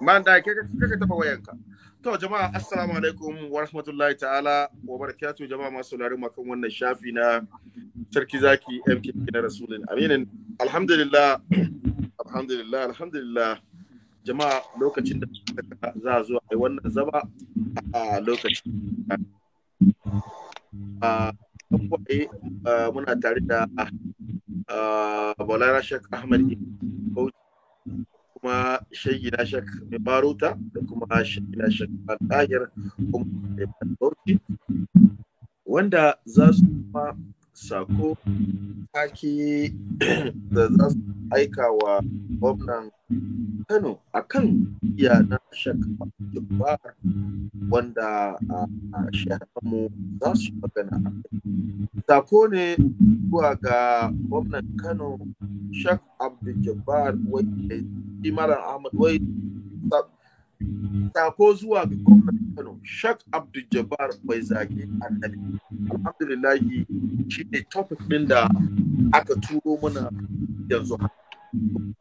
man da kai kai taba wayanka to jama'a assalamu alaikum wa rahmatullahi ta'ala wa barakatuh jama'a masu sauraron makan wannan shafi na sarki zaki MKK na rasulin aminin alhamdulillah alhamdulillah alhamdulillah jama'a lokacin da za a zo a yi wannan zama a lokacin eh, a muna tare da Bolara Sheikh Ahmad kuma shayi na shak mai baruta da kuma shayi na shak ɗahir kuma bauchi wanda za su kuma sako kaki da za su aika wa gwamnan Kano a kan iyalan na Jabbar wanda a shahararmu za su magana a Sako ne zuwa ga gwamnan Kano Shek Abdul Jabbar wanda Imran Ahmad wai sako zuwa ga gwamnan Kano Shak Abdul Jabbar bai zage annabi alhamdulillahi shi ne topic ɗin da aka turo mana yanzu haka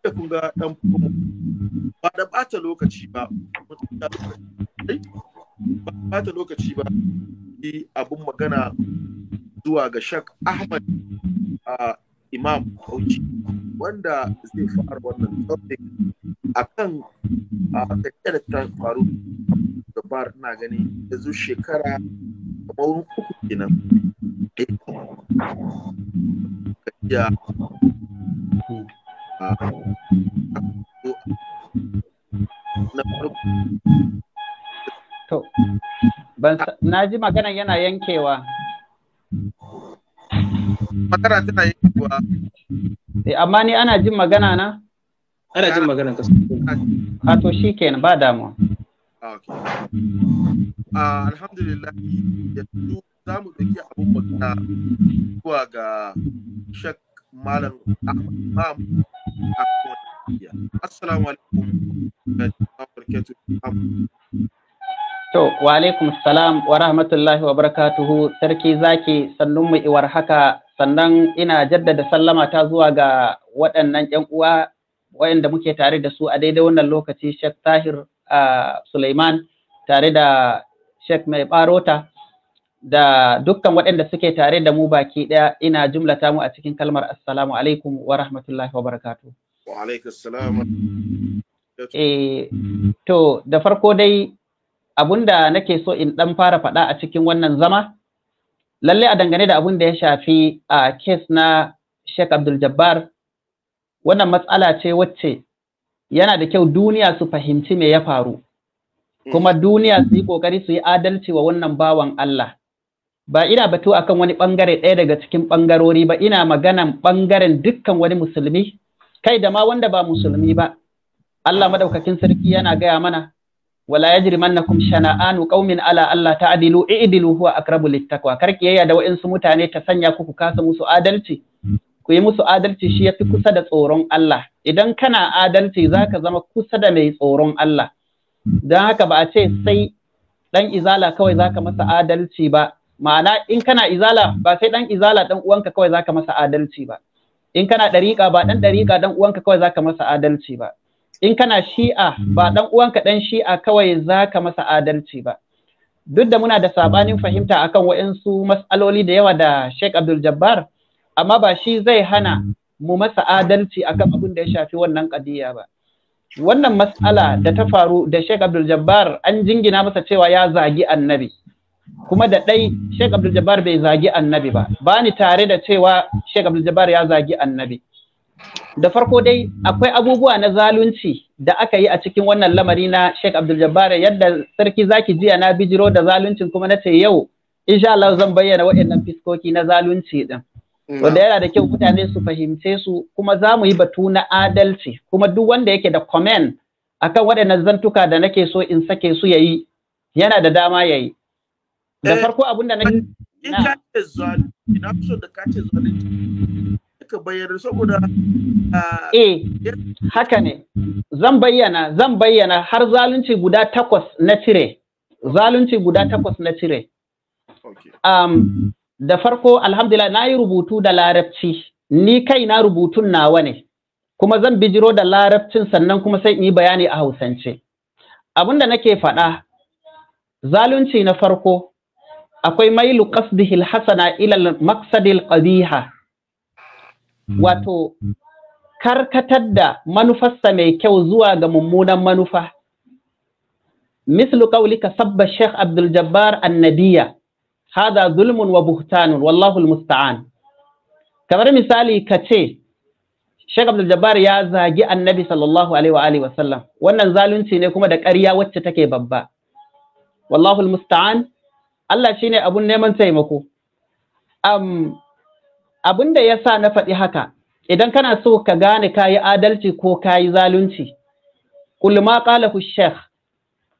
da kun ga dan ba da bata lokaci ba ba bata lokaci ba abun magana zuwa ga Shak Ahmad a Imam Bauchi wanda zai fara wannan topic akan a tafiya da ta faru da bar na gani yanzu shekara kamar uku kenan ya To, na ji magana yana yankewa. Magana tana yankewa. Eh, amma ni ana jin magana na? Ana jin magana ka A ah, to shi kenan ba damuwa. Ah, ah, alhamdulillah, yanzu za mu ɗauki abin ta zuwa ga Shek Malam Ahmad to wa alaikum salam wa rahmatullahi wa barakatuhu sarki zaki sannun mu iwar haka sannan ina jaddada sallama ta zuwa ga waɗannan 'yan uwa waɗanda muke tare da su a daidai wannan lokaci Sheikh Tahir ah, Sulaiman tare da Sheikh Mai Barota da dukkan waɗanda suke tare da mu baki ɗaya ina jumlata mu a cikin kalmar assalamu alaikum wa rahmatullahi wa barakatu. Wa alaikassalam. Eh, to da farko dai abunda nake so in ɗan fara faɗa a cikin wannan zama lalle a dangane da abun da ya shafi a kes na Sheikh Abdul Jabbar wannan matsala ce wacce yana da kyau duniya su fahimci me ya faru kuma duniya su yi kokari su yi adalci wa wannan bawan Allah ba ina batu akan wani bangare ɗaya daga cikin ɓangarori ba ina maganan bangaren dukkan wani musulmi kai da ma wanda ba musulmi ba Allah madaukakin sarki yana gaya mana wala yajrimannakum shana'anu qaumin ala Allah ta'dilu i'dilu huwa akrabu, littaqwa Karki kiyaya da wa'insu mutane ta sanya ku ku kasa musu adalci ku yi musu adalci shi ya fi kusa da tsoron Allah idan kana adalci zaka zama kusa da mai tsoron Allah dan haka ba a ce sai dan izala kawai zaka masa adalci ba ma'ana in kana izala ba sai dan izala dan uwanka kawai zaka masa adalci ba in kana dariƙa ba dan dariƙa dan uwanka kawai zaka masa adalci ba in kana shi'a ba dan uwanka dan shi'a kawai zaka masa adalci ba duk da muna da sabanin fahimta akan waɗansu mas'aloli da yawa da Sheikh Abdul Jabbar amma ba shi zai hana mu masa adalci akan abin da ya shafi wannan kadiya ba wannan mas'ala da ta faru da Sheikh Abdul Jabbar an jingina masa cewa ya zagi annabi kuma da ɗai Sheikh Abdul Jabbar bai zagi annabi ba ba ni tare da cewa Sheikh Abdul Jabbar ya zagi annabi da farko dai akwai abubuwa na zalunci da aka yi a cikin wannan lamari na Sheikh Abdul Jabbar yadda sarki zaki jiya na bijiro da zaluncin kuma na ce yau insha Allah zan bayyana waɗannan fiskoki na zalunci din mm. wanda yana da kyau mutane su fahimce su kuma za mu yi batu na adalci kuma duk wanda yake da comment akan waɗannan zantuka da nake so in sake su yayi yana da dama yayi da eh, farko abin da na in ka ce zalunci so da ka bayyana saboda ah, eh haka ne zan bayyana zan bayyana har zalunci guda takwas na cire zalunci guda takwas na cire um, da farko alhamdulillah na yi rubutu da larabci ni kai na rubutun nawa ne kuma zan bijiro da larabcin sannan kuma sai in yi bayani a hausance abinda nake faɗa zalunci na farko akwai mailu qasdihi alhasana ila almaqsadil kabiha. Hmm. wato karkatar da manufarsa mai kyau zuwa ga mummunan manufa mislu qawlika sabba sheikh abdul jabbar annabiya hada zulmun wa buhtanun wallahu almusta'an kamar misali kace ce Sheikh Abdul Jabbar ya zagi Annabi sallallahu alaihi wa alihi sallam wannan zalunci ne kuma da ƙarya wacce take babba wallahu almusta'an Allah shi ne abun neman taimako um, da ya sa na faɗi haka idan kana so ka gane ka yi adalci ko ka yi zalunci ulma ku sheikh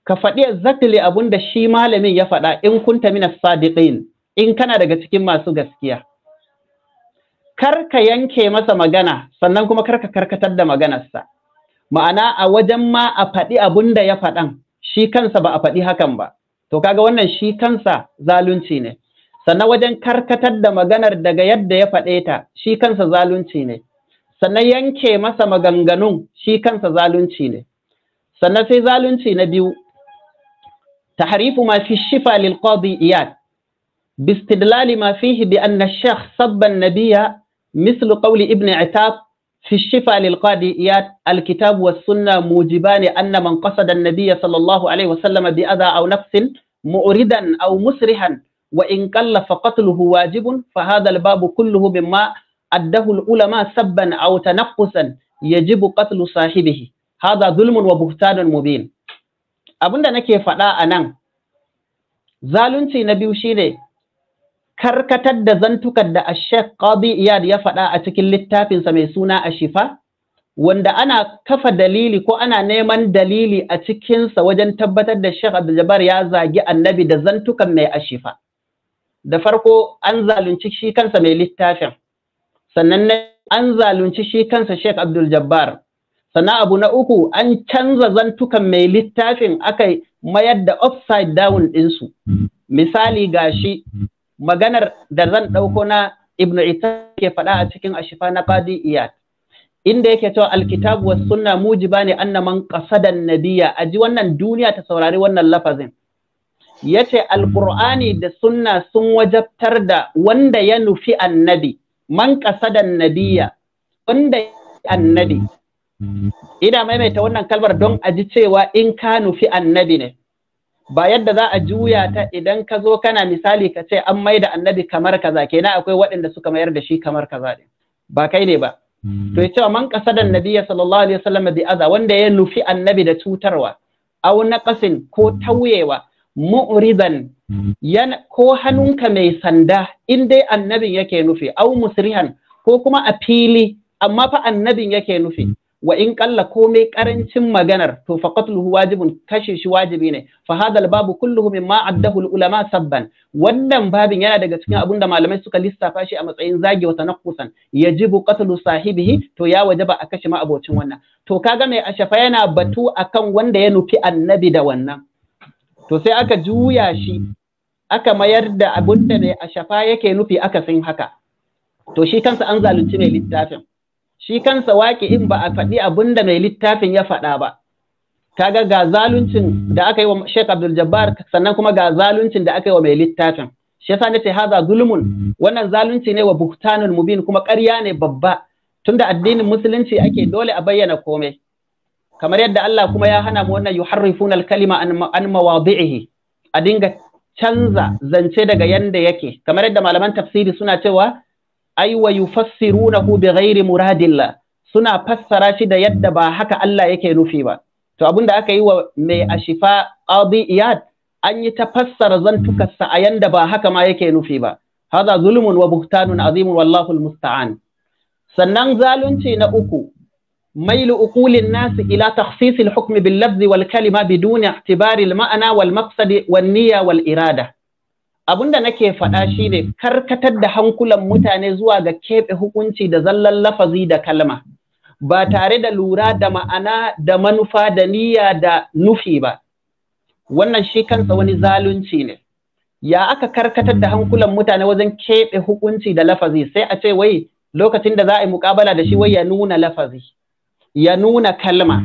ka faɗi exactly abun da shi malamin ya faɗa in kunta mina sadiqin in kana daga cikin masu gaskiya kar ka yanke masa magana sannan kuma kar ka karkatar da maganarsa ma'ana a wajen ma a faɗi abun da ya faɗan shi kansa ba a faɗi hakan ba to kaga wannan shi kansa zalunci ne sannan wajen karkatar da maganar daga yadda ya faɗe ta shi kansa zalunci ne sannan yanke masa maganganun shi kansa zalunci ne sannan sai zalunci na biyu tahrifu ma fi shifa lil qadi iyad باستدلال ما فيه بأن الشيخ سب النبي مثل قول Ibn عتاب في الشفاء للقاضيات الكتاب والسنة موجبان أن من قصد النبي صلى الله عليه وسلم بأذى أو نفس مؤردا أو مسرحا وإن قل فقتله واجب فهذا الباب كله مما أده العلماء سبا أو تنقصا يجب قتل صاحبه هذا ظلم وبهتان مبين abinda nake faɗa a nan zalunci na biyu shine karkatar da zantukan da Sheikh Qadi Iyad ya faɗa a cikin littafinsa mai suna Ashifa wanda ana kafa dalili ko ana neman dalili a cikinsa wajen tabbatar da Sheikh Abdul ya zagi Annabi da zantukan mai Ashifa da farko an zalunci shi kansa mai littafin sannan an zalunci shi kansa Sheikh Abdul Jabbar sannan abu na uku an canza zantukan mai littafin aka mayar da upside down ɗinsu misali gashi maganar da zan ɗauko na ibnu ita ke faɗa a cikin ashifa na qadi iyad inda yake cewa alkitabu was sunna mujibani anna man qasada an-nabiyya aji wannan duniya ta saurari wannan lafazin yace alqur'ani da sunna sun wajabtar da wanda ya nufi annabi man qasada an-nabiyya wanda annabi ina maimaita wannan kalmar don aji cewa in ka nufi annabi ne ba yadda za a juya ta idan ka zo kana misali ka ce an mai da annabi kamar kaza kenan akwai waɗanda suka mayar da shi kamar kaza ne ba kai ne ba mm-hmm. to ya cewa man qasada annabi sallallahu alaihi wasallam bi aza wanda ya nufi annabi da cutarwa aw naqasin ko mm-hmm. tauyewa mu'ridan mm-hmm. yana ko hannunka mai sanda in dai annabin yake nufi aw musrihan ko kuma a fili amma fa annabin yake nufi wa in kalla komai karancin maganar to fa qatluhu wajibun kashe shi wajibi ne fa hadal babu kulluhu mimma addahu ulama sabban wannan babin yana daga cikin abin da malamai suka lissafa shi a matsayin zagi wa tanqusan yajibu qatlu sahibihi to ya wajaba a kashe ma abocin wannan to kaga mai ashafa yana batu akan wanda ya nufi annabi da wannan to sai aka juya shi aka mayar da abin da mai ashafa yake nufi aka sun haka to shi kansa an zalunci mai littafin shi kansa waƙi in ba a faɗi abin da mai littafin ya faɗa ba kaga ga zaluncin da aka yi wa Sheikh Abdul Jabbar sannan kuma ga zaluncin da aka yi wa mai littafin shi yasa nace haza zulmun wannan zalunci ne wa buhtanul mubin kuma ƙarya ne babba tunda addinin musulunci ake dole a bayyana komai kamar yadda Allah kuma ya hana mu wannan yuharrifuna al-kalima an mawadi'ihi a dinga canza zance daga yanda yake kamar yadda malaman tafsiri suna cewa ai wa yufassirunahu gairi muradillah suna fassara shi da yadda ba haka Allah yake nufi ba to abinda aka yi wa mai ashifa qadi iyad an yi ta fassara zantukarsa a yanda ba haka ma yake nufi ba hadha zulmun wa buhtanun azimun wallahu almusta'an sannan zalunci na uku ila bil أقول wal kalima تخصيص الحكم باللفظ ma'ana wal maksadi, wan niyya wal irada. abin da nake faɗa shi ne karkatar da hankulan mutane zuwa ga keɓe hukunci da zallan lafazi da kalma ba tare da lura da ma'ana da manufa da niyya da nufi ba wannan shi kansa wani zalunci ne ya aka karkatar da hankulan mutane wajen keɓe hukunci da lafazi sai a ce wai lokacin da za a yi muƙabala da shi wai ya nuna lafazi ya nuna kalma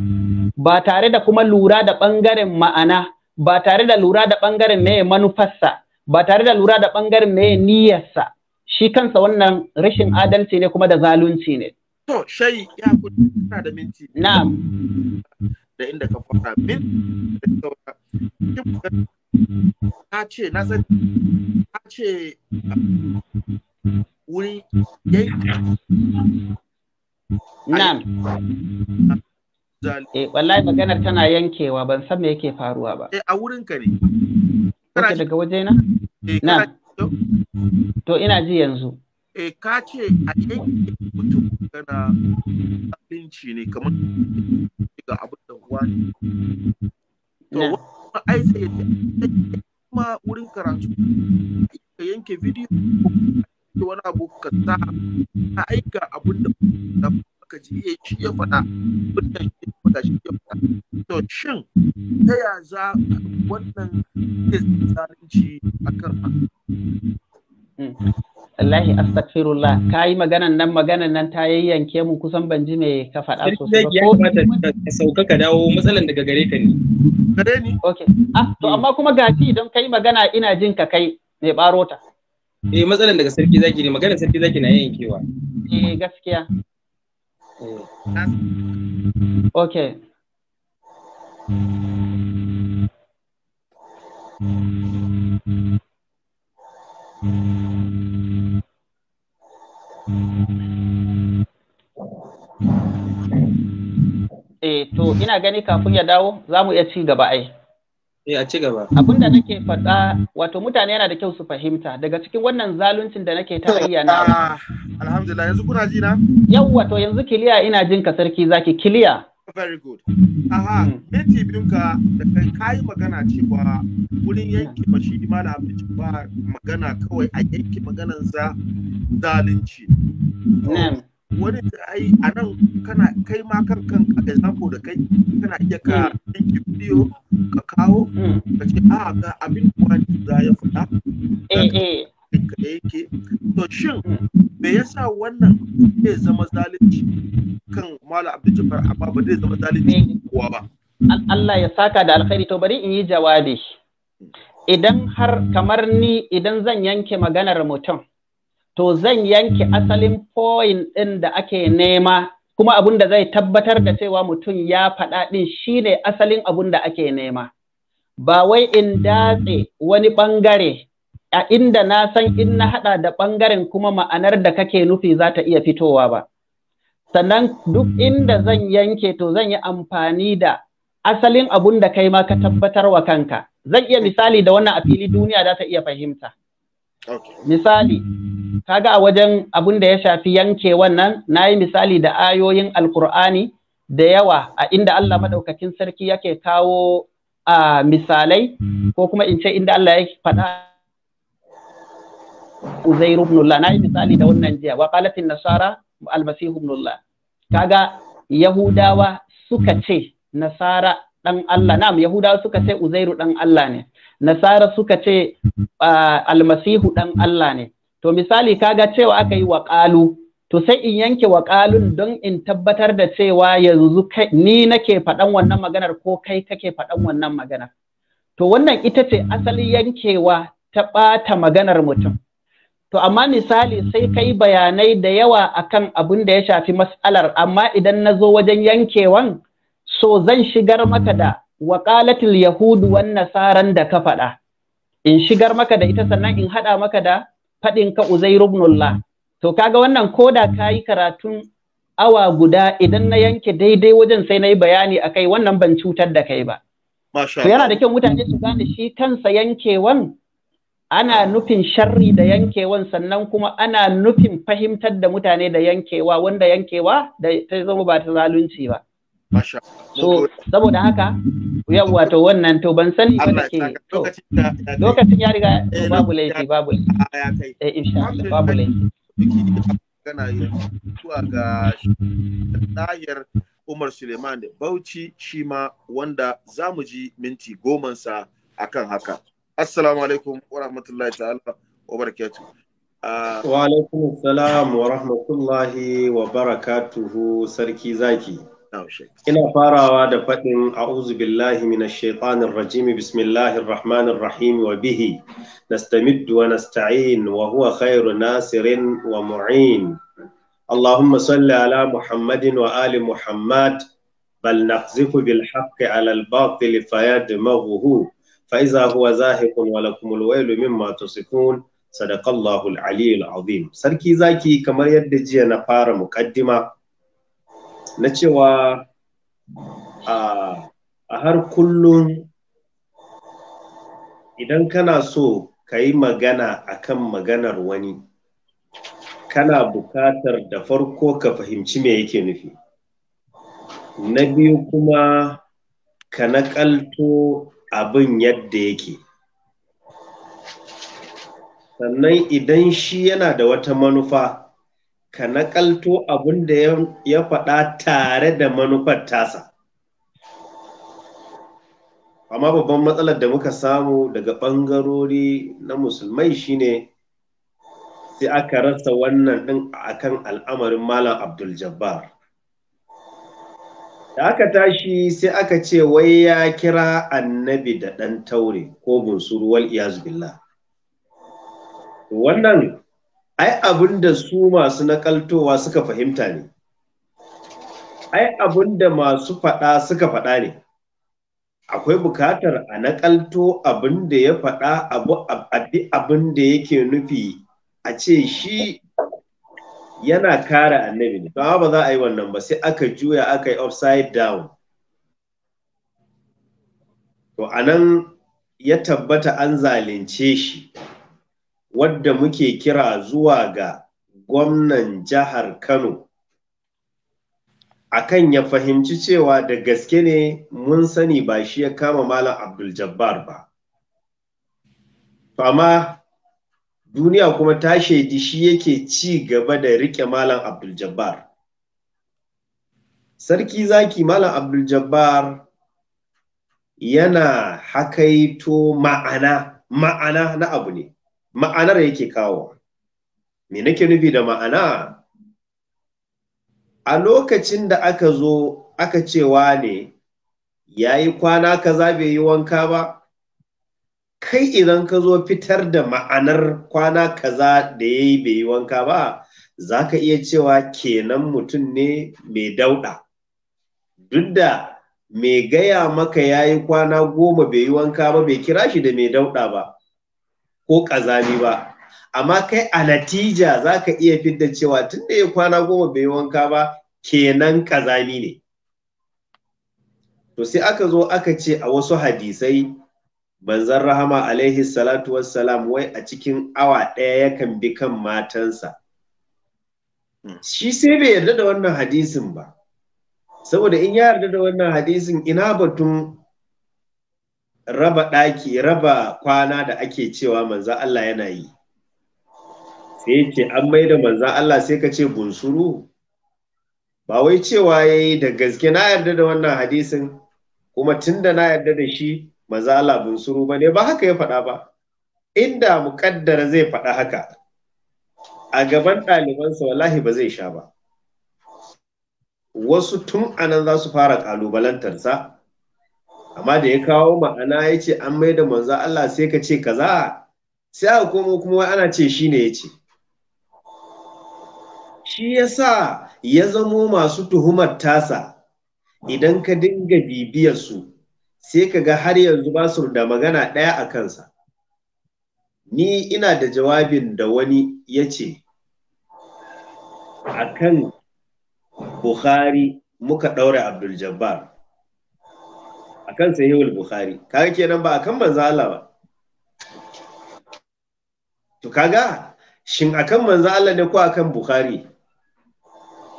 ba tare da kuma lura da ɓangaren ma'ana ba tare da lura da ɓangaren ne manufarsa ba tare da lura da ɓangaren me hmm. niyyarsa shi kansa wannan rashin hmm. adalci ne kuma da zalunci ne to shayi ya kuna da minti na'am da inda ka fara min da na ce na san na ce wuri yayi na'am Eh, wallahi maganar tana yankewa ban san me yake faruwa ba. Eh, a wurin ka ne. Kuka daga waje na? Eh, na. To ina ji yanzu. E ka ce a yankin mutum kana abinci ne kamar ga abin da uwa ne. To wani ai sai kuma wurin karatu ka yanke bidiyo ko wani abu ka sa a aika abin da ka ji shi ya faɗa wannan shi ya faɗa shi ya faɗa to shin ta ya za wannan ke zalunci a kan hmm. Allahi astaghfirullah ka yi maganan nan maganan nan ta yayyanke mu kusan ban ji me ka faɗa so ba ko sauka ka dawo matsalan daga gare ka ne gare ni okay ah to eh. amma kuma gashi idan kai magana ina jin ka kai me barota eh matsalan daga sarki zaki ne maganan sarki zaki na yayyankewa eh gaskiya Mm. Okay. Eh, to ina gani kafin ya dawo za mu iya ci gaba ai. Eh a ci gaba. Abin da nake faɗa wato mutane yana da kyau su fahimta daga cikin wannan zaluncin da nake tarayya na. Ah, alhamdulillah yanzu kuna ji na? Yawwa to yanzu kiliya ina jin ka sarki zaki kiliya. Very good. Aha, minti biyun ka da kai kayi magana cewa wurin yanke ma da abinci ba magana kawai a yanke maganan za zalunci. Na'am. wani ai a nan kana kai ma kan kan example da kai kana iya ka ɗinki bidiyo ka kawo ka ce a ah, ga abin da za ya faɗa eh, eh. ka da yake to shin me yasa wannan zai zama zalunci kan mala abdul amma ba zai zama zalunci kowa ba Allah ya saka da alkhairi to bari in yi jawabi idan har kamar ni idan zan yanke maganar mutum to zan yanke hmm. asalin point ɗin da ake nema kuma abun da zai tabbatar da hmm. cewa mutum ya faɗa ɗin shine asalin abun da ake nema ba wai in hmm. datse wani ɓangare a inda na san in na haɗa da ɓangaren kuma ma'anar da kake nufi za ta iya fitowa ba sannan duk inda zan yanke to zan yi amfani da asalin abun da kai ma ka tabbatar wa kanka zan iya misali da wannan a fili duniya za ta iya fahimta misali kaga a wajen abin da ya shafi yanke wannan na yi misali da ayoyin alkur'ani da yawa a inda Allah mm. maɗaukakin sarki yake kawo a misalai mm. ko kuma in ce inda Allah ya faɗa Uzair ibn Allah yi misali da wannan jiya wa qalat nasara al-masih ibn Allah kaga yahudawa suka mm. ce nasara dan Allah na'am yahudawa suka ce Uzairu dan Allah ne nasara suka ce mm-hmm. almasihu ɗan Allah ne to misali kaga cewa aka yi waƙalu ƙalu to sai in yanke waƙalun mm. don in tabbatar da cewa yanzu ni nake faɗan wannan maganar ko kai kake faɗan wannan magana to wannan ita ce asali yankewa ta ɓata maganar mutum to amma misali sai kai bayanai da yawa akan abin da ya shafi mas'alar amma idan na zo wajen yankewan so zan shigar maka da waƙalatul yahudu wannan nasaran da ka faɗa in shigar maka da ita sannan in haɗa maka da faɗin ka Uzairu Allah. to kaga wannan koda kayi karatun awa guda idan na yanke daidai wajen sai na yi bayani akai wannan ban cutar da kai ba to yana da kyau mutane su gane shi kansa yankewan ana nufin sharri da yankewan sannan kuma ana nufin fahimtar da mutane da yankewa wanda yankewa da ta zama ba ta zalunci ba So, saboda haka, yau wato wannan to ban sani ba da ke lokacin ya riga eh, babu laifi babu laifi. Eh, insha Allah, babu laifi. Gana zuwa ga tsayar Umar Suleiman da Bauchi shi ma wanda za mu ji minti gomansa a kan haka. Assalamu alaikum wa rahmatullahi ta'ala wa barakatuh. Ah, wa alaikum salam wa rahmatullahi wa barakatuhu sarki zaki. Ina farawa da faɗin a'udhu billahi minash shaitanir rajim bismillahir rahmanir rahim wa bihi nastamiddu wa nasta'in wa huwa khairu nasirin wa mu'in. Allahumma salli ala Muhammadin wa ali Muhammad bal naqzifu bil haqqi ala al batil fayadmaghuhu fa idza huwa zahiqun wa lakum al waylu mimma tusifun sadaqallahu al aliyyul azim. Sarki zaki kamar yadda jiya na fara muqaddima na cewa a har kullum idan kana so ka yi magana a kan maganar wani kana bukatar da farko ka fahimci me yake nufi na biyu kuma ka naƙalto abin yadda yake sannan idan shi yana da wata manufa ka naƙalto abin da ya faɗa tare da manufar tasa amma babban matsalar da muka samu daga ɓangarori na musulmai shine sai aka rasa wannan ɗin akan al'amarin malam abdul jabbar da aka tashi sai aka ce wai ya kira annabi da ɗan taure ko bunsuruwal iyazu billah wannan ai abin da su masu nakaltowa suka fahimta ne ai abin da masu faɗa suka faɗa ne akwai bukatar a nakalto abin da ya faɗa abin da yake nufi a ce shi yana kare annabi ne don ba za a yi wannan ba sai aka juya aka yi upside down to anan ya tabbata an zalunce shi wadda muke kira zuwa ga gwamnan jihar Kano akan ya fahimci cewa da gaske ne mun sani ba shi ya kama Malam Abdul Jabbar ba. Fama duniya kuma ta shaidi shi yake ci gaba da rike Malam Abdul Jabbar. Sarki zaki Malam Abdul Jabbar yana hakaito ma'ana, ma'ana na abu ne. ma'anar yake kawo me nake nufi da ma'ana a lokacin da aka zo aka cewa ne ya yi kwana kaza bai yi wanka ba kai idan ka zo fitar da ma'anar kwana kaza da ya yi bai yi wanka ba za ka iya cewa kenan mutum ne mai dauɗa duk da mai gaya maka ya yi kwana goma bai yi wanka ba bai kira shi da mai dauɗa ba ko ƙazami ba amma kai a natija za ka iya fidda cewa tun da ya kwana goma bai wanka ba kenan ƙazami ne to sai aka zo aka ce a wasu hadisai banzan rahama alaihi salatu wassalam wai a cikin awa ɗaya yakan bi kan matansa hmm. shi sai bai yarda da wannan hadisin ba saboda in ya yarda da wannan hadisin ina batun raba ɗaki raba kwana da ake cewa manza Allah yana yi sai ce an mai da manza Allah sai ka ce bunsuru ba wai cewa ya yi da gaske na yarda da wannan hadisin kuma tunda na yarda da shi maza Allah bunsuru ba ne ba haka ya faɗa ba inda muƙaddara zai faɗa haka a gaban ɗalibansa wallahi ba zai sha ba wasu tun anan za su fara ƙalubalantarsa amma da ya kawo ma'ana ya ce an mai da manzo Allah sai ka ce kaza sai a komo kuma wai ana ce shi ne ya ce shi ya sa ya zamo masu tuhumar tasa idan ka dinga bibiyar su sai ka ga har yanzu ba su da magana ɗaya a kansa ni ina da jawabin da wani ya ce a kan Bukhari muka ɗaure Abdul Jabbar akan sahihul bukhari kaga kenan ba akan manzo Allah ba to kaga shin akan manzo Allah ne ko akan bukhari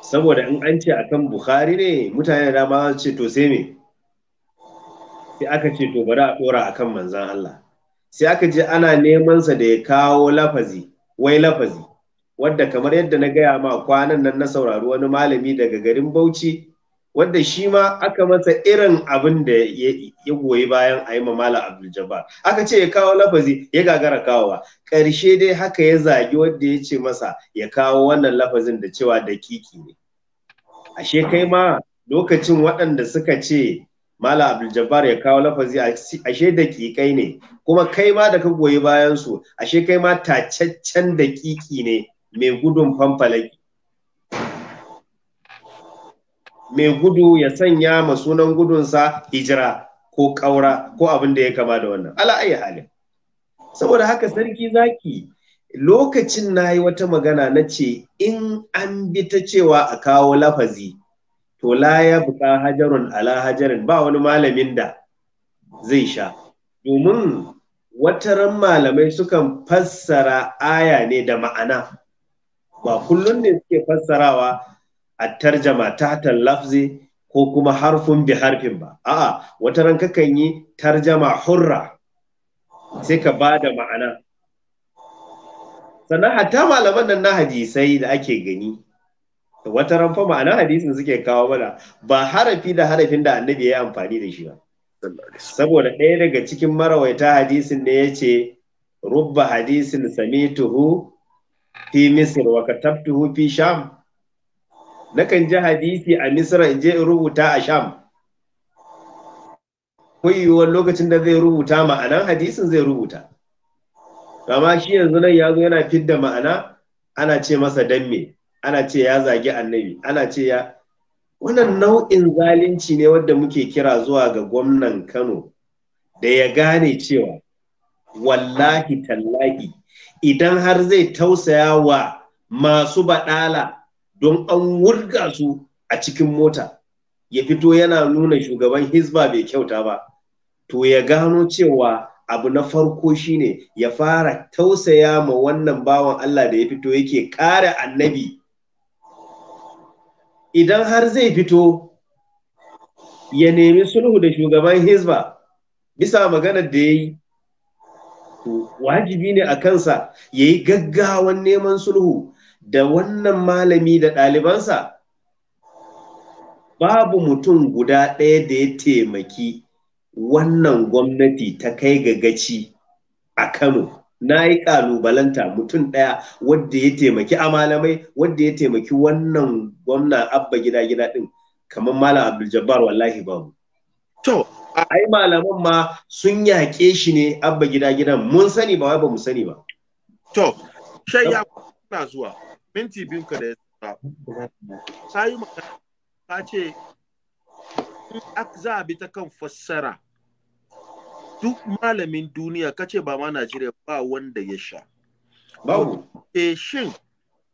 saboda in an ce akan bukhari ne mutane da dama su ce to sai me sai aka ce to bari a dora akan manzo Allah sai aka je ana neman sa da ya kawo lafazi wai lafazi wadda kamar yadda na gaya ma kwanan nan na saurari wani malami daga garin Bauchi wanda shi ma aka masa irin abin da ya goyi bayan a yi mamala abdul aka ce ya kawo lafazi ya gagara kawowa ƙarshe dai haka ya zagi wanda ya ce masa ya kawo wannan lafazin da cewa da kiki ne ashe kai ma lokacin waɗanda suka ce mala abdul jabbar ya kawo lafazi ashe kikai ne kuma kai ma da ka goyi bayan su ashe kai ma tacaccen daƙiƙi ne mai gudun fanfalaki mai gudu ya sanya ma sunan gudunsa hijira ko ƙaura ko abin da ya kama da wannan ala ayi halin saboda haka sarki zaki lokacin na yi wata magana na ce in an bi ta cewa a kawo lafazi to la ya buka hajarun ala hajarin ba wani malamin da zai sha domin wataran malamai sukan fassara aya ne da ma'ana ba kullum ne suke fassarawa a tarjama tahtal lafzi ko kuma harfin bi harfin ba a'a wata ran kakan yi tarjama hurra sai ka ba da ma'ana sannan hatta malaman nan na hadisai da ake gani wata ran fa ma'ana hadisin suke kawo mana ba harafi da harafin da annabi ya yi amfani da shi ba saboda ɗaya daga cikin marawaita hadisin ne ya ce rubba hadisin tuhu fi misir wa tuhu fi sham nakan ji hadisi a misra in je in rubuta a sham yiwuwar lokacin da zai rubuta ma'anan hadisin zai rubuta amma shi yanzu nan ya zo yana fidda ma'ana ana ce masa danme ana ce ya zagi annabi ana ce ya wannan nau'in zalunci ne wadda muke kira zuwa ga gwamnan kano da ya gane cewa wallahi tallahi idan har zai tausaya wa masu baɗala don an wurga su a cikin mota ya fito yana nuna shugaban Hisba bai kyauta ba to ya gano cewa abu na farko shine ya fara tausaya ma wannan bawan Allah da ya fito yake kare annabi idan har zai fito ya nemi sulhu da shugaban Hisba bisa maganar da ya yi wajibi ne a kansa ya yi gaggawan neman sulhu da wannan malami da ɗalibansa babu mutum guda ɗaya da ya taimaki wannan gwamnati ta kai ga gaci a Kano. Na yi ƙalubalanta mutum ɗaya wadda ya taimaki a malamai wadda ya taimaki wannan gwamna abba gida gida ɗin kamar malam Abdul wallahi babu. To, ai malaman ma sun yaƙe shi ne abba gida gidan mun sani ba wai ba mu sani ba. To, shayya na zuwa. minti biyu ka da ya tsara ta yi ta ce za a bi ta kan fassara duk malamin duniya kace ba ma Najeriya ba wanda ya sha. Babu. E shin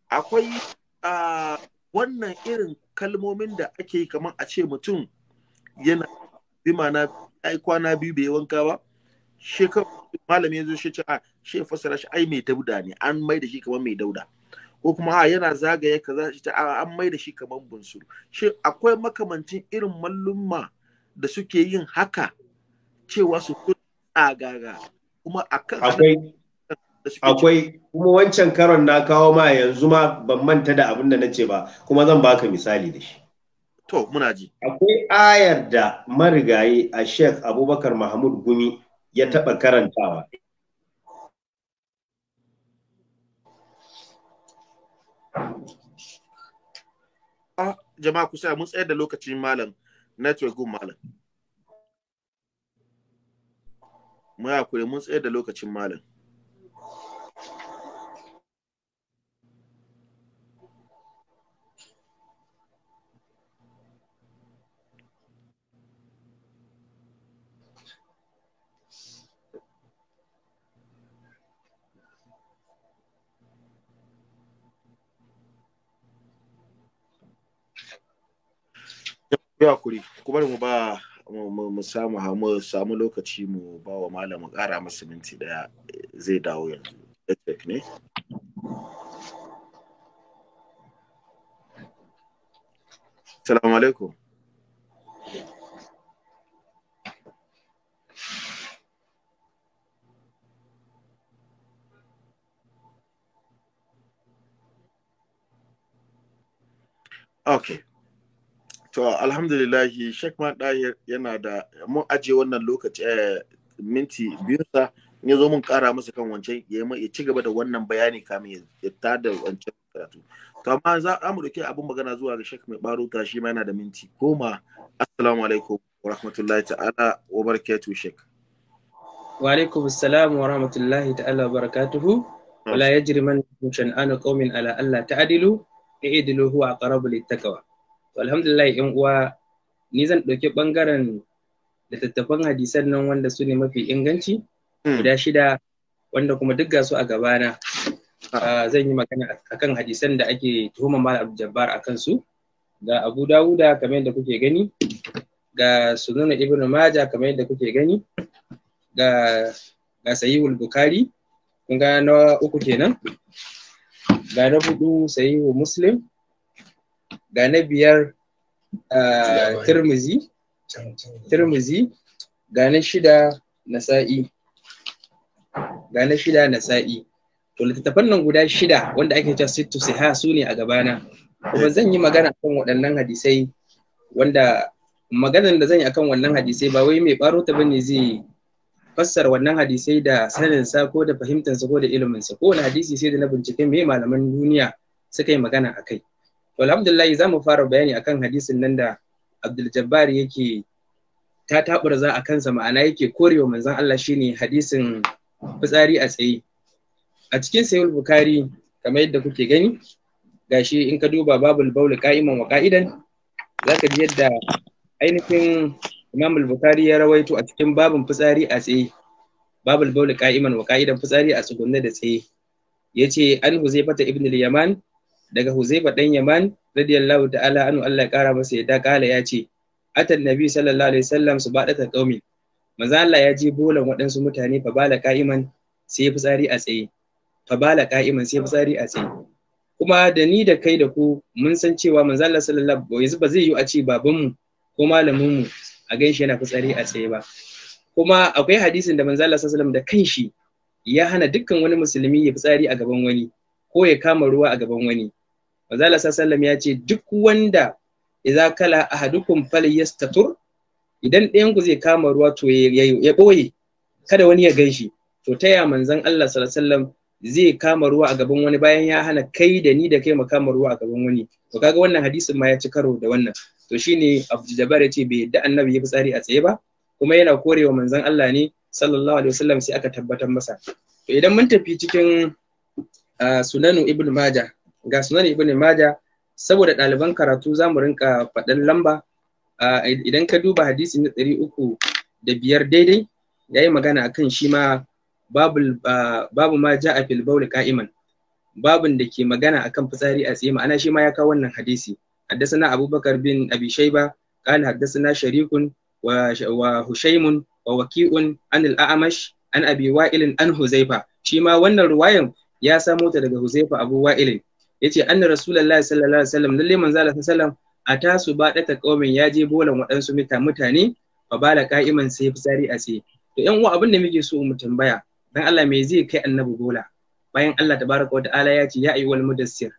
akwai a wannan irin kalmomin da ake yi kamar a ce mutum yana bi mana ai kwana biyu bai wanka ba shekaru malami ya zo shi ce a ah, shi fasara shi ai mai dauda ne an mai da shi kamar mai dauda ko kuma ha yana zagaye kaza shi ta an mai da shi kamar bunsuru shin akwai makamancin irin mallumma da suke yin haka cewa su kuɗa gaga kuma akan akwai akwai kuma wancan karon na kawo ma yanzu ma ban manta da abin da na ce ba kuma zan baka misali da shi to muna ji akwai ayar da marigayi a sheikh abubakar mahmud gumi ya taɓa karantawa jama'a kusa mun tsayar da lokacin malam network gun malam mu ya mun tsayar da lokacin malam ya kuri ku bari mu ba mu samu hamu samu lokaci mu ba wa malam kara masa minti daya zai dawo yanzu ne Assalamu alaikum. Okay. To alhamdulillahi Sheikh Man Dahir yana da mun aje wannan lokaci eh, minti biyu sa ya zo mun kara masa kan wancan ya ci gaba da wannan bayani kamin ya ta da wancan karatu. To amma za a mu dauke abin magana zuwa ga Sheikh Mai baro ta shi ma yana da minti goma. Assalamu alaikum wa rahmatullahi ta'ala wa barakatuhu Sheikh. Wa alaikum assalam wa rahmatullahi ta'ala wa barakatuhu. Wala yajriman shan'anu qaumin ala alla ta'dilu i'dilu huwa aqrabu lit-taqwa. to alhamdulillah yan uwa ni zan ɗauki ɓangaren littattafan hadisan nan wanda su ne mafi inganci hmm. guda shida wanda kuma duk gasu a gabana ah. Ah, zan yi magana a kan hadisan da ake tuhuma Malam abdul a su ga abu dawuda kamar yadda kuke gani ga sunan Ibn maja kamar yadda kuke gani ga ga sahihul bukhari kun ga na uku kenan ga na hudu sahihu muslim ga na biyar ah, turmuzi ga na shida nasa'i ga na shida nasa'i to littattafan nan guda shida wanda ake cewa sittu siha su ne a gabana kuma zan yi magana akan waɗannan hadisai wanda maganar da zan yi akan wannan hadisai ba wai mai baro ta bane zai fassar wannan hadisai da sanin sa ko da fahimtar sa ko da ilimin sa ko wani hadisi sai da na bincike me malaman duniya suka yi magana akai to alhamdulillah za mu fara bayani akan hadisin nan da Abdul Jabbar yake ta za a kansa ma'ana yake korewa manzon Allah shine hadisin fitsari a tsaye a cikin sahih bukhari kamar yadda kuke gani gashi in ka duba babul bawl qa'iman wa qa'idan zaka ji yadda ainihin Imam al-Bukhari ya rawaito a cikin babin fitsari a tsaye babul bawl qa'iman wa qa'idan fitsari a tsugunne da tsaye yace an huzaifata ibn al-yaman daga Huzaifa dan Yaman radiyallahu ta'ala anu Allah ya kara masa yadda kala ya ce atan nabi sallallahu alaihi wasallam su bada ta kaumi manzo Allah ya je bolan waɗansu mutane fa bala qa'iman sai ya fitsari a tsaye fa bala qa'iman sai ya fitsari a tsaye kuma da ni da kai da ku mun san cewa manzo Allah sallallahu alaihi wasallam ba zai yi a ce babanmu ko malaminmu a ganshi yana fitsari a tsaye ba kuma akwai hadisin da manzo Allah sallallahu alaihi wasallam da kanshi ya hana dukkan wani musulmi ya fitsari a gaban wani ko ya kama ruwa a gaban wani Manzala sallam ya ce duk wanda idza kala ahadukum falyastatur idan ɗayan ku zai kama ruwa to ya ɓoye kada wani ya ganshi to ta ya manzon Allah sallallahu alaihi zai kama ruwa a gaban wani bayan ya hana kai da ni da kai mu kama ruwa a gaban wani to kaga wannan hadisin ma ya ci karo da wannan to shine Abu Jabbar ce bai yadda annabi ya fitsari a tsaye ba kuma yana korewa manzon Allah ne sallallahu alaihi wasallam sai aka tabbatar masa to idan mun tafi cikin ah, sunanu ibnu majah ga sunan ibn maja saboda ɗaliban karatu za mu rinka faɗan lamba idan ka duba hadisi na ɗari uku da biyar daidai ya yi magana akan shi ma babu ma ja a filbaul ka'iman babin da ke magana akan fitsari a tsima ana shi ma ya kawo wannan hadisi na abubakar bin abi shaiba wa hushaimun wa waki'un an al'amash an an wa'ilin an huzaifa shi ma wannan ruwayan ya samo ta daga Huzaifa Abu wa'ilin yace anna rasulullahi sallallahu alaihi wasallam lalle manzo Allah sallallahu a tasu ba data kaumin ya je bolan waɗansu mutane fa bala ka'iman sai fitsari a tsaye. to yan uwa abin da muke so mu tambaya dan Allah me zai kai annabi bola bayan Allah tabaraka wa ta'ala ya ce ya ayyuhal mudassir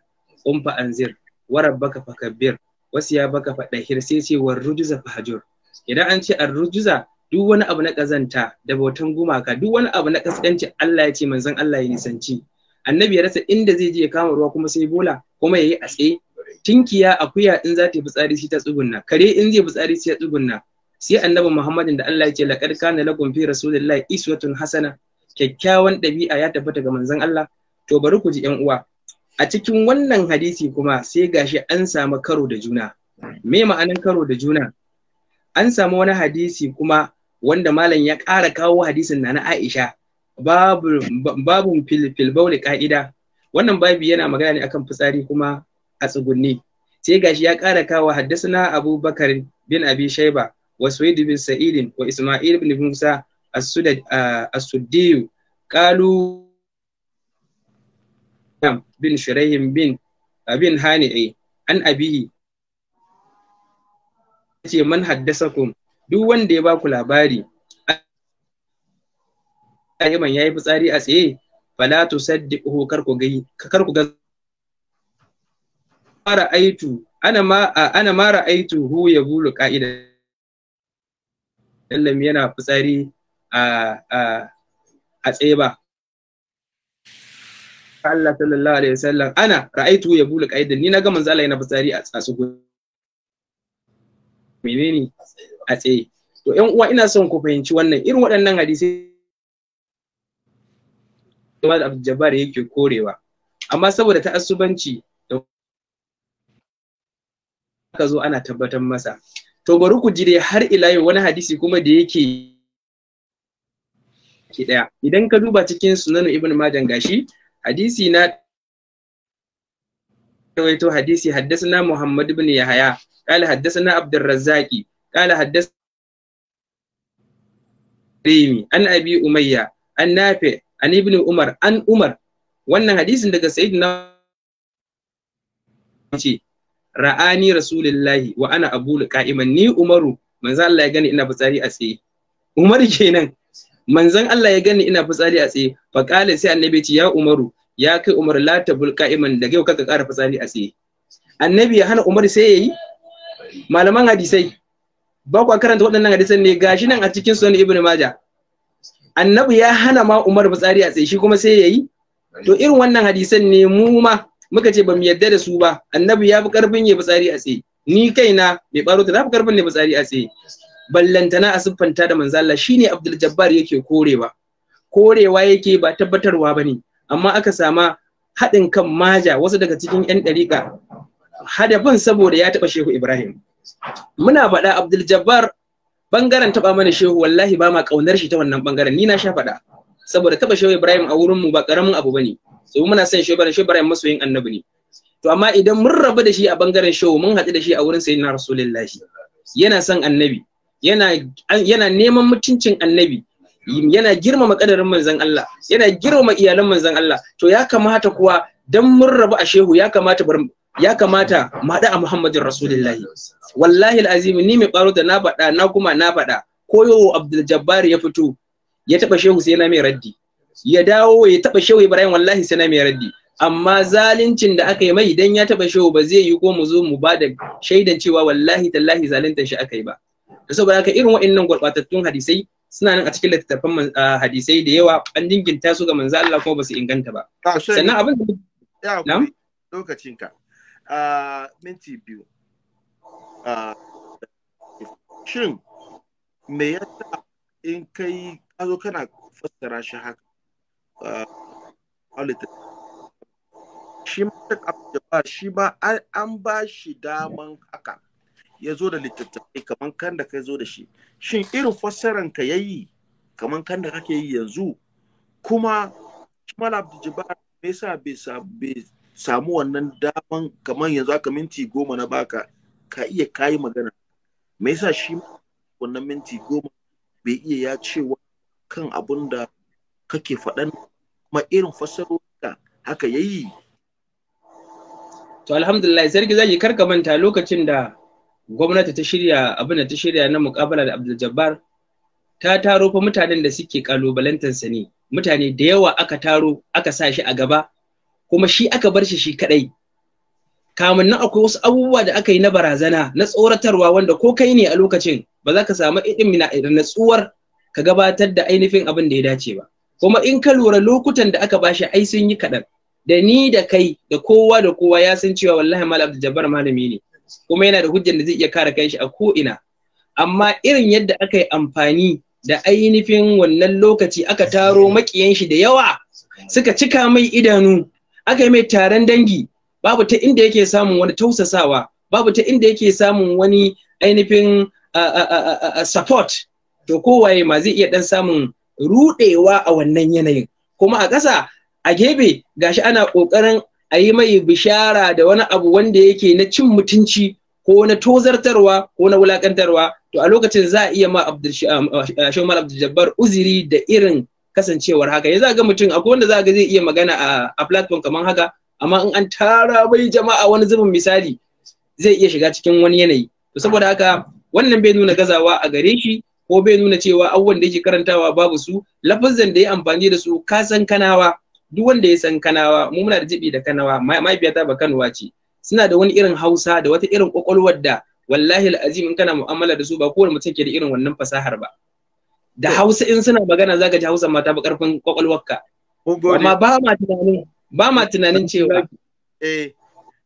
qum fa anzir wa rabbaka fakabbir wasiyabaka fadahir sai ce warrujza fahjur idan an ce rujuza duk wani abu na kazanta da bautan gumaka duk wani abu na kaskanci Allah ya ce manzon Allah ya nisanci annabi ya rasa inda zai je ya kama ruwa kuma sai bola kuma yayi a tsaye tinkiya akuya in za ta yi fitsari shi ta tsugunna kare in zai fitsari shi ta tsugunna sai annabi Muhammadin da Allah ya ce laqad kana lakum fi rasulillahi iswatun hasana kyakkyawan dabi'a ya tabbata ga manzon Allah to bari ku ji ƴan uwa a cikin wannan hadisi kuma sai gashi an samu karo da juna me ma'anin karo da juna an samu wani hadisi kuma wanda malam ya ƙara kawo hadisin na na Aisha babun fil bauli ka'ida wannan babu yana magana ne akan fitsari kuma a tsugunni sai gashi ya ƙara kawo haddasana abubakar bin abi shaiba wa suwaid bin sa'idin wa isma'il bin musa ah, as-suddiyu qalu bin shurayhim bin ah, bin hani'i an abihi ce man ku. duk wanda ya baku labari qa'iman yayi fitsari a tsaye fala tusaddiquhu kar ku gai kar ku ga aitu ana ma ana ma ra'aitu hu yabulu qa'ida sallam yana fitsari a a a tsaye ba Allah sallallahu alaihi wasallam ana ra'aitu ya bula qaidan ni naga manzo Allah yana fitsari a tsugu menene a tsaye to ƴan uwa ina son ku fahimci wannan irin waɗannan hadisi Ahmad Abdul yake korewa amma saboda ta'assubanci da aka zo ana tabbatar masa to bari ku ji dai har ila yau wani hadisi kuma da yake ki daya idan ka duba cikin sunan ibn majan gashi hadisi na rawaito hadisi haddasana muhammad ibn yahaya قال حدثنا عبد الرزاق قال حدث ريمي عن ابي اميه an ibn umar an umar wannan hadisin daga sayyidina ce ra'ani rasulullahi wa ana abulu qa'iman ni umaru manzo Allah ya gani ina fitsari a tsaye umar kenan manzan Allah ya gani ina fitsari a tsaye fa qala sai annabi ce ya umaru ya kai umar la tabul qa'iman daga yau kaka kara fitsari a tsaye annabi ya hana umar sai yayi malaman hadisai ba ku karanta waɗannan hadisan ne gashi nan a cikin sunan ibnu majah annabi ya hana ma Umar fitsari a tsaye shi kuma sai yayi to irin wannan hadisan ne mu ma muka ce ba mu yadda da su ba annabi ya fi karfin ya fitsari a tsaye ni kaina mai baro ta fi karfin ne fitsari a tsaye ballantana a siffanta da manzo Allah shine Abdul Jabbar yake korewa korewa yake ba tabbatarwa bane amma aka sama haɗin kan maja wasu daga cikin 'yan ɗariƙa hadafin saboda ya taɓa shehu Ibrahim muna faɗa Abdul Jabbar bangaren taba mana shehu wallahi ba ma kaunar shi ta wannan bangaren ni na sha faɗa saboda taba shehu Ibrahim a wurin mu ba karamin abu bane so muna son shehu Ibrahim shehu Ibrahim masoyin annabi ne to amma idan mun rabu da shi a bangaren shehu mun haɗu da shi a wurin sayyidina rasulullahi yana son annabi yana yana neman mutuncin annabi yana girmama kadarin manzon Allah yana girmama iyalan manzon Allah to ya kamata kuwa dan mun rabu a shehu ya kamata ya kamata mu haɗu a Muhammadin Rasulullah. Wallahi al'azim ni mai ɓaro da na faɗa na kuma na faɗa koyo Abdul Jabbar ya fito ya taɓa shehu sai na mai raddi. Ya dawo ya taɓa shehu Ibrahim wallahi sai na mai raddi. Amma zaluncin da aka yi mai idan ya taɓa shehu ba zai yi ko mu zo mu ba da shaidan cewa wallahi tallahi zaluntar shi aka yi ba. Da saboda haka irin waɗannan gurɓatattun hadisai suna nan a cikin littattafan hadisai da yawa an dinginta su ga manzo Allah kuma ba su inganta ba. Sannan abin da lokacinka. a ah, minti biyu ah, shin me yasa in kai kazo kana fassara shi haka ah, shi ma shi ba an ba shi daman haka ya zo da littattafai kamar kan da kai zo da shi shin irin fassaran ka yayi kamar kan da kake yi yanzu kuma Jamal na Jabbar me yasa bai samu wannan daman kamar yanzu aka minti goma na baka ka iya kayi magana me yasa shi wannan minti goma bai iya ya cewa kan abun da kake faɗan kuma irin fassarorinka haka yayi to alhamdulillah sarki zaki karka manta lokacin da gwamnati ta shirya abin da ta shirya na mukabala da Abdul ta taro fa mutanen da suke kalubalantar ne mutane da yawa aka taro aka sa shi a gaba kuma shi aka bar shi shi kadai kamun nan akwai wasu abubuwa da aka yi na barazana na tsoratarwa wanda ko kai ne a lokacin ba za ka samu irin natsuwar ka gabatar da ainihin abin da ya dace ba kuma in ka lura lokutan da aka bashi ai sun yi kaɗan da ni da kai da kowa da kowa ya san cewa wallahi mal abdul jabbar malami ne kuma yana da hujjar da zai iya kare kanshi a ko ina amma irin yadda aka yi amfani da ainihin wannan lokaci aka taro makiyan shi da yawa suka cika mai idanu aka yi mai taron dangi babu ta inda yake samun wani tausasawa babu ta inda yake samun wani ainihin support to kowaye ma zai iya dan samun rudewa a wannan yanayin kuma a ƙasa a gebe gashi ana ƙoƙarin a yi mai bishara da wani abu wanda yake na cin mutunci ko na tozartarwa ko na wulakantarwa to a lokacin za a iya ma um, uh, Shehu Abdul Jabbar uziri da irin kasancewar haka ya ga mutum akwai wanda zaga zai iya magana a, a platform kamar haka amma in an tara bai jama'a wani zubin misali zai iya shiga cikin wani yanayi to saboda haka wannan bai nuna gazawa a gare shi ko bai nuna cewa abubuwan da yake karantawa babu su lafazan da ya amfani da su ka san kanawa duk wanda ya san kanawa mu muna da jibi da kanawa mahaifiyata ba kanuwa ce suna da wani irin hausa da wata irin kwakwalwar da wallahi al'azim in kana mu'amala da su ba kowane mutum ke da irin wannan fasahar ba da hausa in suna magana zaka ji hausa mata ba karfin kwakwalwarka amma ba ma tunanin ba ma tunanin cewa eh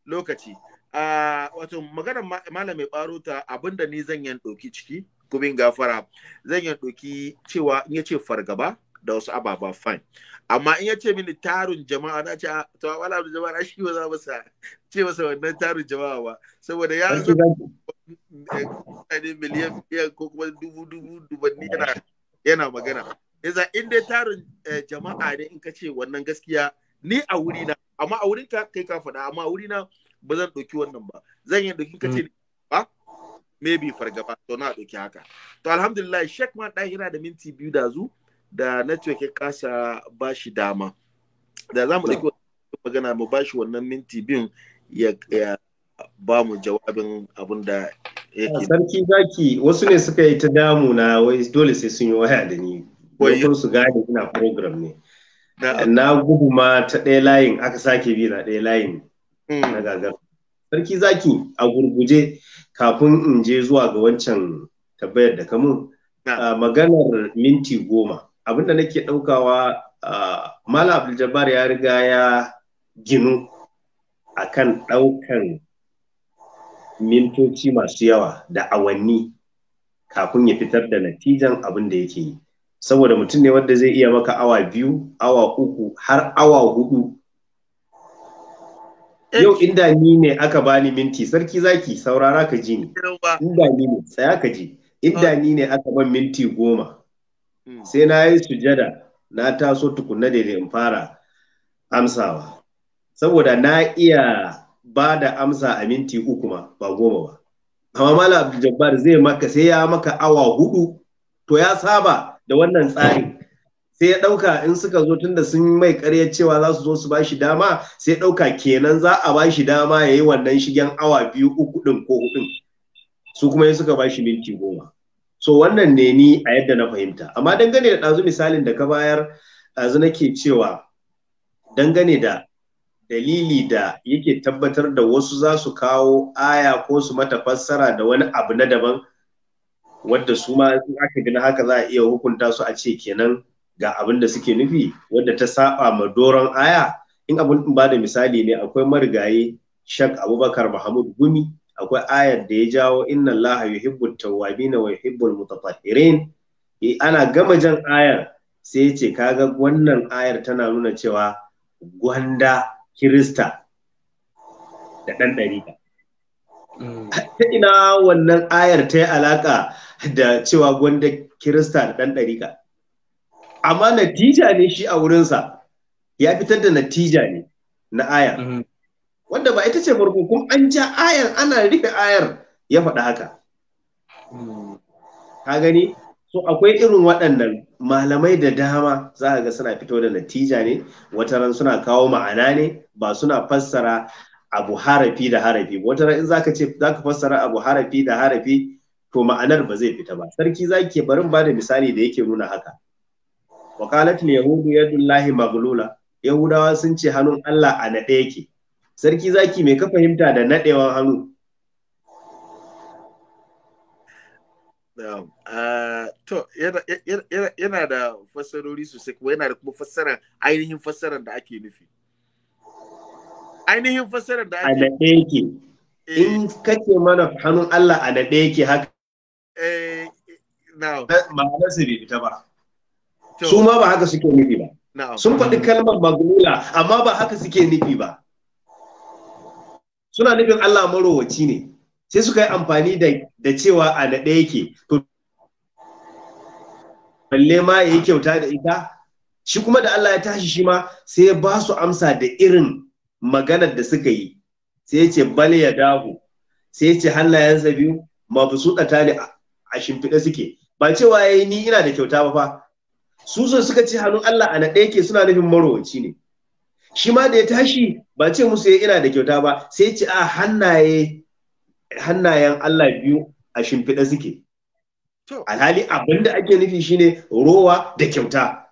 lokaci a ah, wato magana malam mai baro ta abinda ni zan yan doki ciki kubin gafara zan yan doki cewa in yace fargaba da wasu ababa fine amma in yace mini tarun jama'a na ce ah, to wala da jama'a shi ba za sa ce masa wannan tarun jama'a ba saboda ya zo eh, miliyan miliyan ko kuma dubu dubu dubanni yana yana magana Yanzu in dai tarin eh, jama'a ne in ka ce wannan gaskiya ni a wuri na amma a wurin ka kai ka faɗa amma a wuri na ba zan ɗauki wannan ba zan yi ɗauki ka ce ba mm. ah, maybe fargaba to na ɗauki haka to alhamdulillah shek ma ɗahira da minti biyu da zu da network ya kasa ba shi dama da za mu ɗauki magana mu ba shi wannan minti biyun ya ba mu jawabin abin da yake ah, sarki zaki wasu ne suka yi ta damu na wai dole sai sun yi waya da ni Wai su gane ina program ne na gudu ma ta ɗaya layin aka sake bi na ɗaya layin hmm. na gagar sarki zaki a gurguje kafin in je zuwa ga wancan tabbayar da kamun ah, maganar minti goma abinda nake ɗaukawa ah, mala abdul ya riga ya ginu akan ɗaukan mintoci masu yawa da awanni kafin ya fitar da natijan abin da yake yi saboda mutum ne wanda zai iya maka awa biyu awa uku har awa hudu yau inda ni ne aka bani minti sarki zaki saurara ka ji ni inda ni ne tsaya ka ji inda ni ne aka ban minti goma hmm. sai na yi sujada na taso tukunna da in fara amsawa saboda na iya ba da amsa a minti uku ma ba goma ba amma malam abdul jabbar zai maka sai ya maka awa hudu to ya saba da wannan tsari sai ya ɗauka in suka zo tunda sun mai ƙarya cewa za su zo su ba shi dama sai ya ɗauka kenan za a ba shi dama ya yi wannan shigen awa biyu uku ɗin ko hudu su kuma suka ba shi minti goma so wannan ne ni a yadda na fahimta amma dangane da ɗazu misalin da ka bayar ɗazu nake cewa dangane da dalili da yake tabbatar da wasu za su kawo aya ko su mata fassara da wani abu na daban wadda su ma in aka gina haka za a iya hukunta su a ce kenan ga abin da suke nufi wadda ta saba ma doron aya in abin ba da misali ne akwai marigayi shak abubakar mahmud gumi akwai ayar da ya jawo inna allaha yuhibbut tawwabin wa yuhibbul mutatahhirin eh, ana gama jan ayar sai ya ce kaga wannan ayar tana nuna cewa gwanda kirista da ɗan ɗariƙa. Mm. Ta ina wannan ayar ta yi alaƙa da cewa gwanda kirista da ɗan ɗariƙa? Amma natija ne shi a wurinsa ya fitar da natija ne na ayar. Mm-hmm. Wanda ba ita ce farko kuma an ja ayar ana rufe ayar ya faɗa haka. Mm. Ka gani? So akwai irin waɗannan malamai da dama za ga suna fito da natija ne, wataran suna kawo ma'ana ne, ba suna fassara abu harafi da harafi. Wataran in za ka ce za ka fassara abu harafi da harafi to ma'anar ba zai fita ba. Sarki za zaki barin ba da misali da yake nuna haka. ne Yahudu yadullahi maglula. Yahudawa sun ce hannun Allah a naɗe yake. Sarki za zaki mai ka fahimta da naɗewan hannu? Ah, to yana da fassarori sosai kuma yana da kuma fassara ainihin fassarar da ake nufi. Ainihin fassarar da ake nufi. yake. Eh. In kake mana hannun Allah a naɗe yake haka. Ma'anar eh, su bai ba. Su ma ba haka suke nufi ba. Sun faɗi kalmar magulula amma ba haka suke nufi ba. Suna nufin Allah marowaci ne. sai suka yi amfani da cewa a naɗe yake to balle ma ya yi kyauta da ita shi kuma da Allah ya tashi shi ma sai ya ba su amsa da irin maganar da suka yi sai ya ce bale ya dahu sai ya ce hannayensa biyu mabsuɗa ta ne a shimfiɗe suke ba cewa ya yi ni ina da kyauta ba fa su so suka ce hannun Allah a naɗe yake suna nufin marowaci ne shi ma da ya tashi ba ce musu ya ina da kyauta ba sai ya ce a hannaye hannayen Allah biyu a shimfiɗa suke alhali abinda ake nufi shine rowa da kyauta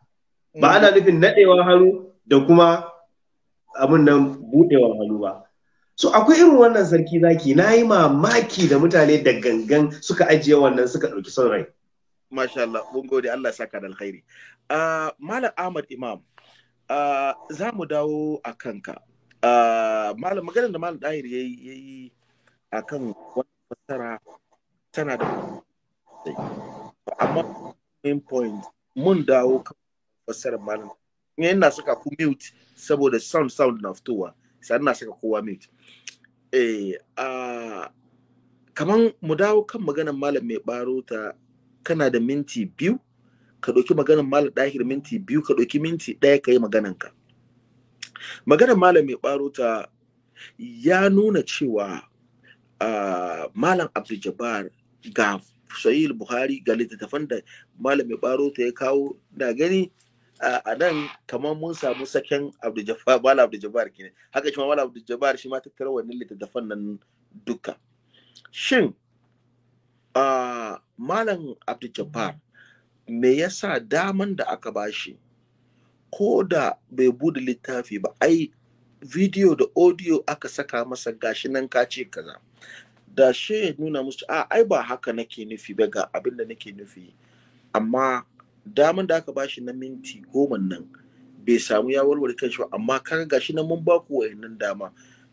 ba ana mm. nufin naɗewa hannu da kuma abin nan buɗewa hannu ba so akwai irin wannan sarki zaki na yi mamaki da mutane da gangan suka ajiye wannan suka ɗauki son rai masha Allah mun gode Allah ya saka da alkhairi ah, malam Ahmad Imam ah, za mu dawo a kanka ah, malam maganar da malam Dahir ya yi akan wani fassara tana da amma main point mun dawo kan fassarar malam ina saka ku mute saboda sound sound na fitowa sai ina saka kowa mute eh a kaman mu dawo kan maganar malam mai baro ta kana da minti biyu ka ɗauki maganar malam ɗahir minti biyu ka ɗauki minti ɗaya ka yi maganan ka maganar malam mai baro ta ya nuna cewa malam abdul jabbar ga sahil buhari ga littattafan da malam ya baro ta ya kawo da gani a nan kamar mun samu saken malam abdul jabbar kenan haka shi malam abdul jabbar shi ma tattara wannan littattafan nan duka shin malam abdul jabbar me yasa daman da aka ba shi ko da bai bude littafi ba ai video da audio aka saka masa gashi nan ka ce kaza da she nuna musu a ai ba haka nake nufi ba ga abin da nake nufi amma daman da aka bashi na minti goma nan bai samu ya warware kan shi amma kaga gashi nan mun ba ku wayannan dama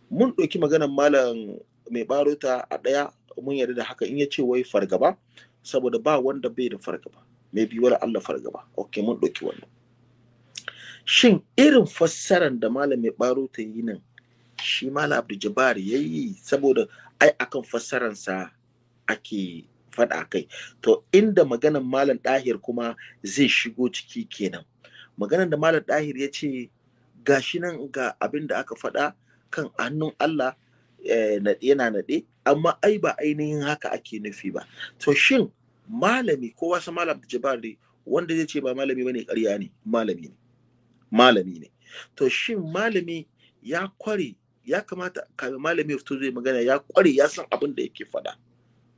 mun ɗauki maganar malam mai barota a ɗaya mun yarda da haka in ya ce wai fargaba saboda ba wanda bai da fargaba mai wala Allah fargaba ok mun ɗauki wannan shin irin fassarar da malam mai barota yi nan shi malam abdul jabbar ya yi saboda ai akan fassararsa ake faɗa kai to inda maganan malam ɗahir kuma zai shigo ciki kenan maganan da malam ɗahir ya ce gashi nan ga abin da aka faɗa kan hannun Allah eh, yana naɗe amma ai ba ainihin haka ake nufi ba to shin malami ko wasu malam jibari wanda zai ce ba malami bane ƙarya ne malami ne malami ne to shin malami ya kware ya kamata kafin malami ya fito zai magana ya kware ya san abin da yake faɗa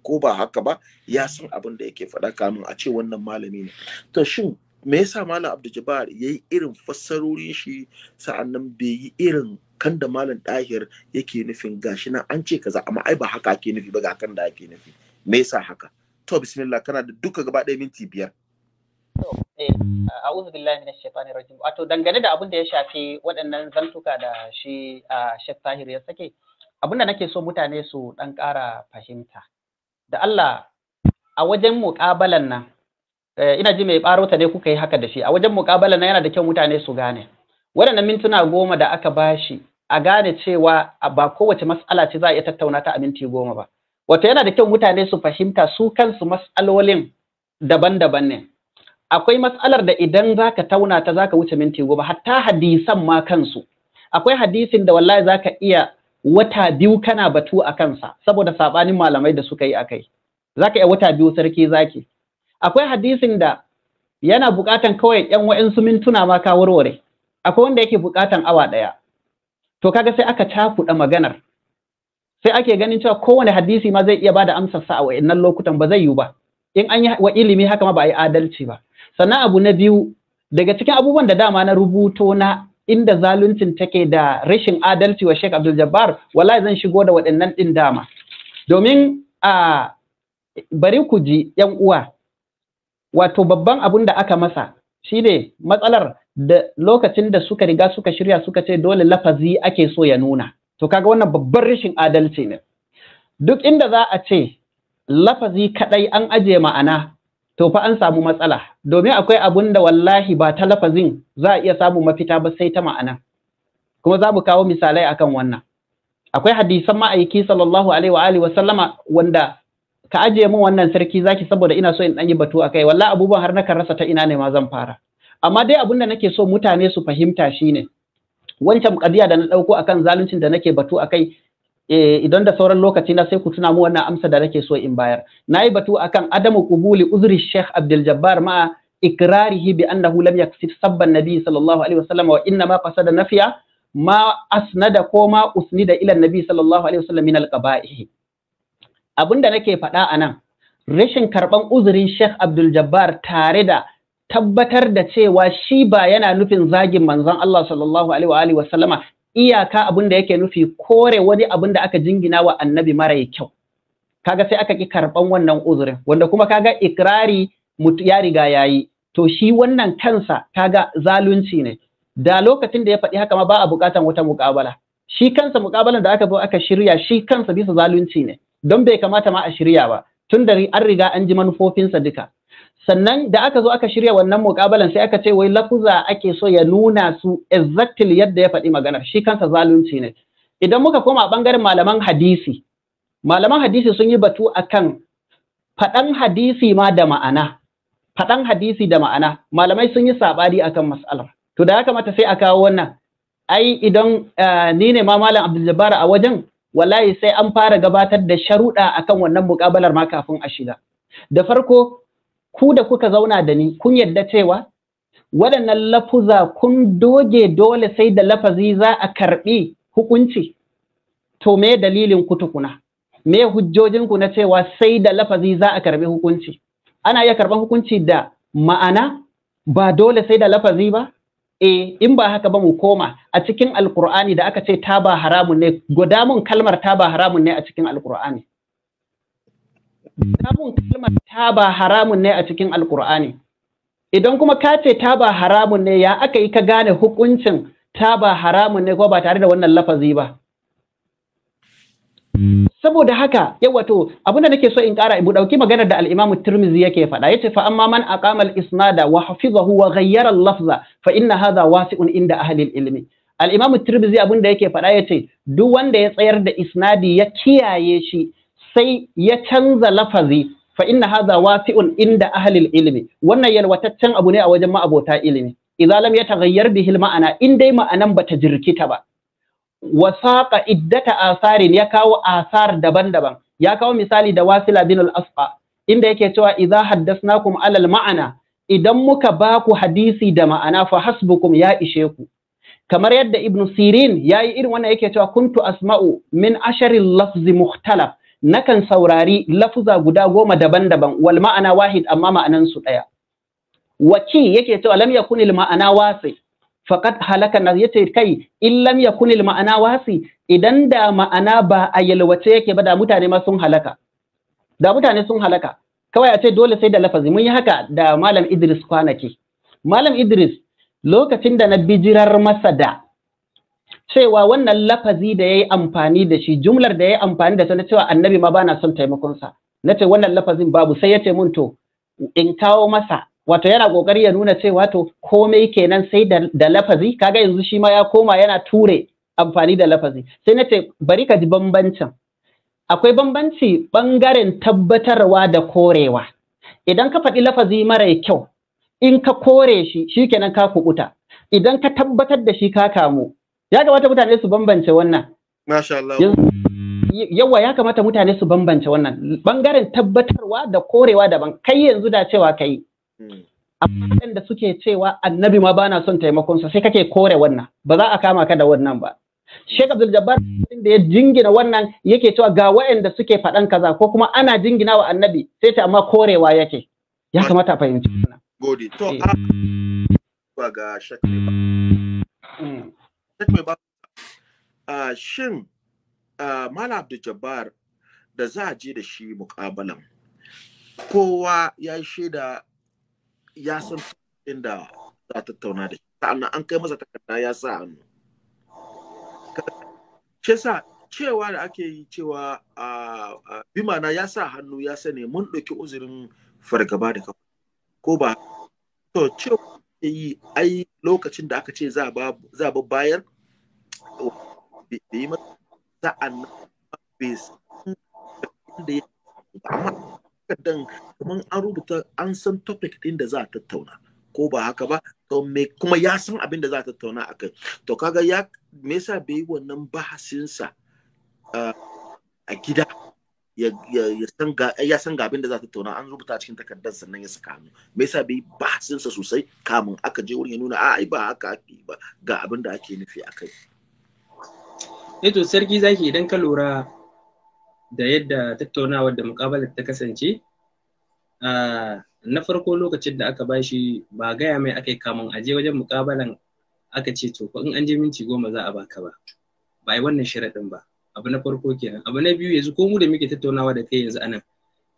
ko ba haka ba ya san abin da yake faɗa kamin a ce wannan malami ne to shin me yasa malam Abdujabbar jabbar yayi irin fassarorin shi sa'annan bai yi irin kan da malam dahir yake nufin gashi nan an ce kaza amma ai ba haka ake nufi ba ga kan da ake nufi me yasa haka to bismillah kana da duka gaba ɗaya minti biyar Eh, a'udhu billahi minash shaitani rajim wato dangane da abin da ya shafi waɗannan zantuka da shi a Sheikh Tahir ya sake abin da nake so mutane su dan ƙara fahimta da Allah a wajen muƙabalan nan eh, ina ji mai ɓarota ne kuka yi haka da shi a wajen muƙabalan nan yana da kyau mutane su gane waɗannan mintuna goma da aka bashi a gane cewa ba kowace mas'ala ce za a iya tattauna ta a minti goma ba wato yana da kyau mutane su fahimta su kansu mas'alolin daban-daban ne akwai matsalar da idan zaka tauna ta zaka wuce minti goma hatta hadisan ma kansu akwai hadisin da wallahi zaka iya wata biyu kana batu a kansa saboda sabanin malamai da suka yi akai zaka iya wata biyu sarki zaki akwai hadisin da yana bukatan kawai yan wa'insu mintuna ma ka warware akwai wanda yake bukatan awa ɗaya, to kaga sai aka cakuɗa maganar sai ake ganin cewa kowane hadisi ma zai iya bada amsar sa a wa'annan lokutan ba zai yiwu ba in an yi wa ilimi haka ma ba a yi adalci ba sannan abu na biyu daga cikin abubuwan da dama na rubuto na inda zaluncin take da rashin adalci wa Sheikh Abdul Jabbar wallahi zan shigo da waɗannan din dama domin a bari ku ji yan uwa wato babban abun da aka masa shine matsalar da lokacin da suka riga suka shirya suka ce dole lafazi ake so ya nuna to kaga wannan babban rashin adalci ne duk inda za a ce lafazi kadai an ajiye ma'ana to fa an samu matsala domin akwai abun da wallahi ba ta lafazin za a iya samu mafita ba sai ta ma'ana kuma za mu kawo misalai akan wannan akwai hadisan ma'aiki sallallahu alaihi wa alihi wa sallama wanda ka ajiye min wannan sarki zaki saboda ina so in dan yi batu akai wallahi abubuwan har na rasa ta ina ne ma zan fara amma dai abun da nake so mutane su fahimta shine wancan kadiya da na dauko akan zaluncin da nake batu akai Eh, idan da sauran lokaci na sai ku tuna mu wannan amsa da nake so in bayar nayi batu akan adamu qubuli uzri Sheikh Abdul Jabbar ma ikrarihi bi annahu lam yaksif sabban nabi sallallahu alaihi wasallam wa inna ma fasada nafiya ma asnada ko ma usnida ila nabi sallallahu alaihi wasallam min alqaba'ih abinda nake faɗa anan rashin karban uzurin Sheikh Abdul Jabbar tare da tabbatar da cewa shi ba yana nufin zagin manzon Allah sallallahu alaihi wa alihi wasallama iyaka abin da yake nufi kore wani abin da aka jingina wa annabi mara kyau kaga sai aka ki karban wannan uzurin wanda kuma kaga ikrari ya riga yayi to shi wannan kansa kaga zalunci ne da lokacin da ya faɗi haka ma ba a buƙatan wata muƙabala shi kansa muƙabalan da aka zo aka shirya shi kansa bisa zalunci ne don bai kamata ma a shirya ba tun da an riga an ji manufofinsa duka sannan da aka zo aka shirya wannan muƙabalan sai aka ce wai lafuza ake so ya nuna su exactly yadda ya faɗi maganar shi kansa zalunci ne idan muka koma ɓangaren malaman hadisi malaman hadisi sun yi batu akan faɗan hadisi ma da ma'ana faɗan hadisi da ma'ana malamai sun yi saɓani akan mas'alar to da ya kamata sai a kawo wannan ai idan eh, ni ne ma malam abdul a wajen wallahi sai an fara gabatar da sharuɗa akan wannan muƙabalar ma kafin a shiga da farko ku da kuka zauna da ni kun yadda cewa waɗannan lafuza kun doge dole sai da lafazi za a karɓi hukunci to me dalilin ku tukuna me hujjojin ku na cewa sai da lafazi za a karɓi hukunci ana iya karɓar hukunci da ma'ana ba dole sai da lafazi ba e in ba haka ba mu koma a cikin alkur'ani da aka ce ta ba haramun ne guda mun kalmar ta ba haramun ne a cikin alkur'ani samun kalmar taba haramun ne a cikin alkur'ani idan kuma ka ce taba haramun ne ya aka yi ka gane hukuncin taba haramun ne ko ba tare da wannan lafazi ba saboda haka ya wato abinda nake so in kara ibu dauki maganar da al-Imam Tirmidhi yake faɗa yace fa amma man aqama al-isnada wa hafizahu wa ghayyara al-lafza fa inna hadha wasi'un inda ahli al-ilmi al-Imam abinda yake faɗa yace duk wanda ya tsayar da isnadi ya kiyaye shi sai ya canza lafazi fa inna hadha wasi'un inda ahli ilmi wannan yalwataccen abu ne a wajen ma'abota ilimi idza lam yataghayyar bihi ma'ana in dai ma'anan bata jirkita ba wasaqa iddata asarin ya kawo asar daban-daban ya kawo misali da wasila bin al-asqa inda yake cewa idza haddathnakum alal ma'ana idan muka baku hadisi da ma'ana fa hasbukum ya ishe ku kamar yadda ibn sirin yayi irin wannan yake cewa kuntu asma'u min asharil lafzi mukhtalaf nakan saurari lafuza guda goma daban-daban wal ma'ana wahid amma ma'anan su daya waki yake cewa lam yakunil ma'ana wasi faqad halaka na yace kai in lam kunil ma'ana wasi idan da ma'ana ba a yalwace yake ba da mutane ma sun halaka da mutane sun halaka kawai a ce dole sai da lafazi mun yi haka da malam Idris kwanaki malam Idris lokacin da na bijirar masa da cewa wannan lafazi da ya yi amfani da shi jumlar da ya yi amfani da ta na cewa annabi ma bana son taimakonsa, na ce wannan lafazin babu sai yace mun to in kawo masa wato yana kokari ya nuna cewa to komai kenan sai da, da lafazi kaga yanzu shi ma ya koma yana ture amfani da lafazi sai na ce bari ka ji bambancin akwai bambanci bangaren tabbatarwa da korewa idan ka faɗi lafazi mara kyau in ka kore shi shi kenan ka kubuta idan ka tabbatar da shi ka kamu ya kamata mutane su bambance wannan masha Allah yawa ya kamata mutane su bambance wannan bangaren tabbatarwa da korewa daban kai yanzu da cewa kai hmm. amma da suke cewa annabi ma bana son taimakon sa sai kake kore wannan ba za a kama ka da wannan ba Sheikh Abdul Jabbar da ya jingina wannan yake cewa ga waɗanda suke faɗan kaza ko kuma ana jingina wa annabi sai ta amma korewa yake ya kamata a fahimci wannan eh. a ah, shin ah, Malam abdu Jabbar da za a je da shi mukabalan kowa ya yi shaida ya san inda za a tattauna da shi sa'annan an kai masa takarda ya sa hannu ce sa cewa da ake yi cewa ah, bimana ya sa hannu ya sani mun ɗauki uzurin fargaba da kafa ko ba to cewa yi ai lokacin da aka ce za a bayar bai yi masa sa'an bai san da ya ba amma kadan kuma an rubuta an san topic din da za a tattauna ko ba haka ba to me kuma ya san abin da za a tattauna akan to kaga ya me yasa bai yi wannan bahasinsa a ah, gida ya san ga eh, abin da za a tattauna an rubuta cikin takardar sannan ya saka hannu me yasa bai yi bahasinsa sosai kamun aka je wurin ya nuna a ah, ba haka ake ba ga abin da ake nufi akai Eh to sarki zaki idan ka lura da yadda tattaunawar da mukabalar ta kasance na farko lokacin da aka bashi ba gaya mai aka yi kamun aje wajen mukabalan aka ce to in an je minti goma za a baka ba ba yi wannan sharaɗin ba abu na farko kenan abu na biyu yanzu ko mu da muke tattaunawa da kai yanzu anan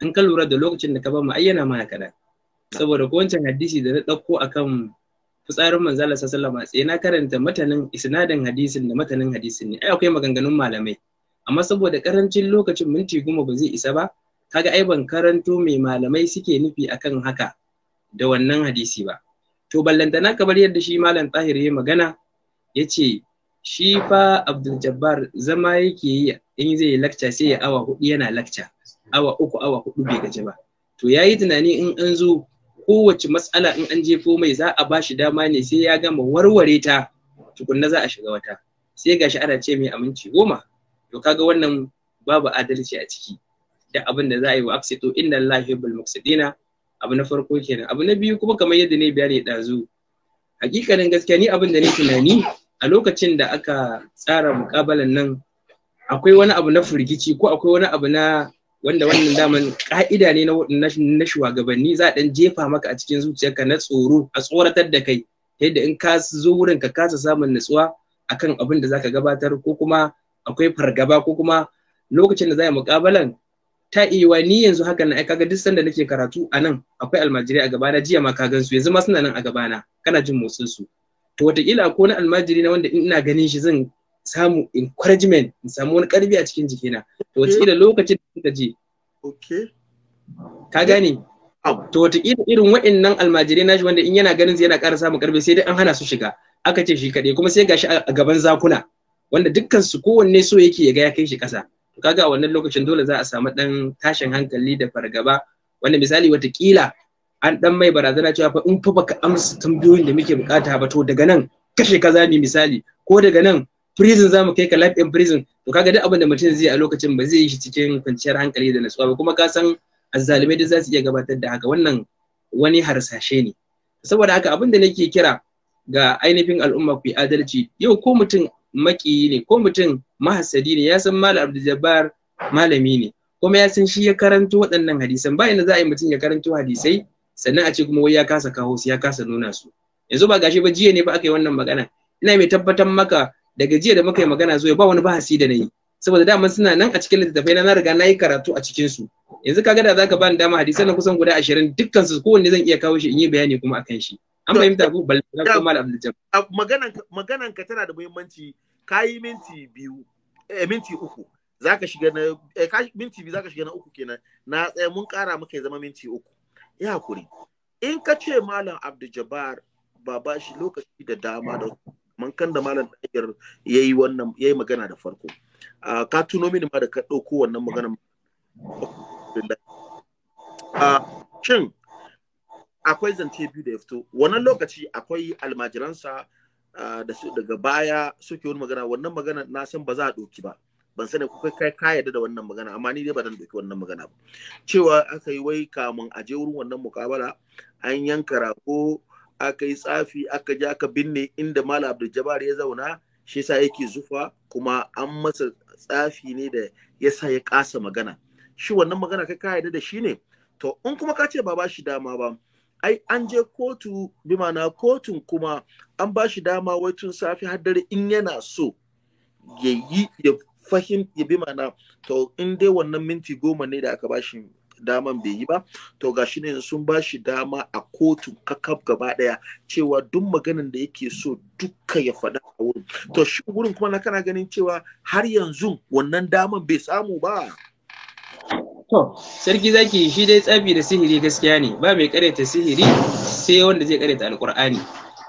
in ka lura da lokacin da ka ba mu ayyana mana kaɗan saboda ko wancan hadisi da na ɗauko akan fitsarin manzala sallallahu alaihi wasallam na karanta matanin isnadin hadisin da matanin hadisin ne ai akwai maganganun malamai amma saboda karancin lokacin minti goma ba zai isa ba kaga ai ban karanto mai malamai suke nufi akan haka da wannan hadisi ba to ballantana kamar yadda shi malam tahir ya magana yace shi fa abdul jabbar zama yake yi in zai yi lakca sai ya awa hudu yana lakca awa uku awa hudu bai gaji ba to yayi tunani in an zo kowace matsala in an jefo mai za a bashi dama ne sai ya gama warware ta tukunna za a shiga wata sai gashi ana ce mai aminci goma to kaga wannan babu adalci a ciki da abin da za a yi wa aksito inna lillahi yuhibbul muksidina abu na farko kenan abu na biyu kuma kamar yadda ne bayani dazu hakikanin gaskiya ni abin da ne tunani a lokacin da aka tsara mukabalan nan akwai wani abu na firgici ko akwai wani abu na wanda wannan daman ka'ida ne na shugabanni za a ɗan jefa maka a cikin zuciyarka na tsoro a tsoratar da kai yadda in ka zo wurin ka kasa samun nutsuwa akan abin da ka gabatar ko kuma akwai fargaba ko kuma lokacin da za a muƙabalan ta iya ni yanzu haka na aika ga duk sanda nake karatu a nan akwai almajirai a gabana jiya ma ka su yanzu ma suna nan a gabana kana jin motsin su to wataƙila ko na almajiri na wanda ina ganin shi zan samu encouragement in samu wani karbi a cikin jikina to wataƙila lokacin da suka je ka gane to wataƙila irin wa'annan almajirai shi wanda in yana ganin yana ƙara samun karfi sai dai an hana su shiga aka ce shi kaɗai kuma sai ga shi a gaban zakuna wanda dukkan su kowanne so yake ya ga ya kai shi ƙasa to kaga a wannan lokacin dole za a samu ɗan tashin hankali da fargaba wanda misali wataƙila an ɗan mai barazana cewa fa in fa baka amsa tambayoyin da muke bukata ba to daga nan kashe kaza ne misali ko daga nan prison zamu kai ka life in prison to kaga duk abin da mutum zai a lokacin ba zai yi shi cikin kwanciyar hankali da natsuwa ba kuma ka san azzalimai duk za su iya gabatar da haka wannan wani harsashe ne saboda haka abin da nake kira ga ainihin al'umma ku adalci yau ko mutum makiyi ne ko mutum mahasadi ne ya san malam abdul jabbar malami ne kuma ya san shi ya karanto waɗannan hadisan ba inda za a yi mutum ya karanto hadisai sannan a ce kuma wai ya kasa kawo su ya kasa nuna su yanzu ba gashi ba jiya ne ba aka yi wannan magana ina mai tabbatar maka daga jiya da muka yi magana zuwa ba wani bahasi da na yi saboda daman suna nan a cikin littattafai na riga na yi karatu a cikin su yanzu kaga da zaka bani dama hadisan na kusan guda 20 dukkan su kowanne zan iya kawo shi in yi bayani kuma akan shi an fahimta ko bal ko mal abdul jab maganan maganan ka tana da muhimmanci kayi minti biyu eh, minti uku zaka shiga na eh, ka, minti biyu zaka shiga na uku kenan na tsaya mun kara maka ya zama minti uku ya hakuri in ka ce malam abdul jabbar ba ba shi lokaci da dama da kan da malam ɗanyar ya yi magana da farko ka tuno mini ma da ka ɗauko wannan magana shin akwai zance biyu da ya fito wannan lokaci akwai almajiransa da su daga baya suke wani magana wannan magana na san ba za a ɗauki ba ban sani ko kai ka yarda da wannan magana amma ni dai ba zan ɗauki wannan magana ba cewa aka yi wai kamun a je wurin wannan mukabala an yanka rago aka yi tsafi aka ja aka binne inda Malam Abdul ya zauna shi sa yake zufa kuma an masa tsafi ne da ya sa ya kasa magana shi wannan magana kai ka yarda da shi ne to in kuma ka ce ba ba shi dama ba ai an je kotu bi mana kotun kuma an ba shi dama wai tun safi har dare in yana so ya yi ya fahim ya bi mana to in dai wannan minti goma ne da aka ba shi daman bai yi ba to ga shi ne sun ba shi dama a kotun kakaf gaba daya cewa duk maganin da yake so dukka ya faɗa a wurin to shi wurin kuma na kana ganin cewa har yanzu wannan daman bai samu ba to sarki zaki shi dai tsafi da sihiri gaskiya ne ba mai karyata sihiri sai wanda zai karyata alkur'ani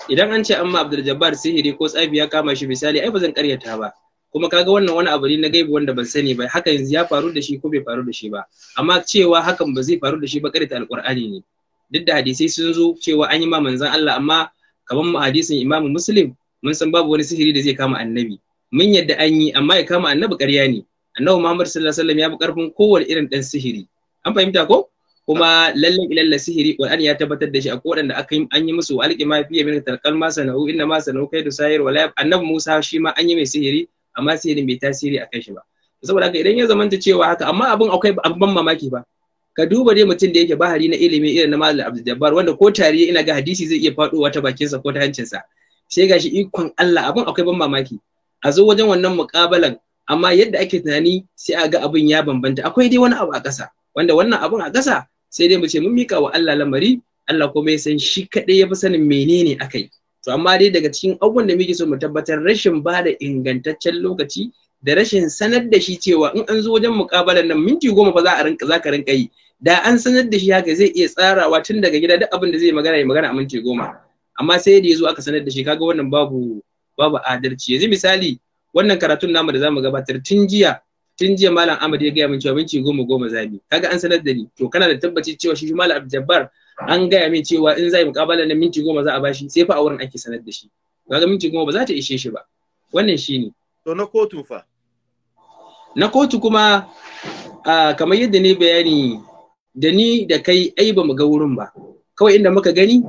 idan an ce amma abdul jabbar sihiri ko tsafi ya kama shi misali ai ba zan karyata ba kuma kaga wannan wani abu ne na gaibi wanda ban sani ba haka yanzu ya faru da shi ko bai faru da shi ba amma cewa hakan ba zai faru da shi ba ta alqur'ani ne duk da hadisai sun zo cewa an yi ma manzon Allah amma kaman mu hadisin Imam Muslim mun san babu wani sihiri da zai kama annabi mun yadda an yi amma ya kama annabi ƙarya ne annabi Muhammad sallallahu alaihi wasallam ya bi karfin kowane irin dan sihiri an fahimta ko kuma lalle ilalla sihiri Qur'ani ya tabbatar da shi a kodan da aka yi an yi musu alqima ma fiye min talqal ma sana'u inna ma sana'u kaidu sayir wala annabi Musa shi ma an yi mai sihiri amma ni bai tasiri akan shi ba saboda haka idan ya zamanta cewa haka amma abin akwai ban mamaki ba ka duba dai mutum da yake bahari na ilimi irin na Malam Abdul Jabbar wanda ko tarihi ina ga hadisi zai iya faɗowa ta bakinsa ko ta hancinsa sai gashi ikon Allah abin akwai ban mamaki a zo wajen wannan muƙabalan amma yadda ake tunani sai a ga abin ya bambanta akwai dai wani abu a ƙasa wanda wannan abin a ƙasa sai dai mu ce mun mika wa Allah lamari Allah kuma ya san shi kaɗai ya fi sanin menene akai to amma dai daga cikin abubuwan da muke so mu tabbatar rashin ba da ingantaccen lokaci da rashin sanar da shi cewa in an zo wajen mukabalar nan minti goma fa za a rinka za ka rinka yi da an sanar da shi haka zai iya tsarawa tun daga gida duk abin da zai magana ya magana a minti goma amma sai da ya zo aka sanar da shi kaga wannan babu babu adalci yanzu misali wannan karatun namu da zamu gabatar tun jiya tun jiya malam Ahmad ya gaya min cewa minti goma goma zabi kaga an sanar da ni to kana da tabbaci cewa shi malam Abdul Jabbar an gaya min cewa in zai mukabala na minti goma za a bashi sai fa a wurin ake sanar da shi kaga minti goma ba za ta ishe shi ba wannan shine to na kotu fa na kotu kuma kamar yadda ne bayani da ni da kai ai ba mu ga wurin ba kawai inda muka gani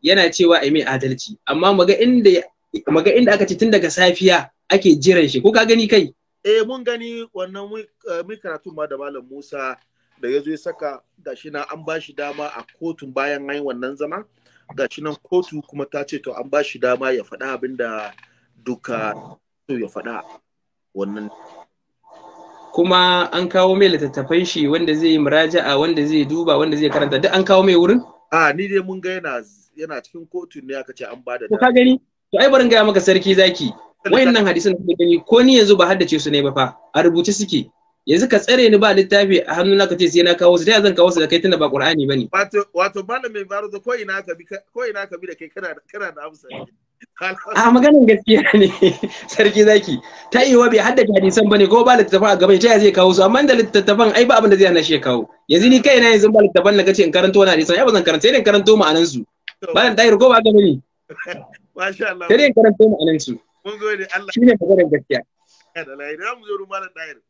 yana cewa ai mai adalci amma muga inda muga inda aka ce tun daga safiya ake jiran shi ko ka gani kai eh mun gani wannan eh, mun karatu ma da malam Musa da ya zo ya saka gashi na an ba shi dama a kotun bayan an wannan zama shi nan kotu kuma ta ce to an ba shi dama ya faɗa abin da duka to ya faɗa wannan kuma an kawo mai littattafan shi wanda zai yi muraja'a wanda zai duba wanda zai karanta duk an kawo mai wurin a ni dai mun ga yana yana cikin kotun ne aka ce an ba da ka gani to ai barin gaya maka sarki zaki wayannan hadisin da gani ko ni yanzu ba haddace su ne ba fa a rubuce suke yanzu ka tsare ni ba littafi a hannu na ka ce sai na kawo su ta zan kawo su da kai tunda ba qur'ani bane wato wato malamin baro da ko ina ka bi ko ina ka bi da kai kana kana da amsa a ah, maganin gaskiya ne sarki zaki ta yi wa bai da hadisan bane ko ba littattafan a gaban ta zai kawo su amma da littattafan ai ba abin da zai hana shi kawo yanzu ni kai na yanzu ba littattafan na kace in karanto wani hadisan ai ba zan karanta sai in karanto ma'anan su ba dan dai ko ba ga mini masha Allah sai in karanto ma'anan su mun gode Allah shine maganin gaskiya kada lai mu zo dair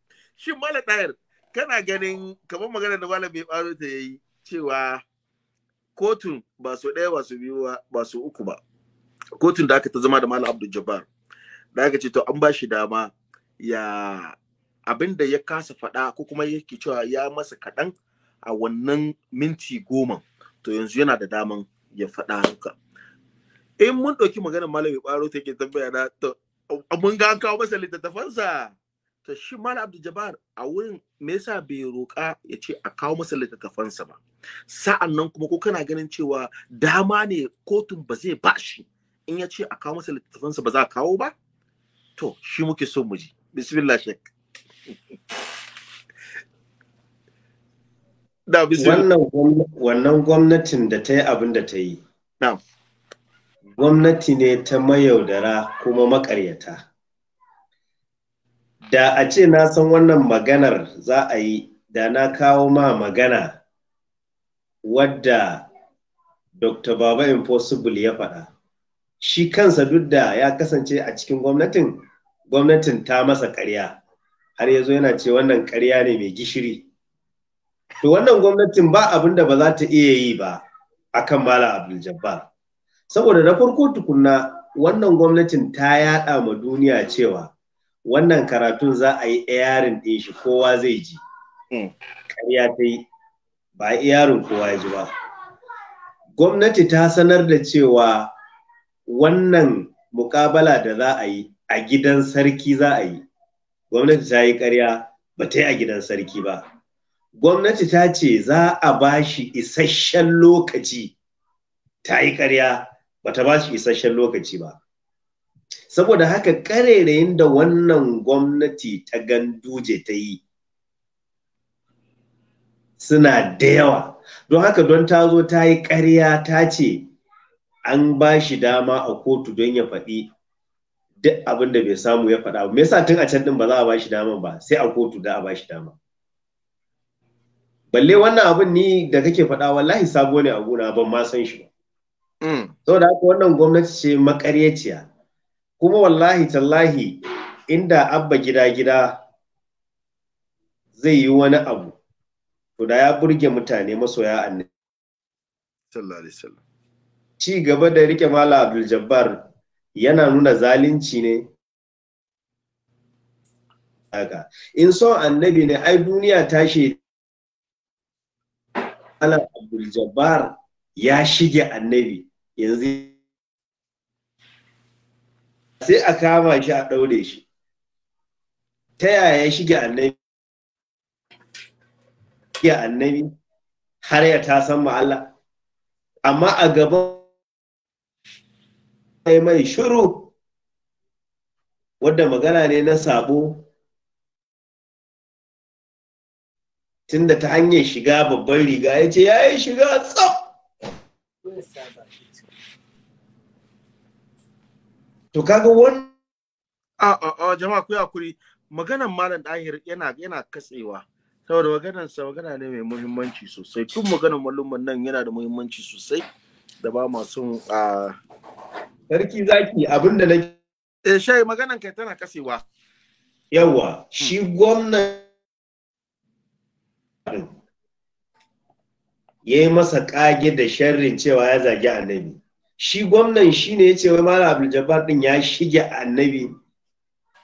shin mala ɗayar kana ganin kamar magana da malam bai ɓaro ta yayi cewa kotun ba su ɗaya ba su biyu ba su uku ba kotun da aka ta zama da malam abdul jabbar da aka ce to an ba shi dama ya abin da ya kasa faɗa ko kuma yake cewa ya masa kaɗan a wannan minti goma to yanzu yana da daman ya faɗa haka in mun ɗauki maganar malami ɓaro ta ke tambaya na to mun ga an kawo masa littattafansa ta shi Malam Abdul jabar a wurin me yasa bai roƙa ya ce a kawo masa littattafansa ba sa'an nan kuma ko kana ganin cewa dama ne kotun ba zai ba shi in ya ce a kawo masa littattafansa ba za a kawo ba to shi muke so mu ji bismillah shek wannan gwamnatin da ta yi abin da ta yi gwamnati ne ta mayaudara kuma makaryata da a ce na san wannan maganar za a yi da na kawo ma magana wadda dr baba impossible ya faɗa shi kansa duk da ya kasance a cikin gwamnatin gwamnatin ta masa ƙarya har ya zo yana ce wannan ƙarya ne mai gishiri to wannan gwamnatin ba abin da ba za ta iya yi ba akan mala abdul jabbar saboda na farko tukunna wannan gwamnatin ta yaɗa ma duniya cewa wannan karatun za a yi yarin ɗin shi kowa zai ji ƙarya hmm. ta yi ba yarin kowa ya ji ba gwamnati ta sanar da cewa wannan mukabala da za a yi a gidan sarki za a yi gwamnati ta yi ƙarya ba ta yi a gidan sarki ba gwamnati ta ce za a ba shi isasshen lokaci ta yi ƙarya ba ta ba shi isasshen lokaci ba saboda haka karerayin da wannan gwamnati ta ganduje ta yi suna da yawa don haka don ta zo ta yi ƙarya ta ce an ba shi dama a kotu don ya faɗi duk abin da bai samu ya faɗa me yasa tun a can din ba za a ba shi dama ba sai a kotu da a ba shi dama balle wannan abin ni da kake faɗa wallahi sabo ne a gona ban ma san shi ba mm. saboda haka wannan gwamnati ce makaryaciya kuma wallahi tallahi inda abba gida gida zai yi wani abu to da ya burge mutane masoya annabi ci gaba da rike mala abdul jabbar yana nuna zalunci ne in son annabi ne ai duniya ta mala abdul jabbar ya shige annabi yanzu sai a kama shi a ɗaure shi ta yaya ya shige annabi ya annabi har ya ta san Allah amma a gaba mai mai shiru wadda magana ne na sabo tunda ta hanyar shiga babban riga ya ce ya yi shiga tsaf to kaga wannan a a jama'a ku hakuri maganan malam dahir yana yana katsewa saboda maganar sa magana ne mai muhimmanci sosai tun maganar malluman nan yana da muhimmanci sosai da ba ma sun a sarki zaki abinda na eh shai maganan kai tana kasewa yawa hmm. shi gwamnati ya yi masa kage da sharrin cewa ya zagi annabi shi gwamnan shi ne ya ce wai mala abdul din ya shige annabi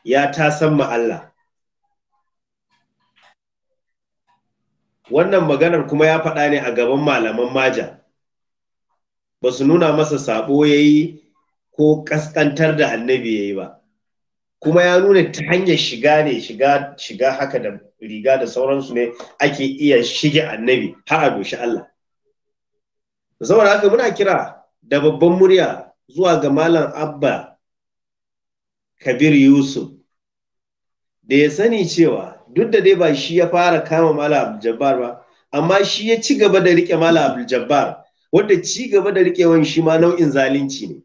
ya ta san ma Allah wannan maganar kuma ya faɗa ne a gaban malaman maja ba su nuna masa sabo ya yi ko ƙasƙantar da annabi ya yi ba kuma ya nuna ta hanyar shiga ne shiga haka da riga da sauransu ne ake iya shige annabi har a doshi Allah saboda haka muna kira da babban murya zuwa ga Malam Abba Kabir Yusuf da ya sani cewa duk da dai ba shi ya fara kama Malam Abdul ba, amma shi ya ci gaba da rike Malam Abdul Jabbar wanda ci gaba da wani shi ma nau'in zalunci ne.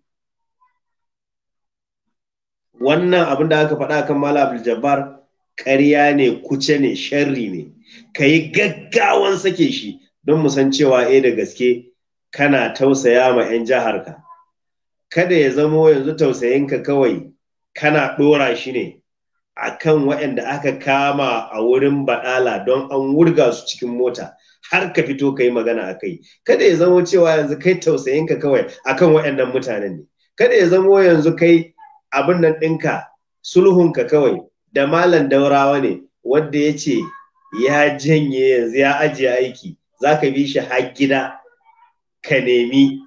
Wannan abin da aka faɗa kan Malam Abdul Jabbar ƙarya ne, kuce ne, sharri ne, ka yi gaggawan sake shi don mu san cewa E da gaske kana tausaya ma 'yan jiharka kada ya zamo yanzu tausayinka kawai kana ɗora shi ne a kan waɗanda aka kama a wurin baɗala don an wurga su cikin mota har ka fito ka yi magana a kai kada ya zamo cewa yanzu kai tausayinka kawai a kan waɗannan mutanen ne kada ya zamo yanzu kai abin nan ɗinka sulhunka kawai da malam daurawa ne wadda ya ce ya janye yanzu ya ajiye aiki za ka bi shi har gida ka nemi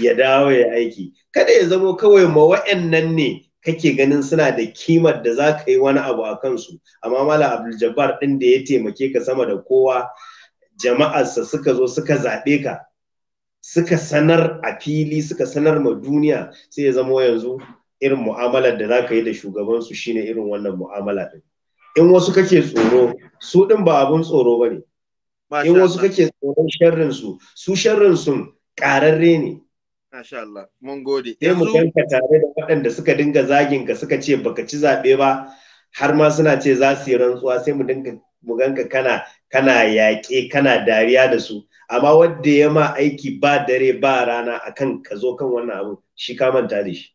ya dawo ya aiki kada ya zamo kawai ma wa'annan ne kake ganin suna da kimar da za ka yi wani abu a kansu amma mala abdul jabbar din da ya taimake ka sama da kowa jama'arsa suka zo suka zaɓe ka suka sanar a fili suka sanar ma duniya sai ya zamo yanzu irin mu'amalar da za ka yi da shugabansu shine irin wannan mu'amala din in wasu kake tsoro su din ba abun tsoro ba ne in wasu kake tsoron sharrin su su sharrin sun ƙararre ne Masha Allah, mun gode. Sai mu kanka tare da waɗanda suka dinga zagin ka suka ce baka ci zaɓe ba, har ma suna ce za su yi rantsuwa sai mu dinga mu ganka kana kana yaƙe kana dariya da su. Amma wanda ya ma aiki ba dare ba rana akan ka zo kan wannan abu shi ka manta da shi.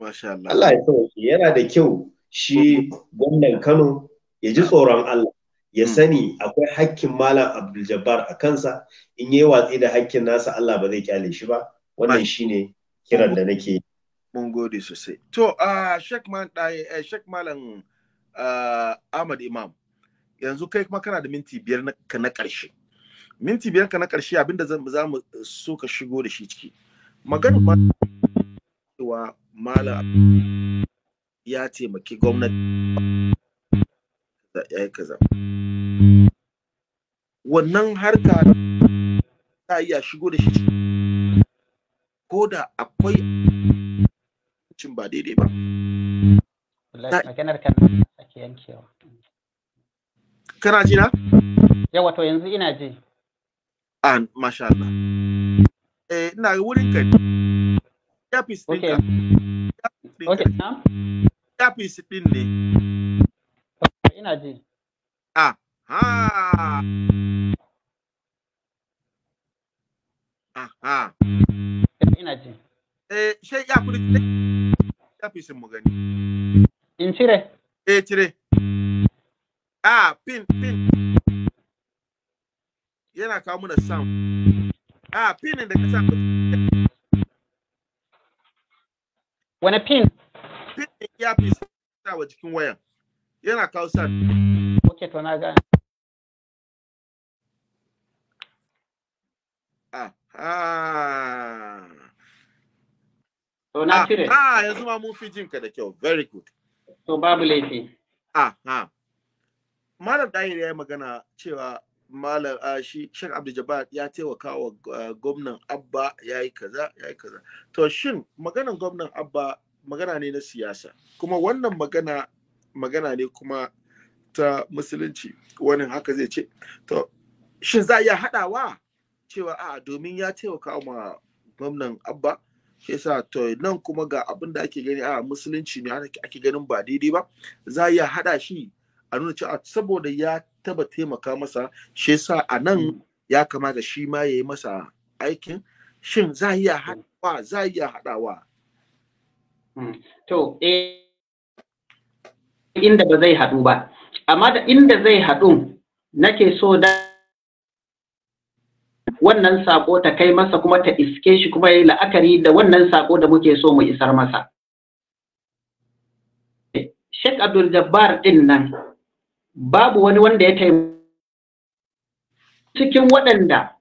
Masha Allah. Allah ya yana da kyau shi gwamnan Kano ya ji tsoron Allah. ya hmm. sani akwai hakkin malam abdul a kansa in yi watsi da hakkin nasa allah ba zai kyale shi ba wannan shine kiran da nake mun gode sosai to a shek malam ahmad imam yanzu kai kuma kana da minti biyar ka na ƙarshe minti biyar ka na ƙarshe abinda za mu so ka shigo da shi ciki maganin malam ya taimaki gwamnati ya yi kaza mm. wannan harka ta iya shigo da shi ko da akwai cin ba daidai ba maganar kan ake yankewa kana ji na yawa to yanzu ina ji an ah, masha Allah eh ina wurin kai ya fi ya fi ɗin ne ina ji. A ha. Aha. Eh, ina ji. Eh, shai ya kuri Ya fi sun mu gani. In cire? Eh, cire. Ah, pin, pin. Yana kawo mana A, Ah, pinin da ka sa Wani pin? Pin ya fi sa wa jikin wayan. yana kawo sa to na gane to na ah, cire ah yanzu ma mun fi jin ka da kyau very good to babu laifi ah. malam dahir ya yi magana cewa malam ah, shi Sheikh Abdul ya taimaka wa ah, gwamnan Abba ya yi kaza ya yi kaza to shin maganan gwamnan Abba magana ne na siyasa kuma wannan magana magana ne kuma ta musulunci wani haka zai ce to shin za a iya haɗawa cewa a domin ya taimaka ma gwamnan abba ke sa to nan kuma ga abin da ake gani a musulunci ne ake ganin ba daidai ba za a iya haɗa shi a nuna cewa saboda ya taba taimaka masa shi sa a nan mm. ya kamata shi ma ya yi masa aikin shin za a iya mm. haɗawa za a iya haɗawa mm. to eh, inda ba zai haɗu ba amma da inda zai haɗu nake so da wannan saƙo ta kai masa kuma ta iske shi kuma ya yi la'akari da wannan saƙo da muke so mu isar masa Sheikh Abdul Jabbar din nan babu wani wanda ya taimaka cikin waɗanda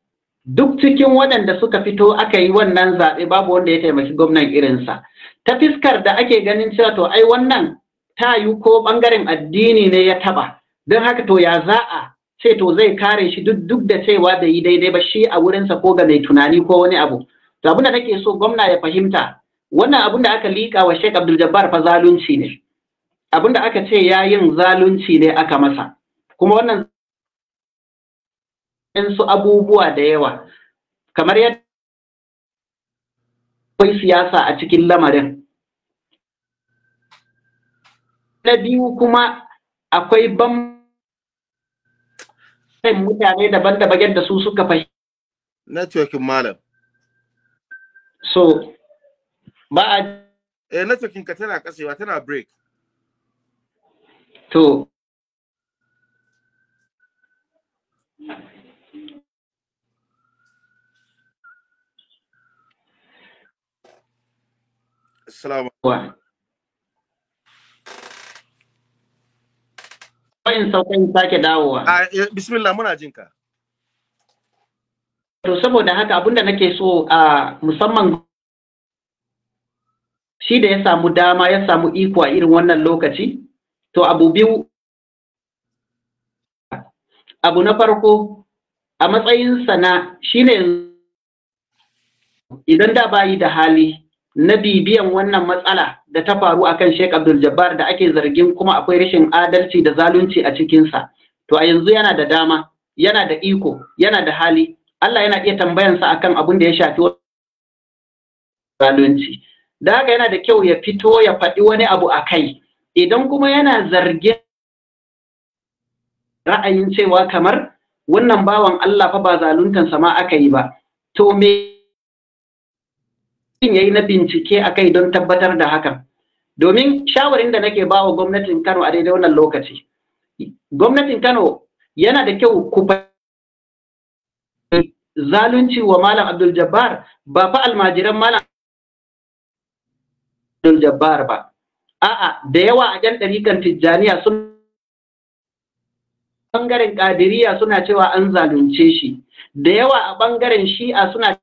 duk cikin waɗanda suka fito aka yi wannan zaɓe babu wanda ya taimaki gwamnan irinsa ta fiskar da ake ganin cewa to ai wannan ta yi ko bangaren addini ne ya taɓa don haka to ya za a ce to zai kare shi duk da cewa da yi daidai ba shi a wurinsa ko ga mai tunani ko wani abu to abin da nake so gwamna ya fahimta wannan abin da aka liƙa wa Sheikh Abdul Jabbar fa zalunci ne abin aka ce ya yin zalunci ne aka masa kuma wannan su abubuwa da yawa kamar yadda akwai siyasa a cikin lamarin na biyu kuma akwai ban mutane daban da bagen da su suka fahimta networking malam so ba a eh networking ka tana kasewa tana break to Assalamu alaikum. in sauka sake dawowa. Eh, bismillah muna jin ka. To saboda haka abinda nake so a musamman shi da ya samu dama ya samu iko a irin wannan lokaci, to abu biyu abu na farko a matsayinsa na shi ne idan da bayi da hali na bibiyan wannan matsala da ta faru akan Sheikh Abdul Jabbar da ake zargin kuma akwai rashin adalci da zalunci a cikin sa To a yanzu yana da dama, yana da iko, yana da hali, Allah yana iya sa akan abin da ya shafi zalunci. Da haka yana da kyau ya fito ya faɗi wani abu a kai, idan kuma yana zargin ra'ayin cewa kamar wannan bawan Allah fa ba sa ma aka yi ba. To me ya yi na bincike a kai don tabbatar da hakan domin shawarin da nake ba wa gwamnatin kano a daidai wannan lokaci gwamnatin kano yana da kyau ku zalunci wa malam abdul jabbar ba fa almajiran malam abdul jabbar ba a'a da yawa a yan ɗarikan tijjaniya sun ɓangaren ƙadiriya suna cewa an zalunce shi da yawa a ɓangaren shi'a suna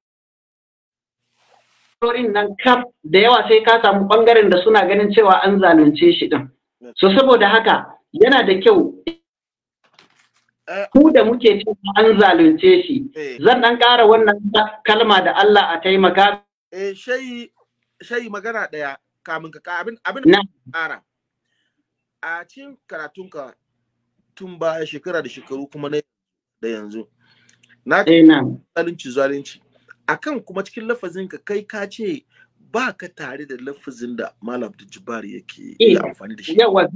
bangarorin nan kaf da yawa sai ka samu bangaren da suna ganin cewa an zalunce shi din so saboda haka yana da kyau eh. ku da muke cewa an zalunce shi eh. zan dan ƙara wannan kalma da Allah a taimaka eh shayi shayi magana daya kamin ka abin abin ƙara a cikin karatunka tun baya shekara da shekaru kuma na da yanzu na eh, zalunci zalunci akan kuma cikin lafazin ka kai ka ce ba ka tare da lafazin da malam Abdul yake eh, amfani da shi yawa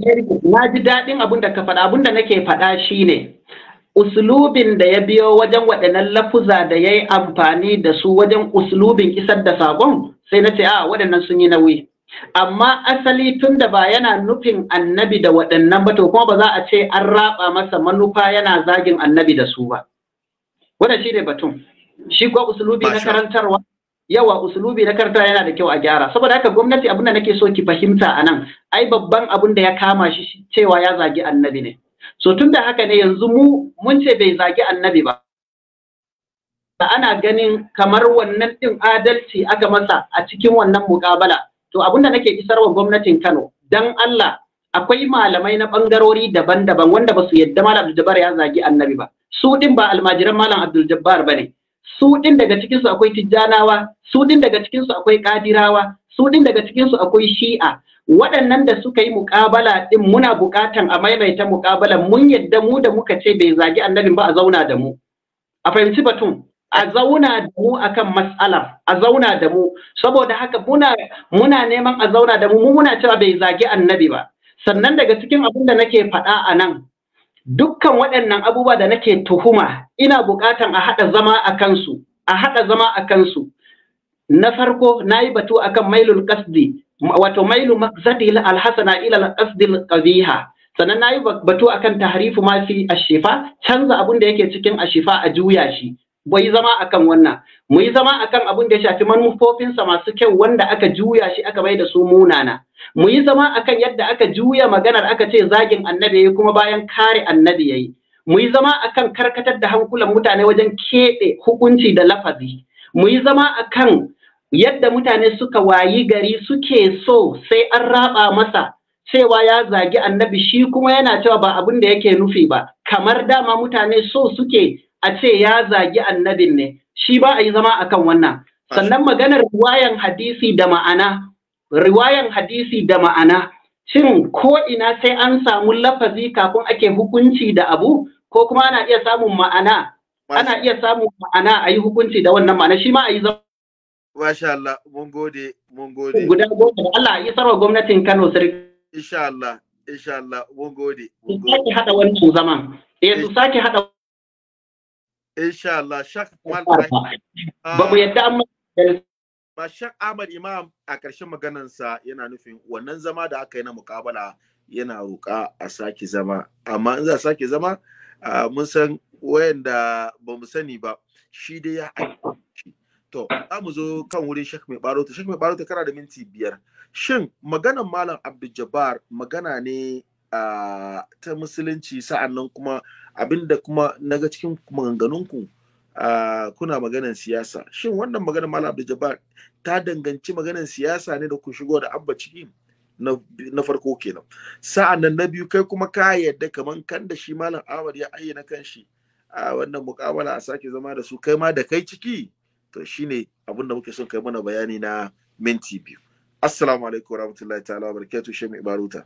na ji daɗin abin da ka faɗa abin da nake faɗa shine uslubin da ya biyo wajen waɗannan lafuza da ya yi amfani da su wajen uslubin isar da sabon sai na ce a ah, waɗannan sun yi nauyi amma asali tun da ba yana nufin annabi da waɗannan ba to kuma ba za a ce an raba masa manufa yana zagin annabi da su ba wannan shi batun shi kuwa usulubi na karantarwa yawa usulubi na karta yana da kyau a gyara saboda haka gwamnati abin da nake so ki fahimta a nan ai babban abin da ya kama shi cewa ya zagi annabi ne so tun da haka ne yanzu mu mun ce bai zagi annabi ba ana ganin kamar wannan din adalci aka masa a cikin wannan mukabala to abin da nake isarwa gwamnatin Kano dan Allah akwai malamai na bangarori daban-daban wanda ba su yadda malam Abdul ya zagi annabi ba su din ba almajiran malam Abdul Jabbar bane su din daga cikin akwai tijjanawa su din daga cikin akwai kadirawa su din daga cikin akwai shi'a waɗannan da suka yi muƙabala din muna buƙatan a maimaita muƙabalan mun yadda mu da muka ce bai zagi annabi ba a zauna da mu a fahimci batun a zauna da mu akan masala a zauna da mu saboda haka muna muna neman a zauna da mu mu muna cewa bai zagi annabi ba sannan daga cikin abin da nake faɗa a nan dukkan waɗannan abubuwa da nake tuhuma ina buƙatan a haɗa zama a kansu a haɗa zama a kansu na farko na yi batu akan mailul ƙasdi, wato mailu maqsadi alhasana ila ƙasdi ƙabiha. sannan na yi batu akan tahrifu ma fi ashifa canza abin da yake cikin ashifa a juya shi bai zama a kan wannan mu yi zama akan abin da ya shafi manufofinsa masu kyau wanda aka juya shi aka bai da su munana mu yi zama akan yadda aka juya maganar aka ce zagin annabi yayi kuma bayan kare annabi yayi mu yi zama akan karkatar da hankulan mutane wajen keɓe hukunci da lafazi mu yi zama akan yadda mutane suka wayi gari suke so sai an raba masa cewa ya zagi annabi shi kuma yana cewa ba abin da yake nufi ba kamar dama mutane so suke a ce ya zagi annabin ne shi ba a yi zama akan wannan sannan maganar riwayan hadisi da ma'ana riwayan hadisi da ma'ana shin ko ina sai an samu lafazi kafin ake hukunci da abu ko kuma ana iya samun ma'ana ana iya samun ma'ana a yi hukunci da wannan ma'ana shi ma a yi zama Masha Allah, mun gode, mun gode. Guda gode, Allah ya sarwa gwamnatin Kano sarki. Insha Allah, insha Allah, mun gode. Su sake haɗa wannan zaman. Eh, su eh. sake haɗa Insha Allah, Shak Ba mu yadda an Ba Shak Ahmad Imam a ƙarshen maganansa yana nufin wannan zama da aka yi na mukabala yana roƙa a sake zama. Amma in za a sake zama, mun san wayanda ba mu sani ba, shi dai ya aiki. To, za mu zo kan wurin Shak Mai Barota. Shak Mai Barota kana da minti biyar. Shin maganar Malam Abdul Jabbar magana ne ta musulunci sa'an nan kuma abinda kuma naga cikin maganganunku kuna maganan siyasa shin wannan maganar malam abdul ta danganci maganan siyasa ne da ku shigo da abba ciki na farko kenan nan na biyu kai kuma ka yadda kaman kan da shi malam ahmad ya ayyana kan shi a wannan mukabala a sake zama da su kai ma da kai ciki to shine abin da muke son kai mana bayani na minti biyu assalamu alaikum warahmatullahi ta'ala wa barakatuh shemi ibaruta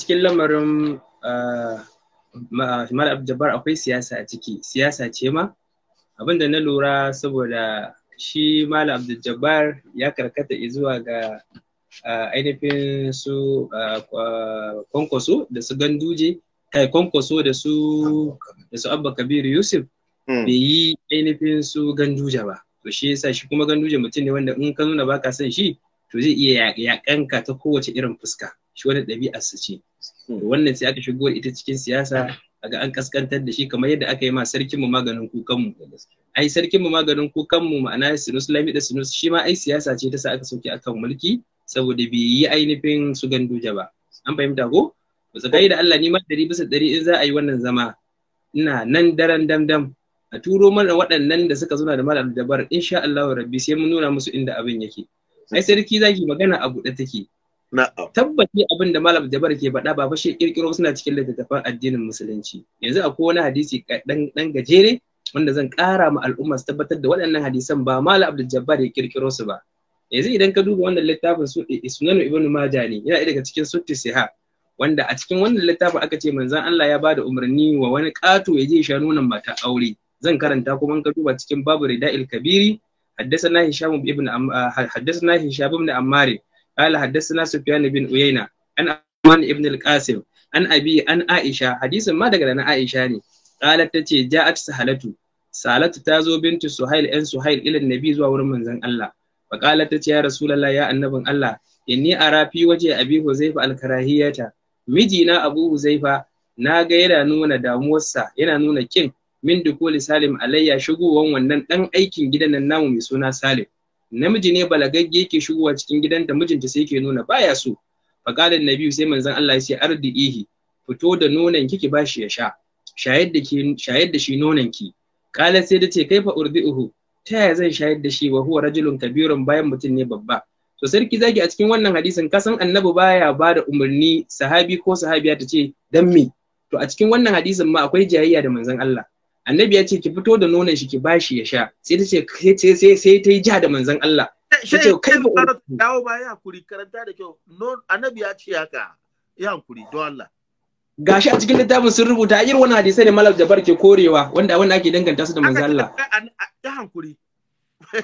cikin lamarin eh, Malam Abdul akwai siyasa a ciki siyasa ce ma abinda na lura saboda shi Malam Abdul ya karkata zuwa ga eh, ainihin su eh, kwankwaso da su ganduje kai kwankwaso da su Abba Kabir Yusuf hmm. bai yi ainihin su ganduje ba to shi yasa shi kuma ganduje mutum ne wanda in ka nuna baka son shi to zai iya yakanka ta kowace irin fuska shi wani ɗabi'ar su ce Hmm. wannan sai aka shigo ita cikin siyasa ga an kaskantar da shi kamar yadda aka yi ma sarkin mu maganin kukan mu ai sarkin mu maganin kukan mu ma'ana sinus Lami da sinus shi ma ai siyasa ce ta sa aka soke akan mulki saboda bai yi ainihin su ganduja ba an fahimta ko Ba su da Allah ni ma dari bisa dari in za a yi wannan zama ina nan daren damdam a turo mana waɗannan da suka zuna da malam dabar insha Allah rabbi sai mun nuna musu inda abin yake ai sarki zaki magana a buɗe take tabbaci abin da malam jabar ke faɗa ba fa kirkiro suna cikin littattafan addinin musulunci yanzu akwai wani hadisi ɗan gajere wanda zan ƙara ma al'umma su tabbatar da waɗannan hadisan ba malam abdul jabbar ya kirkiro su ba yanzu idan ka duba wannan littafin eh, sunan ibn majah ne yana daga cikin sutti siha wanda a cikin wannan littafin aka ce manzon Allah ya bada umarni wa wani ƙato ya je sha nonon mata aure zan karanta kuma in ka duba cikin babu rida'il kabiri Haddasa هشام بن عم... حدثنا هشام قال حدثنا سفيان بن عيينة عن عثمان بن القاسم عن أبي عن عائشة حديث ما دقل عن عائشة ني قالت تتي جاءت سهلة سهلة تازو بنت سهيل إن سهيل إلى النبي زوا ورمان زن الله فقالت تتي يا رسول الله يا النبي الله إني أرى في وجه أبي حذيفة الكراهية mijina Abu Huzaifa na ga yana nuna damuwarsa yana nuna kin min dukuli Salim alayya shigowan wannan dan aikin gidan nan namu mai suna Salim namiji ne balagagge yake shigowa cikin gidanta mijinta sai yake nuna baya so faqalan nabiyu sai manzon Allah ya ce ardihi fito da nonan ki ki bashi ya sha shayar da ki shayar da shi nonon ki qala sai da ce kaifa urdihu ta yaya zan shayar da shi wa huwa rajulun kabirun bayan mutum ne babba to sarki zaki a cikin wannan hadisin kasan annabi baya ba da umarni sahabi ko sahabiya ta ce dan me to a cikin wannan hadisin ma akwai jayayya da manzon Allah annabi ya ce ki fito da nonon shi ki bashi ya sha sai ta ce sai sai ta yi ja da manzon Allah eh, ta ce kai ba dawo ba ya kuri karanta da kyau annabi ya ce haka ya kuri don Allah gashi a cikin littafin sun rubuta irin wani hadisi ne malam Jabbar ke korewa wanda wanda ake danganta su da manzon Allah eh, ya hankuri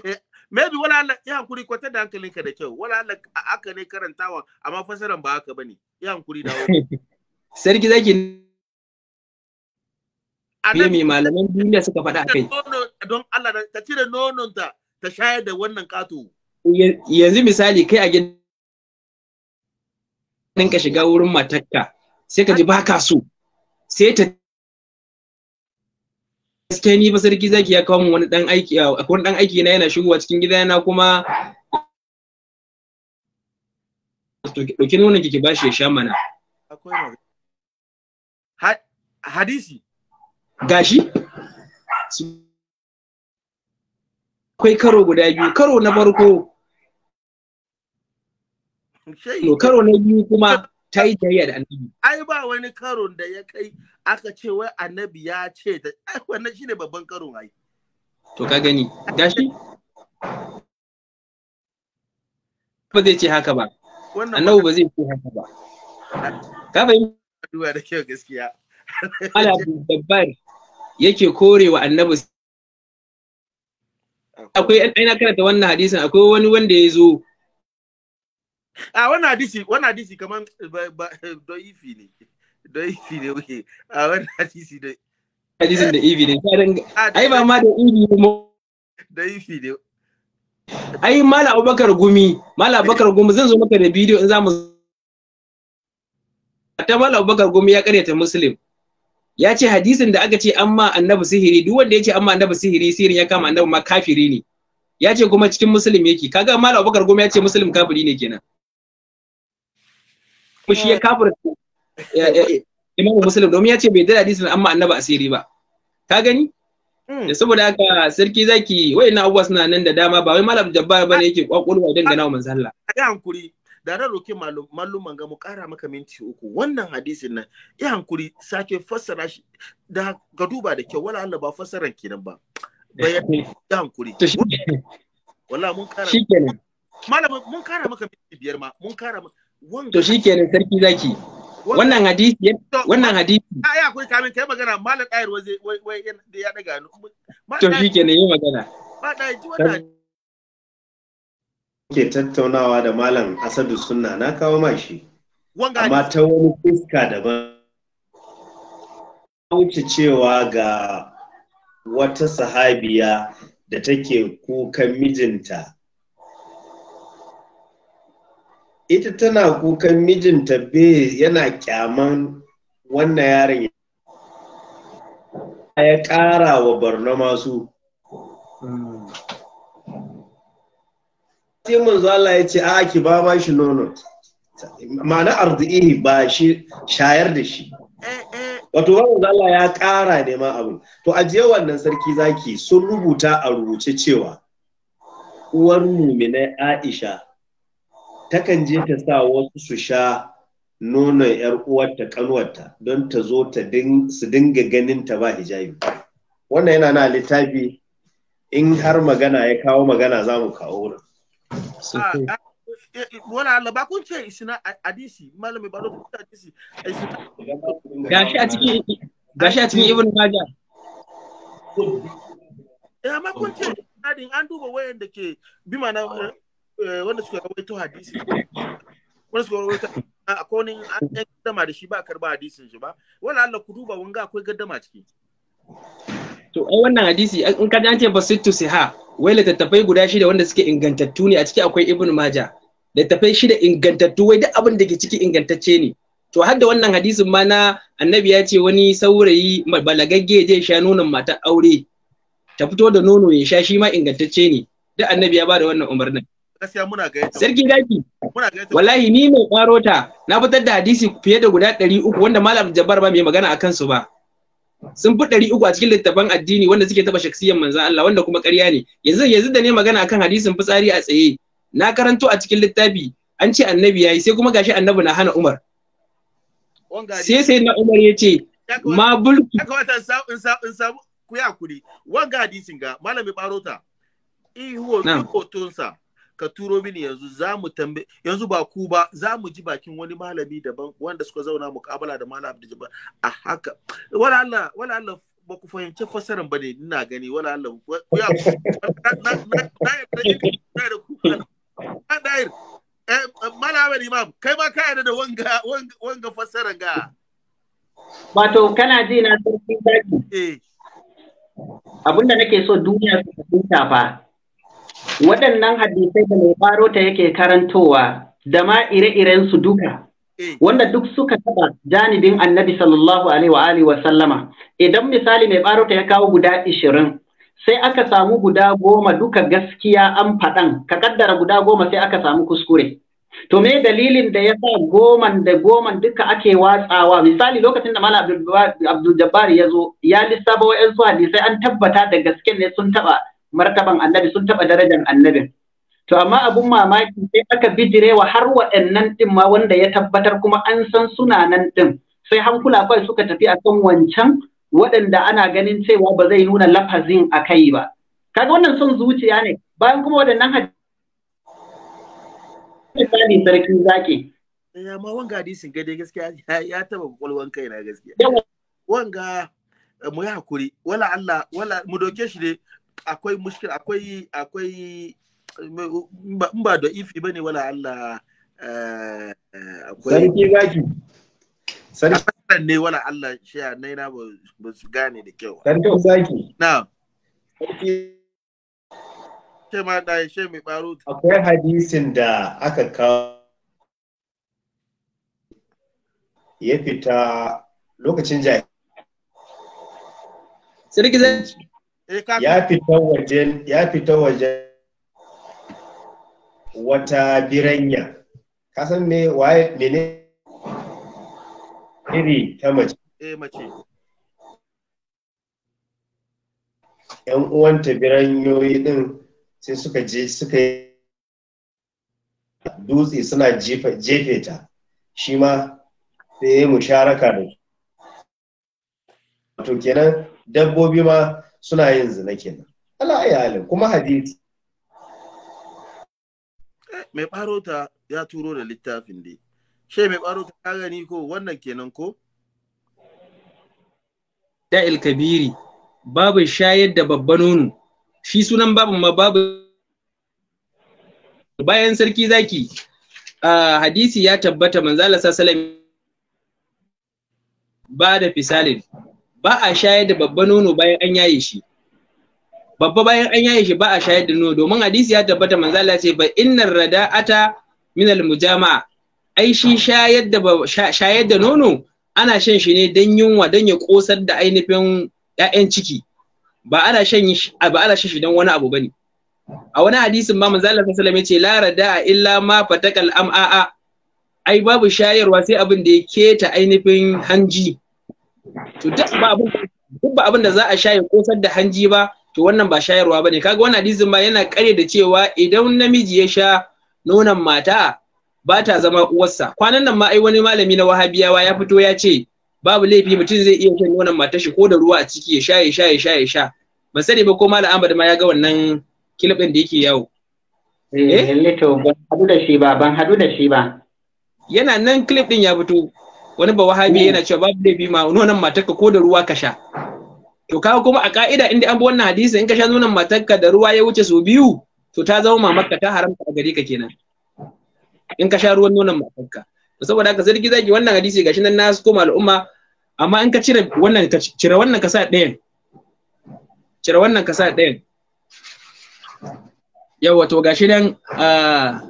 maybe wala Allah ya hankuri kwata da hankalinka da kyau wala Allah aka ne karantawa amma fasaran ba haka bane ya hankuri dawo sarki zaki Me mai malaman duniya suka faɗa a kai. Don Allah ta cire nononta ta shayar da wannan ƙato. Yanzu misali kai a gidan ka shiga wurin matakka, sai ka ji ba ka so sai ta gaskiya ni ba sarki zaki ya kawo wani dan aiki wani dan aiki na yana shigowa cikin gidana kuma to dauki nonon ki ki bashi ya sha mana hadisi gashi akwai karo guda biyu karo na farko karo na biyu kuma ta yi jayya da annabi ai ba wani karon da ya kai aka ce wai annabi ya ce da ai wannan shine babban karon ai to ka gani gashi ba zai ce haka ba annabi ba zai ce haka ba ka fahimta da kyau gaskiya ala babbar yake kore wa annabi akwai ɗan na karanta wannan hadisin akwai wani wanda ya zo a wannan hadisi wannan hadisi kaman kamar ifi ne ifi ne wuke a wannan hadisi da hadisin da ifi ne ai ba ma da ifi ne mo da ifi ne ai mala abubakar gumi mala abubakar gumi zan zo maka da bidiyo in za mu ta mala abubakar gumi ya karyata muslim ya ce hadisin da aka ce an ma annabi sihiri duk wanda ya ce an ma annabi sihiri sihirin ya kama annabi ma kafiri ne ya ce kuma cikin musulmi yake kaga malam abubakar goma ya ce musulmi kafiri ne kenan kuma shi ya kafir imamu muslim domin ya ce bai da hadisin an ma annabi asiri ba ka gani hmm. da saboda haka sarki zaki wayannan abubuwa suna nan da dama ba wai malam jabbar bane yake kwakwalwa dangana wa manzo Allah ga hankuri da ran roke malluman manga mu kara maka minti uku wannan hadisin nan ya hankuri sake fassara shi da ga duba da kyau wala Allah ba fassaran kenan ba bayan ya eh, hankuri wala mun kara shikenan malamin mun kara maka minti biyar ma mun kara to shikenan sarki zaki wannan hadisi wannan hadisi ai akwai kamin kai magana malam ɗayar wai wai ya daga to shikenan yi magana ba dai ji wannan muke tattaunawa da malam asadu sunna na kawo mashi amma ta wani fuska daban wuce cewa ga wata sahabiya da take kukan mijinta ita tana kukan mijinta be yana kyaman wannan yaron ya ƙara wa barna masu hmm. sai manzo Allah ya ce a ki ba ba shi nono ma'ana arzihi ba shi shayar da shi wato wani Allah ya ƙara ne ma abu to ajiye wannan sarki zaki sun rubuta a rubuce cewa uwar muminai Aisha takan je ta sa wasu su sha nonon yar uwarta kanuwarta don ta zo ta su dinga ganin ta ba hijabi wannan yana na littafi in har magana ya kawo magana za mu kawo wurin wala Allah ba kun ce isina hadisi malami ba ku hadisi gashi a cikin gashi a cikin ibn majah eh amma kun ce hadin an duba wayan da ke bi mana eh, eh, wanda suka rawaito hadisi wanda suka rawaito akwai wani an ɗan gaddama da shi ba karba hadisin shi ba wala Allah ku duba wanga akwai gaddama ciki to ai wannan hadisi in ka dace basittu siha wai littattafai guda shida wanda suke ingantattu ne a ciki akwai ibn maja littattafai shida ingantattu wai duk abin da ke ciki ingantacce ne to har da wannan hadisin ma na annabi ya ce wani saurayi balagagge zai sha nonon matar aure ta fito da nono ya sha shi ma ingantacce ne duk annabi ya bada wannan umarnin gaskiya muna gayyata sarki daki wallahi ni mai karo ta na fitar da hadisi fiye da guda 300 wanda malam jabbar ba mai magana akan su ba sun fi ɗari uku a cikin littafan addini wanda suke taɓa shaksiyan manzan Allah wanda kuma ƙarya ne yanzu yanzu da ne magana akan hadisin fitsari a tsaye na karanto a cikin littafi an ce annabi yayi sai kuma gashi annabi na hana Umar sai sai na Umar ya ce ma bulku ku ya kuri wanga hadisin ga malami barota ihuwa duk hotonsa ka turo mini yanzu za mu tambe yanzu ba ku ba za mu ji bakin wani malami daban wanda suka zauna mukabala da malam da Jabbar a haka wala Allah wala Allah ba ku fahimci fasaran ba ne ina gani wala Allah ku ya na dair eh, malam imam kai ma ka yarda da wanga wanga fasara ga wato kana ji na sarki daji eh. abinda nake so duniya ta fita fa waɗannan hadisai da mai faro ta yake karantowa da ma ire-iren su duka eh. wanda duk suka taba janibin annabi sallallahu alaihi wa alihi wa sallama idan misali mai baro ta ya kawo guda ishirin sai aka samu guda goma duka gaskiya an faɗan ka kaddara guda goma sai aka samu kuskure to me dalilin da ya sa goman da goman duka ake watsawa misali lokacin da mala abdul jabbar ya zo ya lissaba wa'yansu hadisai an tabbata da gaske ne sun taba martaban annabi sun taɓa darajar annabin to amma abun mamaki sai aka wa har waɗannan ɗin ma wanda ya tabbatar kuma an san suna nan ɗin sai hankula kawai suka tafi a kan wancan waɗanda ana ganin cewa ba zai nuna lafazin a kai ba kaga wannan son zuciya ne bayan kuma waɗannan hadisi sarki zaki ya eh, ma wanga hadisin gade gaskiya ya taba kwakwalwan kaina gaskiya wanga eh, mu yi hakuri wala Allah wala mu doke shi ne. akwai mushkila akwai akwai in ba da ifi bane wala Allah eh, akwai sarki zaki sarki ne wala Allah shi nai na ba su gane da kyau sarki zaki na sarki ce ma da shi mai baro akwai hadisin da aka kawo ya fita lokacin jahi sarki zaki Eh, ya fita wajen wata biranya kasan me waye mene iri ta mace eh mace yan uwanta biranyoyi din sai suka je suka yi dutse suna jefe ta shi ma sai ya musharaka da to kenan dabbobi ma suna yin zina kenan ala iyalin kuma hadisi eh, mai barota ya turo da littafin dai she mai barota ka gani ko wannan kenan ko il kabiri babu shayar da babban nono shi sunan babu ma babu bayan sarki zaki uh, hadisi ya tabbata manzala sallallahu ba da fisalin ba a shayar da babba nono bayan an yaye shi babba bayan an yaye shi ba a shayar da nono domin hadisi ya tabbata manzo Allah ce ba innar rada'ata min al mujama ai shi shayar da shayar da nono ana shan shi ne dan yunwa dan ya kosar da ainihin ƴaƴan ciki ba ana shan ba ana shan shi dan wani abu bane a wani hadisin ma manzo Allah sallallahu alaihi wasallam ya ce la rada'a illa ma fatakal am'a ai babu shayarwa sai abin da ya keta ainihin hanji to duk ba abin duk ba abun da za a shaye kosar da hanji ba to wannan ba shayarwa bane kaga wannan hadisin ma yana kare da cewa idan namiji ya sha nonon mata ba ta zama uwarsa kwanan nan ma ai wani malami na wahabiyawa ya fito ya ce babu laifi mutum zai iya shan nonon matar shi ko da ruwa a ciki ya sha ya sha ya sha ban sani ba ko malam Ahmad ma ya ga wannan kilip din da yake yawo eh, eh? ban hadu da shi ba ban hadu da shi ba yana nan kilif din ya fito wani ba wahabi hmm. yana cewa babu laifi ma nonon matarka ko da ruwa ka sha to kawo kuma a ka'ida inda an bi wannan hadisi in ka sha nonon matarka da ruwa ya wuce su biyu to ta zama mamarka ta haramta a gare ka kenan in ka sha ruwan nonon matarka to saboda haka sarki zaki wannan hadisi gashi nan na koma al'umma amma in ka cire wannan ka cire wannan ka sa ɗayan cire wannan ka sa ɗayan yawa to gashi nan ah,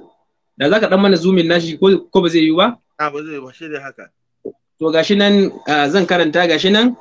da zaka dan mana zumin nashi ko ba zai yi ba a ah, ba zai yi ba shi dai haka to gashi nan zan karanta gashi nan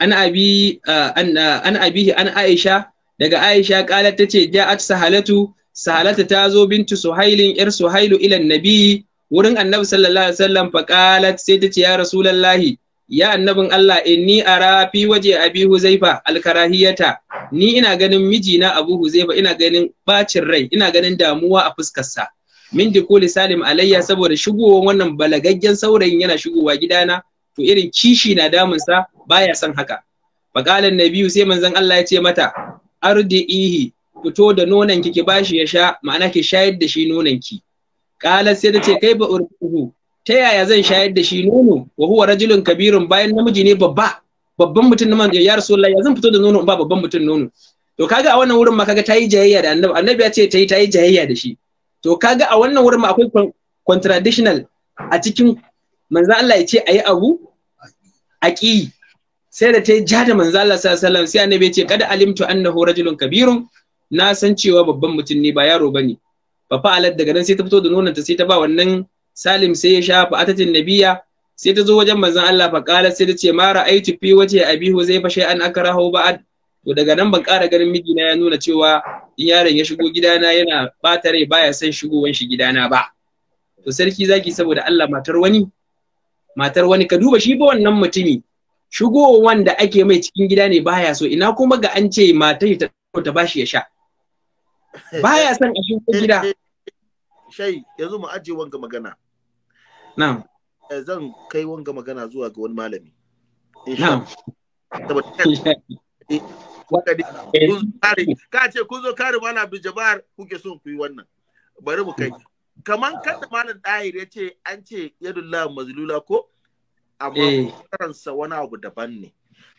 an abi an abihi an aisha daga aisha qalat tace ja'at sahalatu sahalata ta zo bintu suhailin yar suhailu ila nabi wurin annabi sallallahu alaihi wasallam fa qalat sai tace ya rasulullahi ya annabin Allah inni ara fi waje abi huzaifa alkarahiyata ni ina ganin mijina abu huzaifa ina ganin bacin rai ina ganin damuwa a fuskarsa min dikuli salim alayya saboda shigowar wannan balagaggen saurayin yana shigowa gidana to irin kishi na damunsa baya son haka faqalan nabiyu sai manzon Allah ya ce mata ardihi fito da nonan ki ki bashi ya sha ma'ana ki shayar da shi nonan ki qalat sai ta ce kai ba urfuhu ta yaya zan shayar da shi nono wa huwa rajulun kabirun bayan namiji ne babba babban mutum na manzo ya rasulullahi ya zan fito da nono ba babban mutum nono to kaga a wannan wurin ma kaga tayi jayayya da annabi annabi ya ce tayi tayi jayayya da shi to kaga a wannan wurin akwai contradictional a cikin manzo Allah ya ce ayi abu aqi sai da ta ja da manzo Allah sallallahu sai annabi ya ce kada alimtu annahu rajulun kabirun na san cewa babban mutum ne ba yaro bane fa alad daga nan sai ta fito da nonanta sai ta ba wannan Salim sai ya sha fa atatin nabiya sai ta zo wajen Manzan Allah fa qala sai ta ce mara aitu fi zai abi huzaifa an akrahu ba'ad to daga nan ban ƙara ganin mijina ya nuna cewa in yaron ya shigo gidana yana ɓata rai baya son shigowan shi gidana ba to sarki zaki saboda Allah matar wani matar wani ka duba shi ba wannan mutumi shigowan da ake mai cikin gida ne baya so ina kuma ga an ce matar ta ta bashi ya sha baya son a shigo eh, gida eh, shai yanzu mu ajiye wanga magana na'am eh, zan kai wanga magana zuwa ga wani malami na'am Eh, eh. ka ce kun zo kare malam abdul jabbar kuke son ku yi wannan bari mu kai kaman kada malam dahir ya ce an ce yadullah mazlula ko amma karansa eh. wani abu daban ne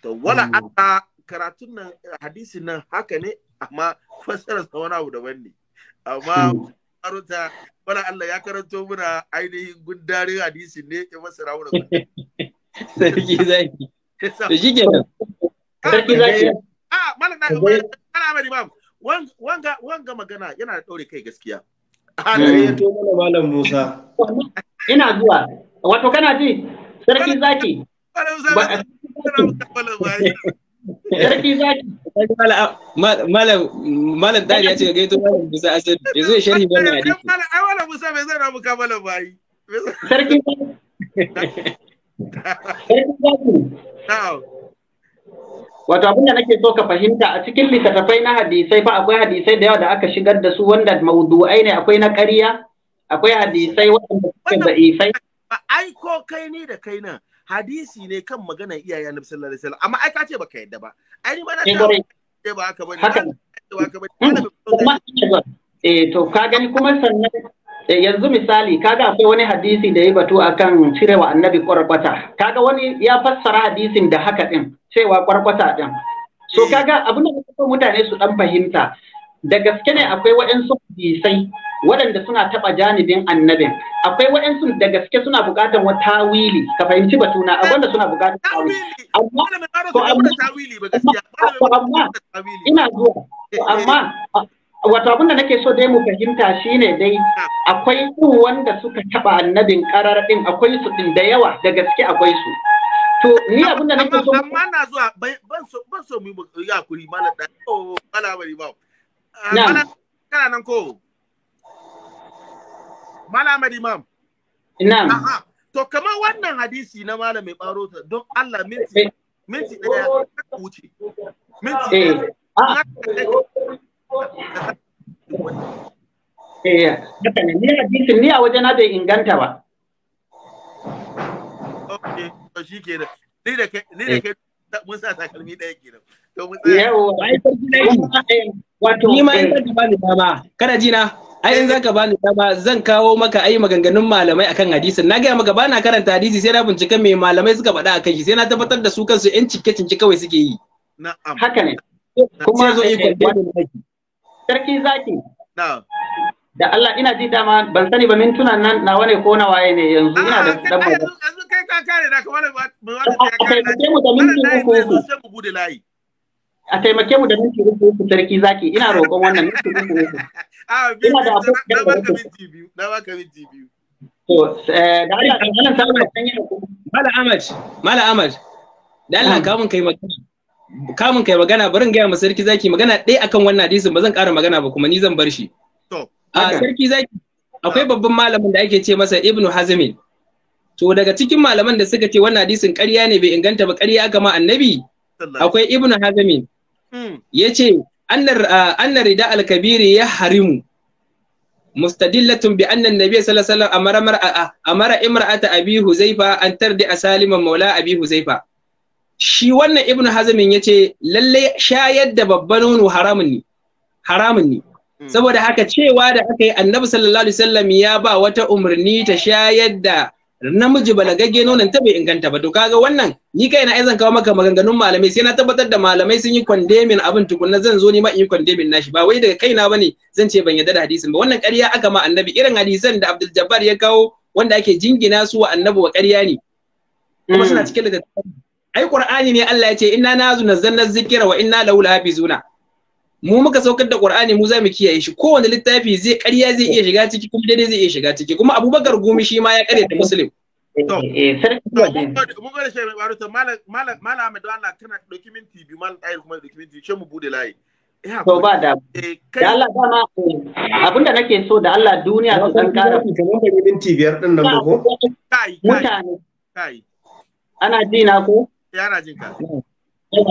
to wala hmm. Allah karatun nan hadisin nan haka ne amma fassararsa wani abu daban ne amma karanta hmm. wala Allah ya karanto muna ainihin gundarin hadisin ne ya fassara wani sarki zaki to sarki zaki a malam na malam imam wanga wanga magana yana da ɗaure kai gaskiya ya mana malam Musa ina zuwa wato kana ji sarki zaki sarki zaki malam dari ya ce gaito malam Musa asali yanzu ya sharhi wannan hadisi ai malam Musa bai zai rabu kamalan ba yi sarki zaki sarki zaki Wato abin da nake so ka fahimta a cikin littattafai na hadisai fa akwai hadisai da yawa da aka shigar da su wanda maudu'ai ne akwai na ƙarya akwai hadisai waɗanda suke da ifai. Ai ko kai ne da kai nan hadisi ne kan magana iyayen Nabi sallallahu alaihi wasallam amma ai ka ce baka yadda ba. Ai ni ba na eh, ce ba haka bane. Haka. Kuma eh to ka gani kuma sannan Eh, yanzu misali kaga akwai wani hadisi da ya batu akan cirewa annabi kwarkwata kaga wani ya fassara hadisin da haka din cewa kwarkwata din so kaga abin da mutane su dan fahimta da gaske ne akwai waɗansu hadisai waɗanda suna taɓa janibin annabin akwai waɗansu da gaske suna buƙatar wa tawili ka fahimci batuna akwai da suna buƙatar tawili amma ina zuwa amma wato abin da nake so dai mu fahimta shine dai akwai su wanda suka taba annabin karar din akwai su din da yawa da gaske akwai su to ni abin da nake so amma na zuwa ban so ban so mu yi hakuri malam da oh malam bari ba na kana nan ko malam imam na'am to kamar wannan hadisi na malam mai baro ta don Allah minti eh. minti daya eh. wuce minti eh Eh, haka ne, ni hadisin ni a ba. Ni da kai, eh. ai in zaka bani dama, zan kawo maka ai maganganun malamai akan hadisin. Na gaya maka ba na karanta hadisi sai na bincika me malamai suka faɗa akan shi sai na tabbatar da su kansu 'yan cike-cinke kawai suke yi. Na'am. Haka ne. Kuma zo eh, ikon sarki zaki da Allah ina ji dama ban sani ba mintuna nan na wane ko na waye ne yanzu ina da dabba yanzu kai ka kare da kamar ba wani ya kare da mu da minti uku uku sai mu bude layi a taimake mu da minti uku uku sarki zaki ina roƙon wannan minti uku uku ina da abu da baka minti biyu da baka minti biyu to da Allah da Allah sallama Mala amaj Mala amaj da Allah ka mun kai magana kamun kai magana barin gaya ma sarki zaki magana ɗaya akan wannan hadisin ba zan ƙara magana ba kuma ni zan bar shi a sarki zaki akwai ah. babban malamin da ake ce masa ibnu hazmin to daga cikin malaman da suka ce wannan hadisin ƙarya ne bai inganta ba ƙarya aka ma annabi akwai ibnu hazmin hmm. yace annar annar rida al-kabiri ya harimu mustadillatun bi anna nabiy sallallahu alaihi wasallam amara amara imra'ata abi huzaifa an tardi asaliman maula abi huzaifa shi wannan ibnu hazmin ya ce lalle shayar da babban nono haramun ne haramun ne hmm. saboda haka cewa da aka yi annabi sallallahu alaihi wasallam ya ba wata umarni ta shayar da namiji balagagge nonon ta bai inganta ba to kaga wannan ni kaina ai zan kawo maka maganganun malamai sai na tabbatar da malamai sun yi condemning abin tukunna zan zo ni ma in yi condemning nashi ba wai daga kaina bane zan ce ban yarda da hadisin ba wannan ƙarya aka ma annabi irin hadisan da Abdul Jabbar ya kawo wanda ake jingina su wa annabi wa ƙarya ne kuma suna hmm. cikin daga ai qur'ani ne Allah ya ce inna nazu nazzalna zikra wa inna lahu lahafizuna mu muka saukar da qur'ani mu za mu kiyaye shi kowane littafi zai ƙarya zai iya shiga ciki kuma daidai zai iya shiga ciki kuma abubakar gumi shi ma ya ƙare da muslim to ba da da Allah dama abinda nake so da Allah duniya su san kara mutane ana ji na ko yana jin ka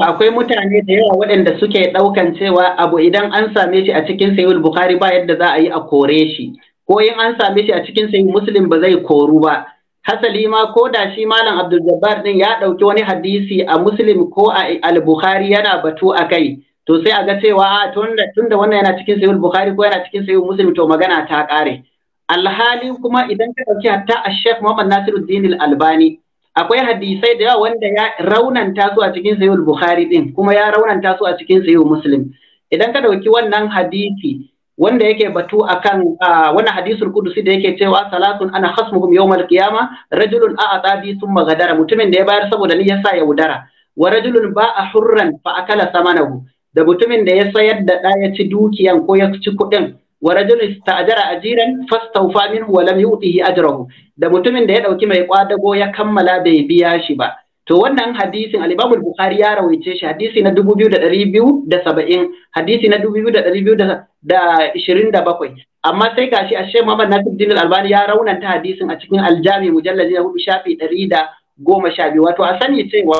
akwai mutane da yawa waɗanda suke ɗaukan cewa abu idan an same shi a cikin sahihul bukhari ba yadda za a yi a kore shi ko in an same shi a cikin sahih muslim ba zai koru ba hasali ma ko da shi malam abdul ɗin ya ɗauki wani hadisi a muslim ko a al-bukhari yana batu a kai to sai a ga cewa ah, tun da wannan yana cikin sahih bukhari ko yana cikin sahih muslim to magana ta ƙare alhali kuma idan ka ɗauki hatta a sheikh muhammad nasiruddin al-albani akwai hadisai da wanda ya raunanta su a cikin sayyid bukhari din kuma ya raunanta su a cikin sayyid muslim idan ka dauki wannan hadisi wanda yake batu akan wannan hadisul kudusi da yake cewa salatun ana khasmuhum yawmal qiyama rajulun a'ata bi thumma gadara mutumin da ya bayar saboda ni yasa yaudara wa rajulun ba'a hurran fa akala samanahu da mutumin da ya sayar da ya ci dukiyan ko ya ci kuɗin wa rajulun ta'jara ajiran fastawfa minhu wa lam ده ajrahu da mutumin da ya ɗauki mai kwadago ya kammala bai biya shi ba to wannan hadisin al-Imam al-Bukhari ya rawaice shi hadisi na 2270 hadisi na 2227 amma sai gashi a Sheikh Muhammad Nasiruddin al-Albani ya raunanta hadisin a cikin aljami jami mujallad na hudu shafi 112 wato a sani cewa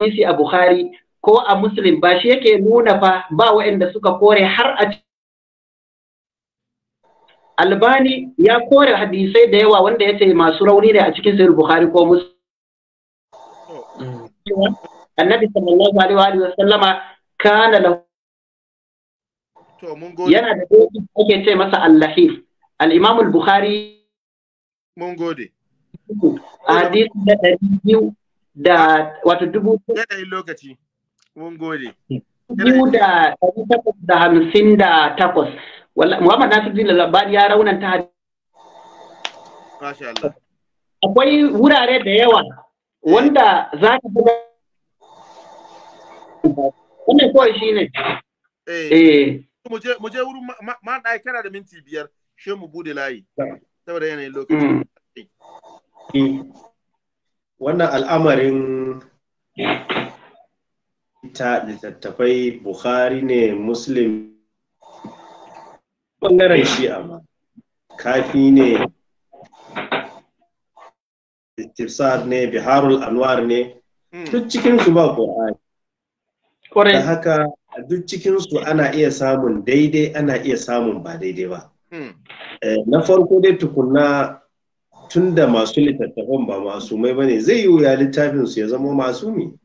hadisi a Bukhari ko a muslim ba shi yake nuna fa ba waɗanda suka kore har a albani ya kore hadisai da yawa wanda ya ce masu rauni ne a cikin sayar bukhari ko muslim annabi sallallahu alaihi wa sallama kana lahu yana da dokin ake ce masa allahif al-imam al-bukhari mun gode hadisi da 200 da wato dubu lokaci Mun gode. Biyu da ɗari takwas da hamsin da takwas. Muhammad Nasiru Dina Labari ya raunanta Masha Allah. Akwai wurare da yawa wanda eh. za ka buga wannan kawai shi ne. Eh. eh. Mu je wurin ma da ya kana da minti biyar shi mu bude layi. Saboda yanayin lokaci. Mm. Eh. Wannan al'amarin ta littattafai bukhari ne muslim ɓangaren shi'a ma kafi ne istifsar ne biharul anwar ne hmm. duk cikinsu ba ƙwararri da haka duk cikinsu ana iya samun daidai ana iya samun ba daidai ba hmm. eh, na farko dai tukunna tun da masu littattafan ba masu mai ba ne zai yi wuya littafinsu ya zama masumi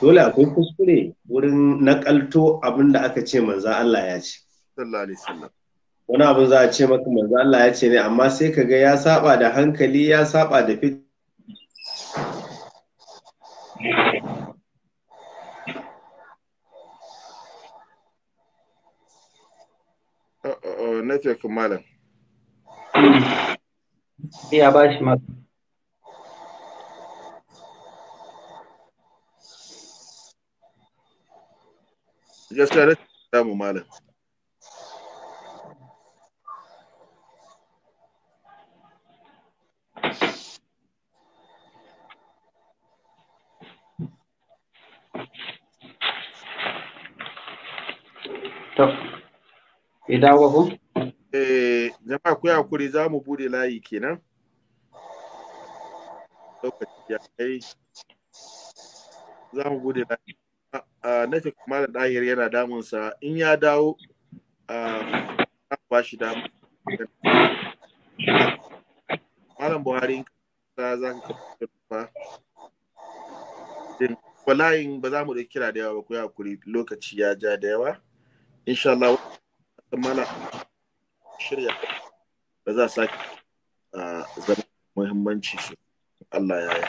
dole akwai kuskure wurin nakalto abin da aka ce manzan Allah ya ce. Wani abin za a ce maka manzan Allah ya ce ne amma sai ka ga ya saba da hankali ya saba da fit. Uh, uh, uh, network malam. Ya ba shi malam. gaskiya da samu malam Eh, jama'a ku hakuri za mu bude layi kenan. Lokaci ya kai. Za mu bude layi. na fi kuma da ɗahir yana damunsa in ya dawo a ba shi damu malam buhari in ka za ka kafa wallahi ba za mu da kira da yawa ba ku ya hakuri lokaci ya ja da yawa insha Allah mana shirya ba za sake zama muhimmanci su Allah ya yi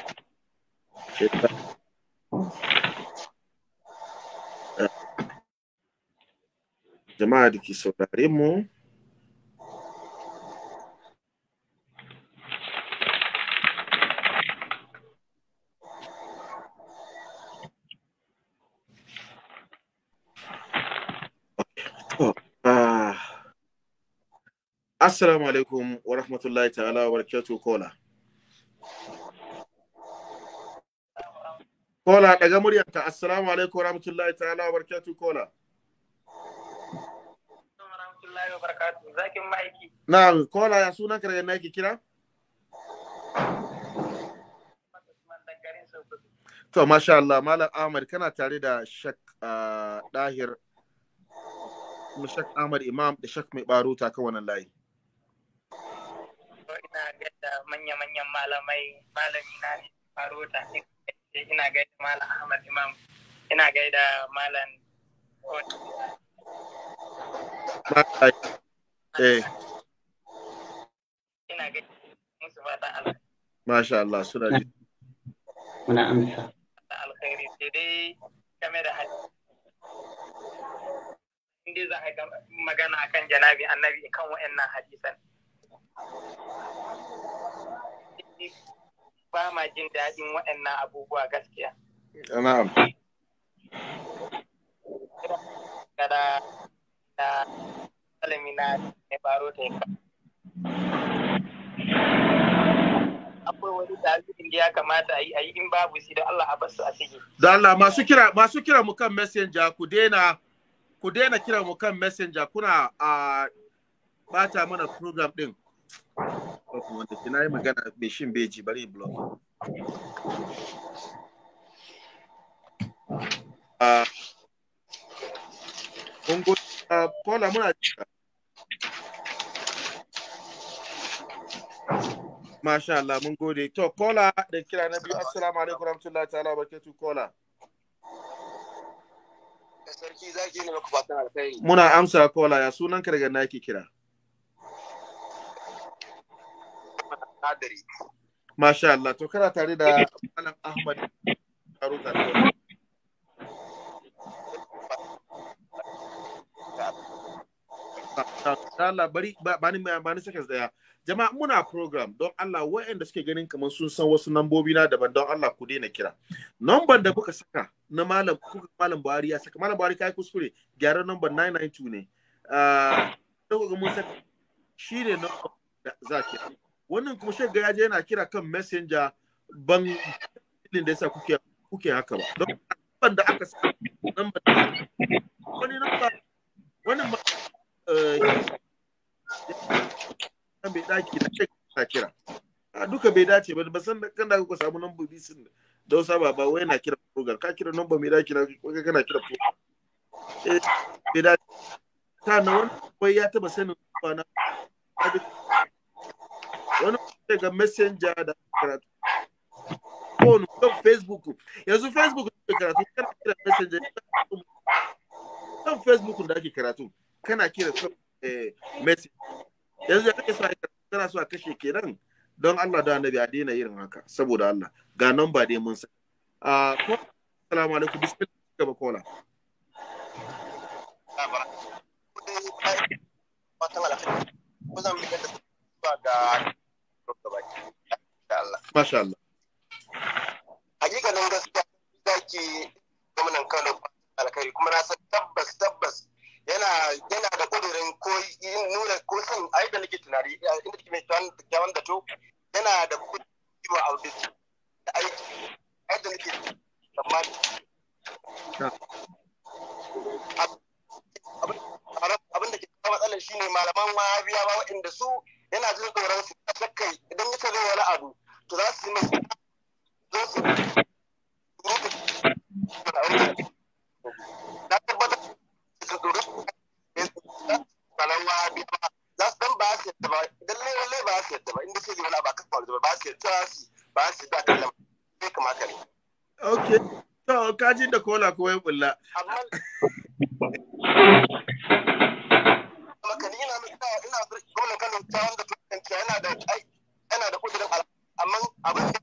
Thank you. jama'a da ke saurare mu Assalamu alaikum wa rahmatullahi ta'ala wa barakatuh kola. Kola daga muryarka assalamu alaikum wa rahmatullahi ta'ala wa barakatuh kola. zakin ma'aiki. Na, kola ya sunan kargan na kira? To, masha Allah, Malam Ahmad, kana tare da Shak ah, Dahir, Shak Ahmad Imam da Shak Mai Baruta kan wannan layi. Ina gaida manya-manyan malamai, malami na Baruta, ina gaida Malam Ahmad Imam, ina gaida Malam Bye. Eh. Ina ga musu fata Allah. Masha Allah suna ji. Muna amsa. Alkhairi sai dai game da hadisi. Inda za a magana akan janabi annabi kan wa'annan hadisan. Ba ma jin daɗin wa'annan abubuwa gaskiya. Na'am. Kada da malami na akwai wani da ya kamata a yi in babu shi da Allah a su da Allah masu kira masu kira mu kan messenger ku daina mu kan messenger kuna a bata mana program din Uh, Paula, muna jika. Masha Allah, mun gode. To, Kola da kira na biyu, Assalamu alaikum rahmatullahi ta'ala barkatu Kola. Sarki zaki ne maka fatan alkhairi. Muna amsa Kola, ya sunan ka daga yake kira. Masha Allah, to kana tare da Malam Ahmad Faruka. Allah bari ba ni ba ni seconds daya. Jama'a muna program don Allah wa'anda suke ganin kamar sun san wasu nambobi na daban don Allah ku daina kira. number da kuka saka na malam kuka malam Buhari ya saka malam Buhari kai kuskure gyara number 992 ne. Ah kuka mun saka shine number da zaki. Wannan kuma shi ga yaje yana kira kan messenger ban din da yasa kuke kuke haka ba. Don da aka saka number wani number wannan bai daki na kai kira a duka bai dace ba san kan da ka samu number bisin da wasa ba ba wai na kira program ka kira number mai daki na kai kana kira program eh, bai dace ta na wani wai ya taba sanin kwana wani daga messenger da karatu phone kan facebook yanzu facebook da karatu kan kira messenger kan facebook da ake karatu kana kira eh, Messi yanzu da kake so kana so a kashe kenan don Allah da Annabi a daina irin haka saboda Allah ga nan ba dai mun san ah, assalamu alaikum bismillah gaba kola Masha Allah. Hakikanin gaskiya zaki gwamnan Kano alkhairi kuma na san tabbas tabbas yana da kudurin ko nuna ko son ai da nake tunani inda nake mai kyawun da to yana da kudirin wa audit da aiki ai da nake tsammani abin da ke kawo matsalar shine malaman wahabiya ba waɗanda su yana jin tsoron su a shakkai idan ya zai wani abu to za su yi mai zo su na tabbatar kalan wa bi ba za su dan ba su yadda ba idan ba su yadda ba inda sai wani ba ka faru ba ba su yadda ba su da sai okay to kaji da kola ko ya bulla amma ina ina Kano ta wanda ta yana da yana da kudirin amma abin da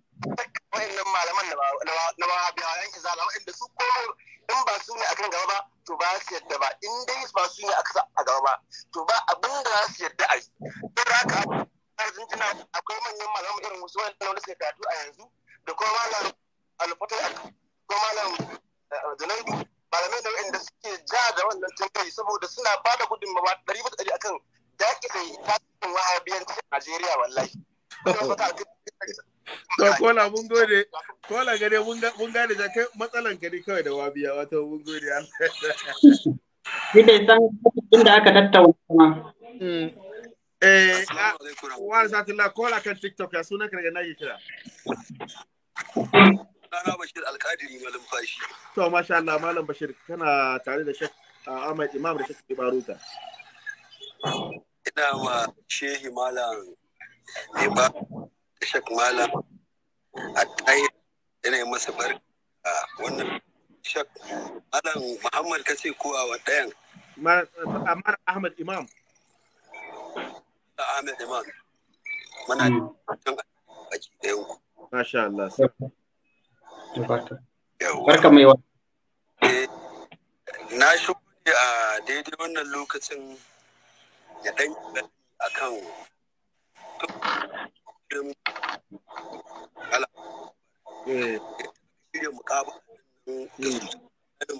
wayannan malaman na na na wahabiyawa yanke zalama inda su komai in ba su ne akan gaba ba to ba su yadda ba in dai ba su ne aka kasa a gaba ba to ba abin da za su yadda a yi don haka arzikin akwai manyan malamu irin wasu wani wanda sai karatu a yanzu da kuma malam alfatai ko malam eh, janaidu malamai da wa'anda suke ja da wannan tambayi saboda suna ba da gudunmawa ɗari bisa ɗari akan daƙi da tasirin wahabiyanci a Najeriya wallahi. To kola mun gode, kola gare mun gane da kai matsalan ka ne kawai da wabiya wato mun gode Allah. Ni bai san inda aka tattauna. Hmm. Eh, wa zatilla kola kan TikTok ya sunan Kare daga nake kira. Sana Bashir Alkadiri Malam Fashi. To masha Allah Malam Bashir kana tare da Sheikh Ahmad Imam da Sheikh Ibaruta. Ina ma Shehi Malam Ibaruta. Bishop malam a tayi yana masa barka wannan Bishop malam muhammad ka ce ko a wadayan. amar ahmad imam ahmad imam muna hmm. can baki ɗayan ku masha Allah barka mai eh, na shi a daidai wannan lokacin ya ɗan akan kudin ala shirya mukaba ɗin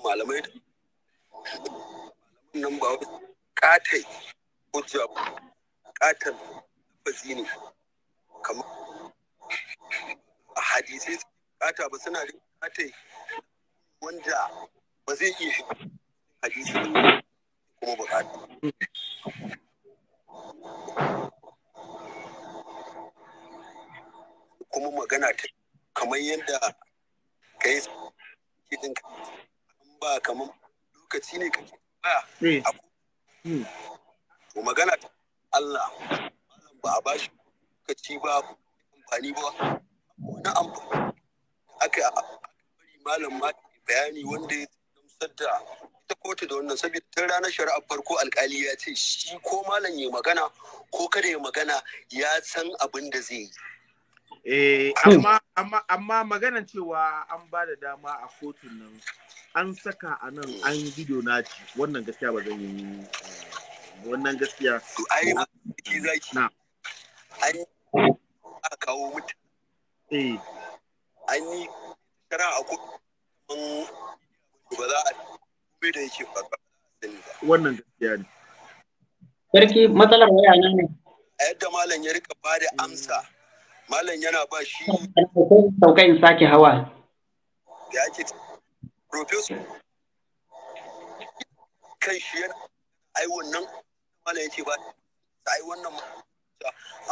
malamai da nan ba katai katan bazi ne kamar a hadisai kata ba suna da katai wanda ba zai iya hadisi kuma kuma magana ta kamar yadda ka yi kidin ba kamar lokaci ne kake baya eh. to magana ta Allah ba a bashi lokaci ba amfani ba wani amfani aka bari malam ma bayani wanda ya gamsar da ita kotu da wannan saboda tun ranar shari'a farko alkali ya ce shi ko malam ya magana ko kada ya magana ya san abin da zai yi Eh, hmm. amma, maganan cewa an ba da dama a kotun nan an saka a nan an video na ci wannan gaskiya ba zan yi eh, wannan gaskiya. To ai zaki zaki. Na. An a kawo mutum. Eh. An yi kara a kotun ba za a bai da yake ba. Wannan gaskiya ne. Sarki matsalar waya ne. A yadda malam ya rika ba da amsa. malam yana ba shi sauka in sake hawa da ake professor kan shi yana ai wannan malam yake ba ai wannan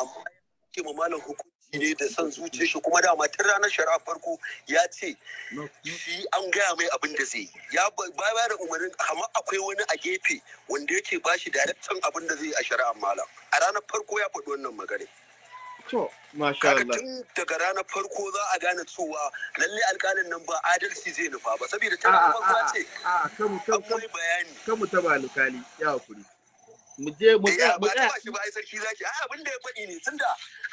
amma ma malam hukunci ne da son zuciya shi kuma da matar ranar shari'a farko ya ce shi an gaya mai abin da zai ya ba da umarnin amma akwai wani a gefe wanda yake ba shi da abin da zai a shari'a malam a ranar farko ya faɗi wannan magana To, masha tun daga ranar farko za a gane cewa lalle alƙalin nan ba adalci zai nufa ba saboda ta farko ce. A kamu ta bayani. Kamu ta ba alƙali ya hakuri. Mu je mu ga eh, mu ga. Ba shi ba ai sarki zaki. A abin da ya faɗi ne tunda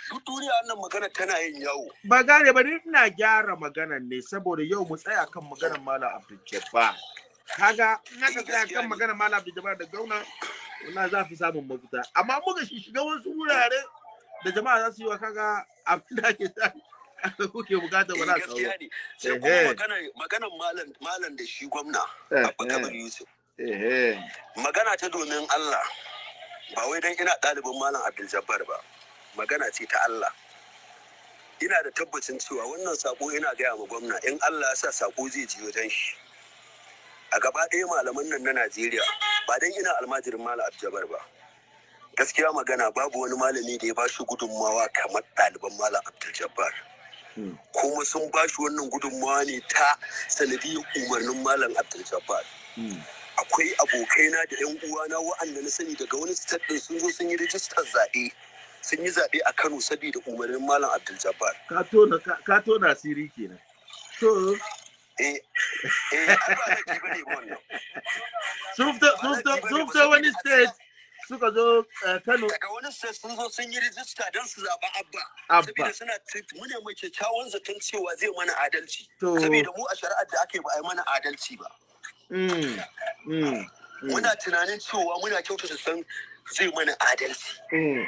duk duniya wannan magana tana yin yawo. Ba gane ba ni ina gyara maganar ne saboda yau mu tsaya kan maganar Malam Abdul Jabbar. Kaga in aka tsaya kan maganar Malam Abdul Jabbar da gauna wallahi za fi samun mafita amma muka shiga wasu wurare da jama'a za su yi wa kaga abin da ake sa kuke bukata ba na eh, su gaskiya ne sai kuma eh, eh. maganar malam da shi gwamna a kamar yusuf magana ta domin allah ba wai don ina ɗalibin malam abdul jabbar ba magana ce ta allah ina da tabbacin cewa wannan sako ina gaya ma gwamna in allah ya sa sako zai ji wajen shi a gaba ɗaya malaman nan na najeriya ba don ina almajirin malam abdul jabbar ba gaskiya magana babu wani malami da ya ba shi gudunmawa kamar ɗaliban malam abdul jabbar hmm. kuma sun ba shi wannan gudunmawa ne ta sanadiyar umarnin malam abdul jabbar hmm. akwai abokaina da yan uwana wa'anda na sani daga wani state sun zo sun yi rijistar zaɓe sun yi zaɓe a kano saboda umarnin malam abdul jabbar ka tona asiri kenan eh, eh, sufta fita wani state suka zo eh, Kano. Daga wani sun zo sun yi rijista don su zaba Abba. Abba. Saboda suna mu mai kyakkyawan zaton cewa zai mana adalci. Saboda mu a shari'ar da ake ba a yi mana adalci ba. Mm, mm, mm. Muna tunanin cewa muna kyautata san zai mana adalci.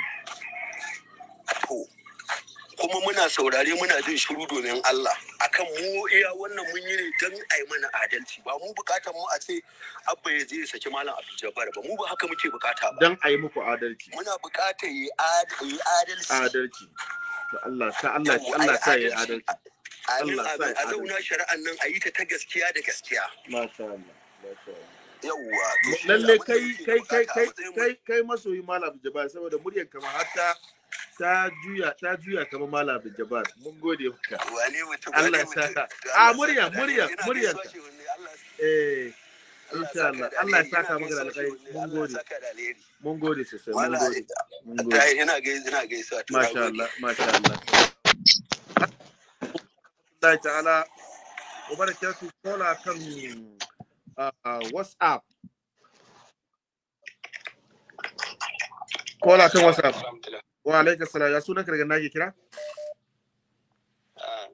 kuma muna saurare muna jin shiru domin Allah akan mu iya wannan mun yi ne don a yi mana adalci ba mu bukata mu a ce abba ya je saki malam Abdul Jabbar ba mu ba haka muke bukata ba don a yi muku adalci muna bukata yi adalci adalci to Allah sa Allah Allah sa yi adalci Allah sa a zauna shari'an nan a yi ta ta gaskiya da gaskiya masha Allah yawwa lalle kai kai kai kai kai masoyi malam Jabbar saboda muryar kamar hatta ta juya ta juya kamar malam da jabar mun gode maka wane mutum ah, Allah ya saka a murya murya murya ka eh insha Allah Allah ya saka maka da alƙai mun gode mun gode sosai mun gode mun gode ina ga ina ga su masha Allah masha Allah Allah ta'ala ubarakatu kola kan ah, WhatsApp kola kan WhatsApp alhamdulillah Wa alaikar salam ya sunan kargan nake kira? Ah,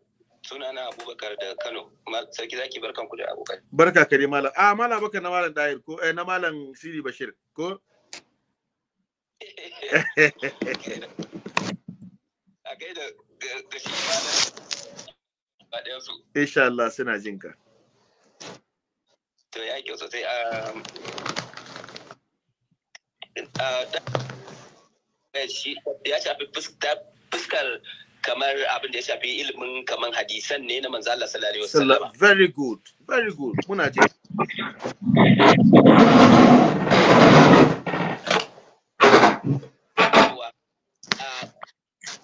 sunana Abubakar da Kano. Sarki zaki barkan ku da Abubakar? Barka kare malam. Ah malam baka na malam Dahir ko eh na malam Siri Bashir ko? A kai da da shi malam. Ba da su. Insha Allah suna jin ka. To ya kyau sosai. Ah, ah ya shafi fuskar kamar abin da ya shafi ilimin kamar hadisan ne na manzo Allah sallallahu alaihi wasallam very good very good muna je ah,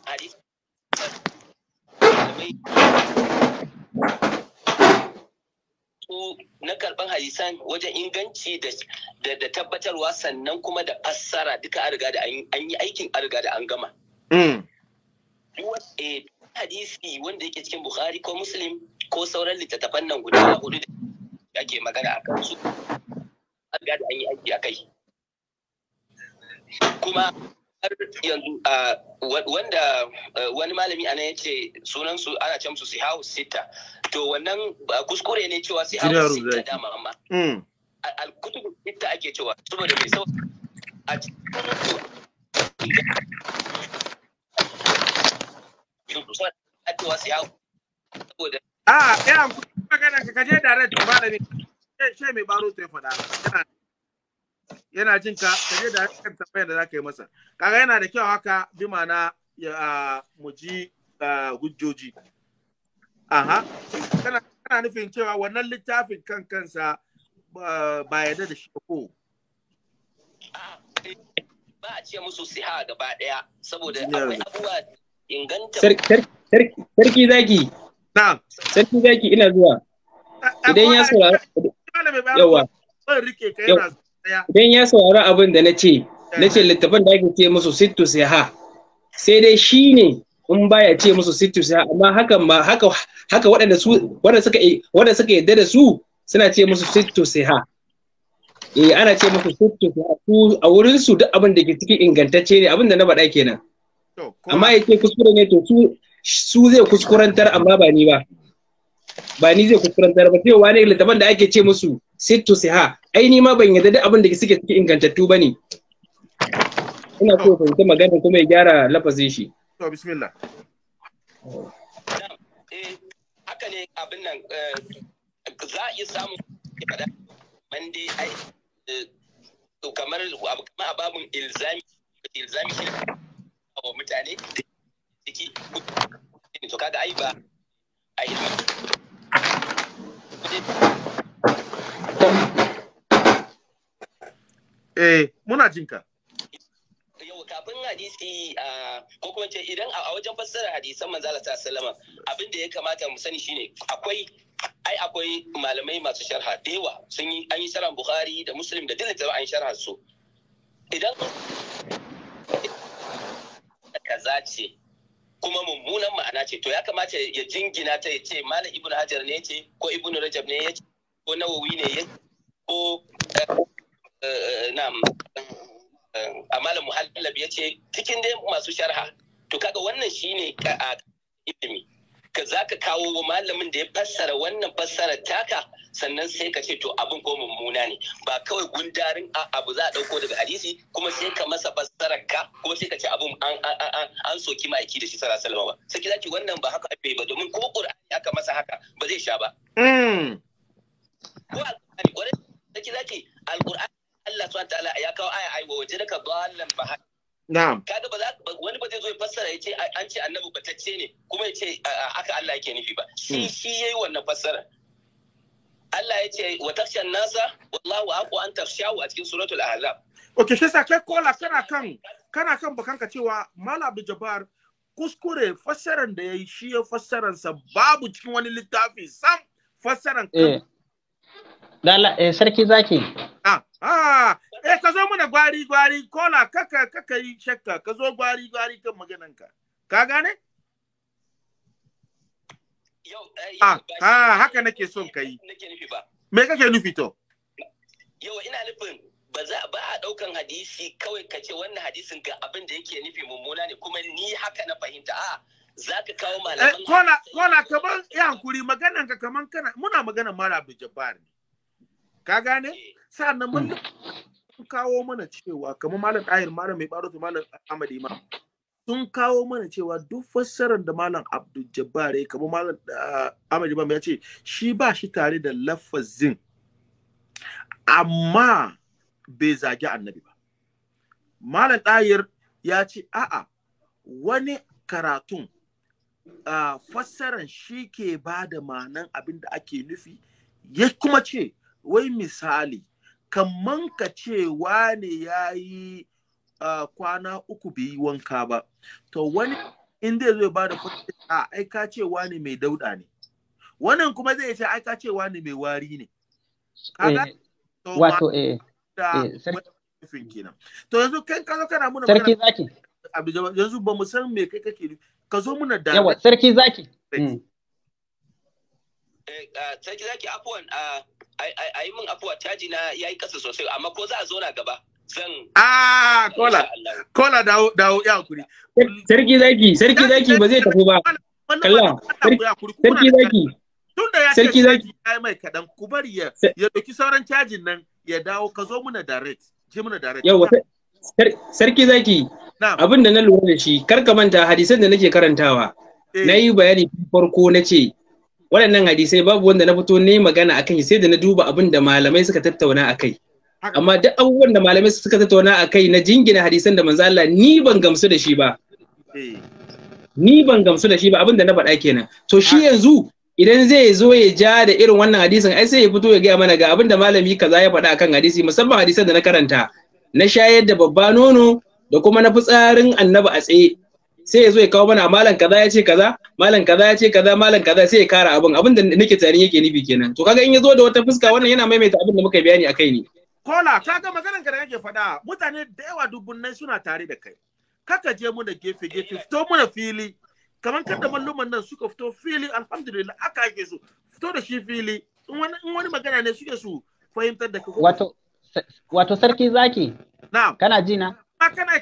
hadisi su na karban hadisan wajen inganci da tabbatarwa sannan kuma da fassara duka an riga da an yi aikin an riga da an gama. Mm. Eh, hadisi wanda yake cikin Bukhari ko Muslim ko sauran littattafan nan guda hudu da ake magana a kansu an riga da an yi aiki a kai. Kuma har yanzu wanda eh, wani malami ana ya ce sunansu ana ce musu Sihawu Sita to wannan ba kuskure ne cewa sai hausa a ta dama amma mm. alkutubu ita ake cewa saboda mai sau a cikin a ya magana ka kaje direct malami sai mai baro ta faɗa yana jin ka kaje da kan tambayar da zaka yi masa kaga yana da kyau haka bi ma'ana mu ji hujjoji aha kana kana nufin cewa wannan littafin kan kansa ba yarda da shi ko ba a ce musu siha gaba daya saboda akwai abubuwa inganta sarki zaki Na. sarki zaki ina zuwa idan ya saurara yawa idan ya saurara abin da na ce na ce eh. littafin da ake ce musu sittu siha sai dai shi ne in baya ce musu situs amma hakan ba haka haka waɗanda su waɗanda suka waɗanda suka yadda da su suna ce musu situs ha eh ana ce musu situs su a wurin su duk abin da ke cikin ingantacce ne abin da na faɗa kenan amma yake kuskure ne to su su zai kuskurantar amma ba ni ba ba ni zai kuskurantar ba cewa ne littafin da ake ce musu situs ha ai ni ma ban yadda da abin da suke cikin ingantattu bane ina so fahimta magana kuma ya gyara lafazin shi To bismillah. Eh haka ne abin nan eh, za a iya samu kada mande ai eh, kamar a babin ilzami ilzami shi wa mutane ciki to kaga ai ba a yi Eh, muna jinka. kafin hadisi ko kuma ce idan a wajen fassara hadisan manzo Allah sallallahu alaihi abin da ya kamata mu sani shine akwai ai akwai malamai masu sharha dewa sun yi an yi sharhan Bukhari da Muslim da dukkan da an sharha su idan kaza ce kuma mummunan ma'ana ce to ya kamata ya jingina ta ya ce malam ibnu hajar ne ce ko ibnu rajab ne ya ce ko nawawi ne ya ko eh, eh, eh, na a malam muhallab ya ce cikin dai masu sharha to kaga wannan shine a ilimi ka za ka kawo malamin da ya fassara wannan fassara taka sannan sai ka ce to abin ko mummuna ne ba kawai gundarin abu za a dauko daga hadisi kuma sai ka masa fassarar ka ko sai ka ce abin an an soki ma'aiki da shi sallallahu alaihi wasallam ba sai ki zaki wannan ba haka bai ba domin ko qur'ani aka masa haka ba zai sha ba hmm. ko alqur'ani wani sai ki zaki alqur'ani Allah subhanahu ta'ala ya kawo aya ai wajadaka dallan ba na'am kaga ba za wani ba zai zo ya fassara yace an ce annabi batacce ne kuma yace aka Allah yake nufi ba shi hmm. shi yayi wannan fassara Allah ya ce wa tafshan nasa wallahu aku an tafshahu a cikin suratul ahzab ok shi sa kai kola kana kan kana kan bakanka cewa malam abdul jabbar kuskure fassaran da yayi shi ya fassaran sa babu cikin wani littafi sam fassaran kan eh. Eh, sarki zaki. Ah, ah, eh ka zo mana gwari gwari kola kaka kaka yi shakka ka zo gwari gwari kan maganan ka. Ka gane? Eh, ah, ah haka nake son ka yi. Me kake nufi to? Yau ina nufin ba za ba a daukan hadisi kawai ka ce wannan hadisin ga abin da yake nufi mummuna ne kuma ni haka na fahimta a ah, za ka kawo malaman. Eh, kola kola kaman ya hankuri maganan ka kaman kana muna magana mara bi ne. ka gane eh. sa'annan mun hmm. kawo mana cewa kamar malam ɗahir malam mai baro malam ahmad imam sun kawo mana cewa duk fassarar da malam abdul jabbar ya kamar malam ah, ahmad imam ya ce shi ba shi tare da lafazin amma bai zagi annabi ba malam ɗahir ya ce a'a wani karatun ah, fassarar shi ke ba da ma'anan abin da ake nufi ya kuma ce wai misali kamman ka ce wane ya yi uh, kwana uku bi wanka ba to wani inda zai ba da a aika ce wane mai dauda ne wannan kuma zai ce aika ce wane mai wari ne eh, wato eh, eh to yanzu kan kazo kana muna sarki zaki yanzu ba mu san me kai kake ka zo muna da yawa sarki zaki hmm. eh, sarki zaki afwan a yi min afuwa caji na ya yi kasa sosai amma ko za a zo na gaba zan ah kola kola dawo dawo ya hakuri sarki zaki sarki zaki ba zai tafi ba kalla sarki zaki tun da ya sarki zaki ya mai kadan ku bari ya ya doki sauran cajin nan ya dawo ka zo muna direct je muna direct yawa sarki zaki abin da na lura da shi kar ka manta hadisan da nake karantawa eh. na yi bayani farko na ce waɗannan hadisai babu wanda na fito ne magana a akan sai da na duba abin da malamai suka tattauna a kai. amma duk abubuwan da malamai suka tattauna a kai, na jingina hadisan da manzo Allah ni ban gamsu da shi ba eh. ni ban gamsu da shi ba abin na faɗa kenan to shi yanzu idan zai zo ya ja da irin wannan hadisin ai sai ya fito ya gaya mana ga abin malami kaza ya faɗa akan hadisi musamman hadisan da na karanta na shayar da babba nono da kuma na fitsarin annabi a tsaye sai ya zo ya kawo mana malam kaza ya ce kaza malam kaza ya ce kaza malam kaza sai ya kara abin abin da nake tsarin yake nufi kenan to kaga in ya zo da wata fuska wannan yana maimaita abin da muka bayani a kai ne kola kaga maganar ka da kake faɗa mutane da yawa dubunnai suna tare da kai kaka je mu da gefe gefe fito mu da fili kamar kada malluman nan suka fito fili alhamdulillah aka yake su fito da shi fili in wani magana ne suke su fahimtar da kai wato wato sarki zaki na'am kana ji na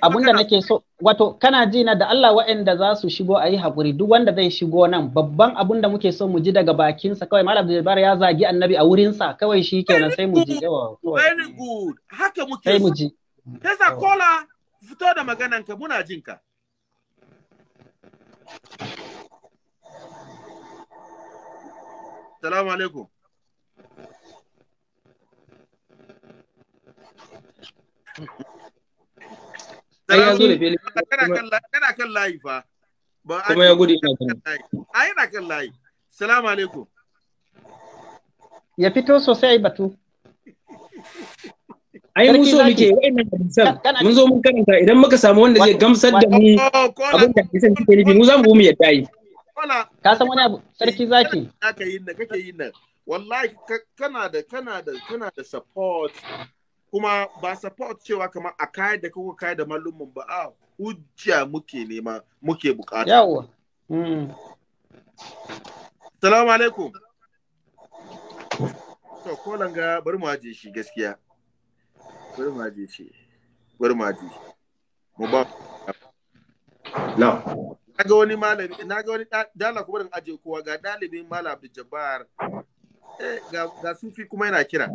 abinda nake so wato kana ji na da Allah waɗanda za su shigo a yi haƙuri duk wanda zai shigo nan babban abin da muke so mu ji daga bakinsa kawai malam Jabbar ya zagi annabi a wurinsa kawai shi kenan sai mu ji yawa very good haka muke sai mu ji Tesa kola fito da maganan ka muna jin ka Assalamu alaikum Thank you. Kana kan layi fa. Kuma ya gudu kan layi. yana kan layi. Salamu alaikum. Ya fito sosai batu. Ai mun so muke wa'annan hadisan mun zo mun karanta idan muka samu wanda zai gamsar da mu oh, abin da hadisan nufi mu za mu yadda yi. Ka san wani abu sarki zaki. Kake yin nan kake yin nan. Wallahi kana da kana da kana da support kuma ba support cewa kamar a kayar da kuka kayar da mallumin ba a hujja muke nema muke bukata Yawo. Hmm. salamu alaikum to ko langa bari mu aje shi gaskiya bari mu aje shi bari mu aje shi mu ba na ga wani malami na ga wani dala kuma in aje kowa ga dalibin malam Abdul Jabbar eh ga sufi kuma yana kira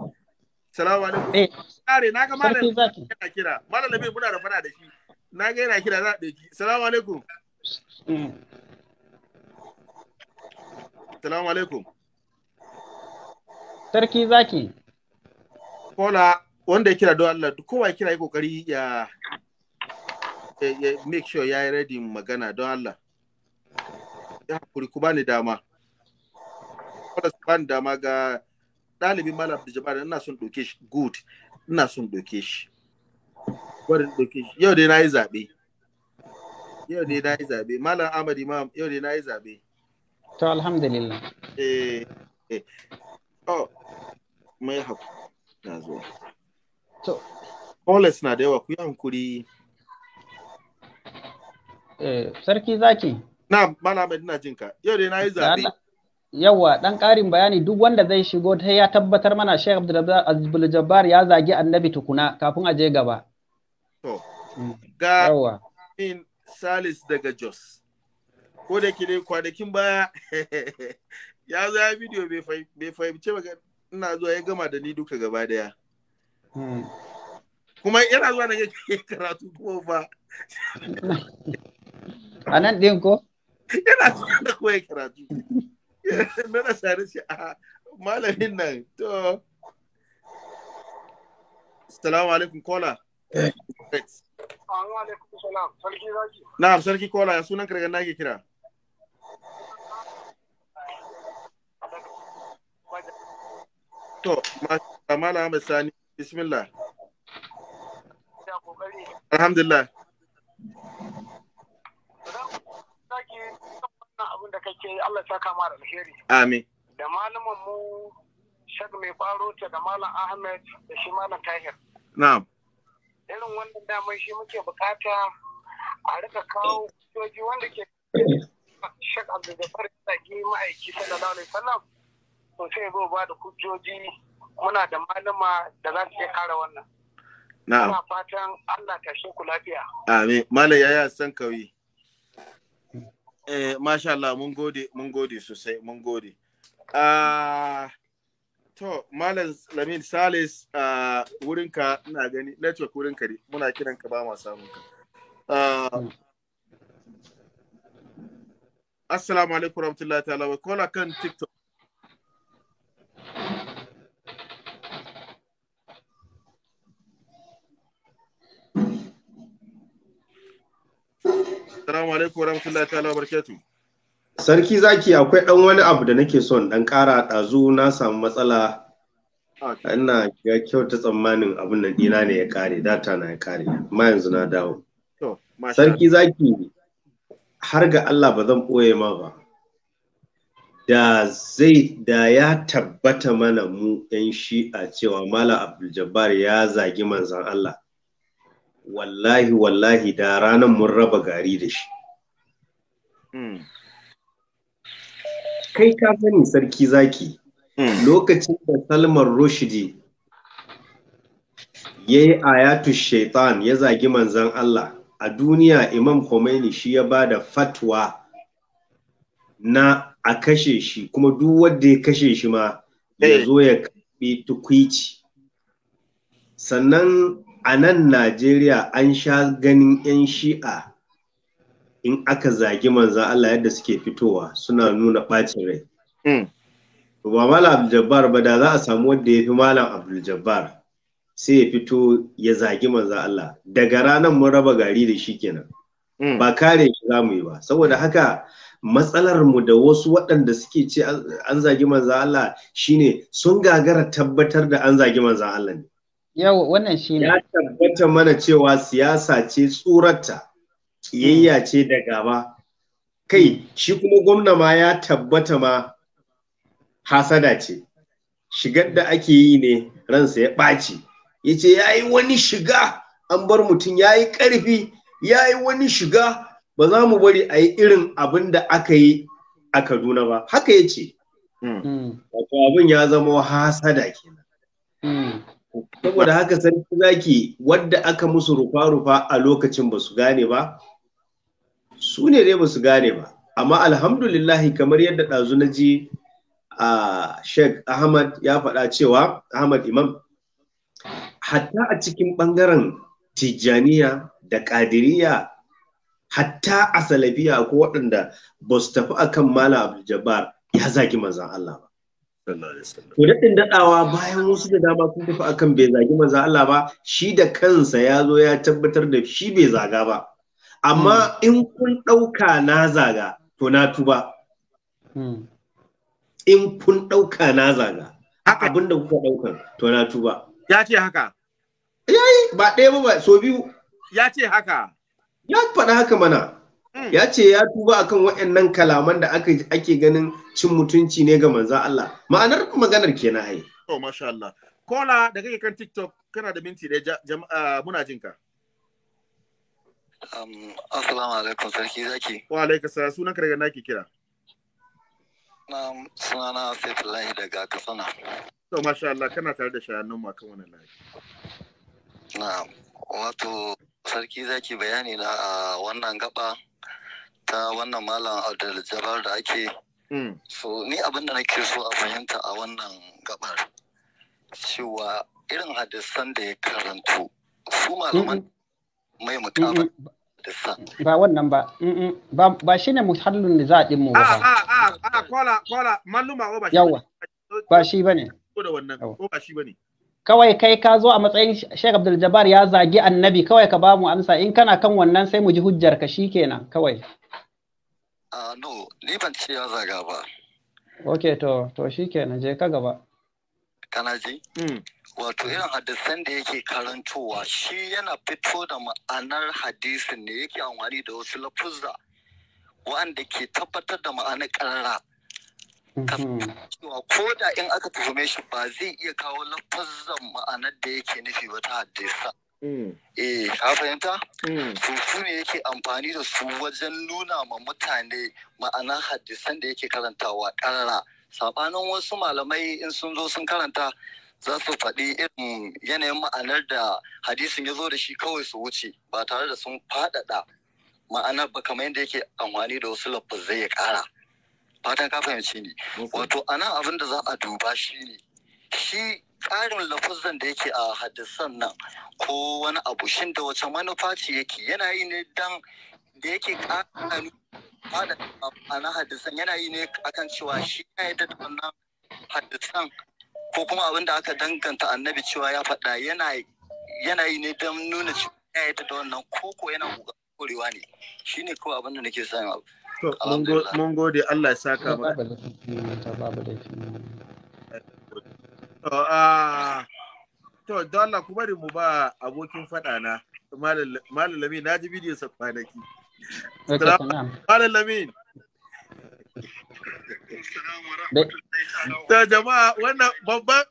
Salamu alaikum. Eh, Kare na ga malam yana kira. Malam Labir muna da fada da shi. Na ga yana kira za a ɗauki. Salamu alaikum. Salamu alaikum. Sarki zaki. Kola wanda ya kira don Allah duk kowa ya kira yi kokari ya make sure ya yi ready magana don Allah. Ya hakuri ku bani dama. Kola ba ni dama ga ɗalibin malam abdul jabbar ina son ɗauke shi good ina son ɗauke shi gwarin ɗauke shi yau dai na yi zaɓe yau dai na yi zaɓe malam ahmad imam yau dai na yi zaɓe to alhamdulillah eh eh oh mai haku na zuwa to Oles na da yawa ku yi hankuri eh, sarki zaki na malam ahmad ina jinka yau dai na yi zaɓe yawa dan ƙarin bayani duk wanda zai shigo sai ya tabbatar mana Sheikh Abdul Jabbar ya zagi Annabi tukuna kafin a je gaba to mm. ga in Salis daga Jos ko da ne kwanakin baya ya zo ya bidiyo bai fahimce ba ina zuwa ya gama da ni duka gaba daya mm. kuma yana zuwa na karatu kuma fa a nan ɗin ko yana zuwa da kuma karatu Nana sare shi a malamin nan. To. Assalamu alaikum kola. sarki kola ya sunan kargan nake kira. To, Mala Sani, bismillah. Alhamdulillah. abin da kake yi Allah saka mara alheri amin da malamin mu shag mai faro ta da malam Ahmed da shi malam Tahir na'am irin wannan damar shi muke bukata a rika kawo soji wanda ke shag Abdul Jabbar da ki ma'aiki sallallahu alaihi wasallam to sai zo ba da kujoji muna da malama da za su iya kara wannan Na'am. Ina fatan Allah ta shi ku lafiya. Amin. Malam yaya san kauye. Eh, masha Allah, mun gode, mun gode sosai, mun gode. Ah, to, Malam Lamin Salis, uh, ah, wurinka ina gani, network wurinka ne, muna kiran ka ba ma samun ka. Ah, Assalamu alaikum warahmatullahi ta'ala wa kola kan TikTok. Assalamu alaikum warahmatullahi ta'ala Sarki zaki akwai ɗan wani abu da nake son ɗan kara ɗazu na samu matsala ina ya kyauta tsammanin abin nan ɗina ne ya kare data na ya kare amma yanzu na dawo. Sarki zaki har ga Allah ba zan ɓoye ma ba. Da zai da ya tabbata mana mu 'yan shi'a cewa Malam Abdul Jabbar ya zagi manzan Allah. wallahi wallahi da ranan mun raba gari da shi hmm. kai ka sani sarki zaki hmm. lokacin da salman rushdi ya yi ayatu shaitan ya zagi manzan Allah a duniya imam Khomeini shi ya ba da fatwa na a kashe shi kuma duk wanda ya kashe shi ma ya eh. zo ya karbi tukwici sannan a nan Najeriya an sha ganin 'yan shi'a in aka zagi manzan Allah yadda suke fitowa suna nuna ɓacin rai. Hmm. Ba Malam Abdul-Jabbar ba da za a samu wanda ya fi Malam Abdul-Jabbar sai ya fito ya zagi manzan Allah. Daga ranar mun raba gari da shi kenan. Hmm. Ba kare shi za mu yi ba. Saboda haka matsalar mu da wasu waɗanda suke ce an zagi manzan Allah shine sun gagara tabbatar da an zagi manzan Allah ne. Yau wannan shi ne. Ya tabbata mana cewa siyasa ce tsurarta, ƙiyayya ce da gaba. Kai, shi kuma gwamna ma ya tabbata ma hasada ce. Shigar da ake yi ne ransa ya ɓaci. Ya ce ya yi wani shiga an bar mutum ya yi ƙarfi, ya yi wani shiga ba za mu bari a yi irin abin da aka yi a Kaduna ba. Haka ya ce. Hmm. Hmm. Wato abin ya zama hasada kenan. Hmm. saboda haka sarki zaki wadda aka musu rufa-rufa a lokacin ba su gane ba su ne dai ba su gane ba amma alhamdulillahi kamar yadda ɗazu na ji a sheikh ahmad ya faɗa cewa ahmad imam hatta a cikin ɓangaren tijjaniya da ƙadiriya hatta a salafiya ko waɗanda ba su tafi akan mala abdul ya zagi manzan allah ba To daɗin daɗawa bayan wasu da dama sun tafi akan bai zagi manzo Allah ba shi da kansa ya zo ya tabbatar da shi bai zaga ba. Amma hmm. in kun ɗauka na zaga to na tuba. Hmm. In kun ɗauka na zaga. Haka abin da kuka ɗaukan to na tuba. Ya ce haka. Yayi ba ɗaya ba so biyu. Ya ce haka. Ya faɗa haka mana. Mm. ya ce ya tuba akan waɗannan kalaman da ake ganin cin mutunci ne ga manza Allah ma'anar maganar kenan ai to masha Allah kola da kake kan TikTok kana da minti da ah, muna jin ka um assalamu alaikum sarki zaki wa alaikum salam sunan ka daga naki kira um sunana Saifullahi daga Katsina to masha Allah kana tare da shayannin ma kan wannan layi na wato sarki zaki bayani na wannan gaba ta wannan malam Abdul Jabbar da ake hmm. so ni abin da nake so a fahimta a wannan gabar cewa irin hadisan da ya karanto su malaman mai mutaba ba wannan ba ba shi ne muhallin da za a ɗin mu ba a a a kola kola malluma ba shi yawa ba shi ba ne ba shi ba ne kawai kai ka zo a matsayin shek Abdul Jabbar ya zagi annabi kawai ka ba mu amsa in kana kan wannan sai mu ji hujjar ka shikenan kawai Uh, no, ni ban ce ya zaga ba. Ok, to, to shi na je ka gaba. Kana ji? Mm. Wato irin hadisan da yake karantowa shi yana fito da ma'anar hadisin ne yake amfani da wasu lafuzza wanda ke tabbatar da ma'anar karara. Mhm. ko da in aka tuhume shi ba zai iya kawo lafuzzan ma'anar da yake nufi wata hadisa. Mm. eh ka fahimta mm. su ne yake amfani da su wajen nuna ma mutane ma'ana hadisan da yake karantawa karara sabanin wasu malamai in sun zo sun karanta za su faɗi irin yanayin ma'anar da hadisin ya zo da shi kawai su wuce ba tare da sun faɗaɗa ma'anar ba kamar yadda yake amfani da wasu lafazai ya ƙara fatan ka fahimci ni wato anan abin da za a duba shi ne shi ƙarin lafuzan da yake a hadisan nan ko wani abu shin da wace manufa ce yake yana yi ne dan da yake ƙarin fada na hadisan yana yi ne akan cewa shi ya yi da wannan hadisan ko kuma abin da aka danganta annabi cewa ya faɗa yana yi ne dan nuna cewa ya yi da wannan koko yana korewa ne shi ne kawai abin da nake sani abu. mun gode Allah ya saka maka. To, don Allah ku bari mu ba abokin faɗa na, Malalami, na ji bidiyon sa kwanaki. Malalami. Ta jama'a wannan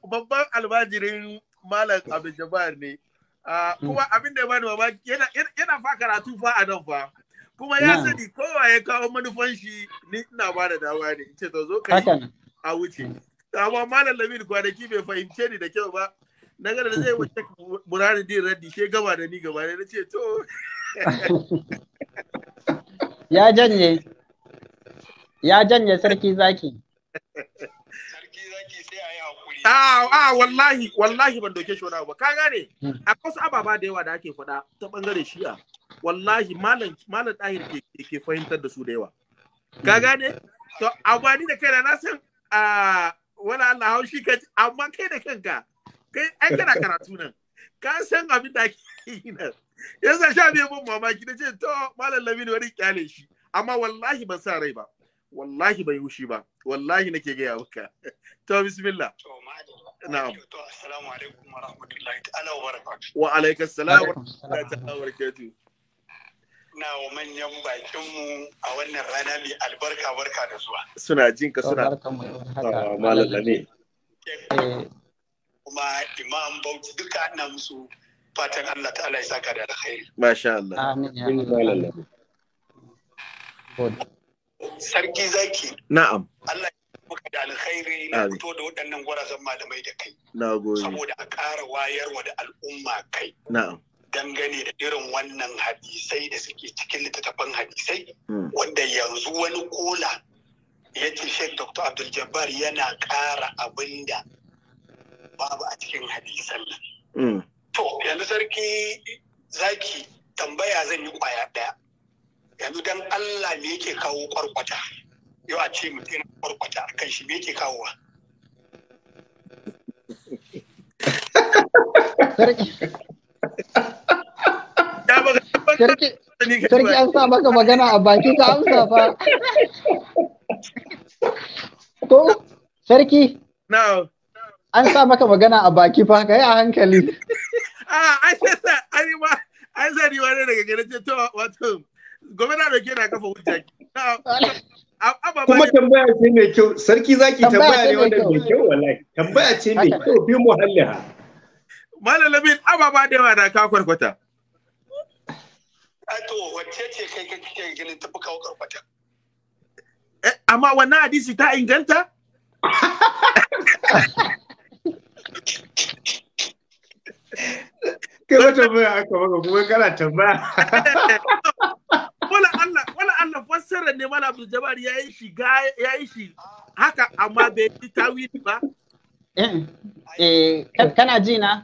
babban albajirin Malam Abin Jabbar ne. Kuma hmm. abin da ya bani mamaki yana fa karatu fa a nan fa. Kuma ya sani kowa ya kawo manufan shi ni ina ba da dawa ne. Ce to zo ka a wuce. amma malam lamin kwanaki bai fahimce ni da kyau ba na gada zai wuce burani din raddi ke gaba da ni gaba na ce to ya janye ya janye sarki zaki sarki zaki sai a hakuri wallahi wallahi ban doke shona ba ka gane a kusa ababa da yawa da ake faɗa ta bangare shi'a wallahi malam malam dahir ke fahimtar da su da yawa ka gane to amma ni da kai na san wala Allah haushi ka amma kai da kanka kai ai kana karatu nan ka san abin da ake yi nan Ya sa sha bai mun mamaki da ce to malam Lamini wani kyale shi amma wallahi ban sa rai ba wallahi bai wushi ba wallahi nake gaya maka to bismillah to na'am to assalamu alaikum wa rahmatullahi ta'ala wa barakatuh wa alaikassalam wa rahmatullahi ta'ala wa barakatuh na wa manyan bakinmu a wannan rana mai albarka barka da zuwa. Suna jin ka suna ah, malala ne. Eh, kuma imam bauchi duka na musu fatan Allah ta'ala ya saka da alkhairi. Masha Allah. Amin ya malala. Sarki zaki. Na'am. Allah maka da alkhairi na fito da waɗannan gwarazan malamai da kai. Na gode. Saboda a ƙara wayarwa da al'umma kai. Na'am. dangane da irin wannan hadisai da suke cikin littattafan hadisai hmm. wanda yanzu wani kola ya ce sheik dr abdul jabbar yana kara abin da babu a cikin hadisan nan hmm. to yanzu sarki zaki tambaya zan yi kwaya daya. yanzu dan allah me yake kawo kwarkwata yau a ce mutum kwarkwata a kan shi me yake kawowa Sarki an sa maka magana a baki ka amsa fa. Ko sarki? No. An sa maka magana a baki fa kai a hankali. Ah, ai sai sa ai ma ai zari wani daga garin ce to wato gwamnati da ke na kafa hujja. Kuma tambaya ce mai kyau, sarki zaki tambaya ne wanda mai kyau wallahi. Tambaya ce mai kyau bi muhalliha. malalamin ababa da yawa na ka kwarkwata to wacce ce kai kake ganin fi kawo kwarkwata eh, amma wannan hadisi ta inganta kai wata bayan aka maka kuma kana tambaya wala Allah wala Allah fassara ne mala Abdul Jabbar yayi shi yayi shi haka amma bai tawili ba eh, eh kana ji na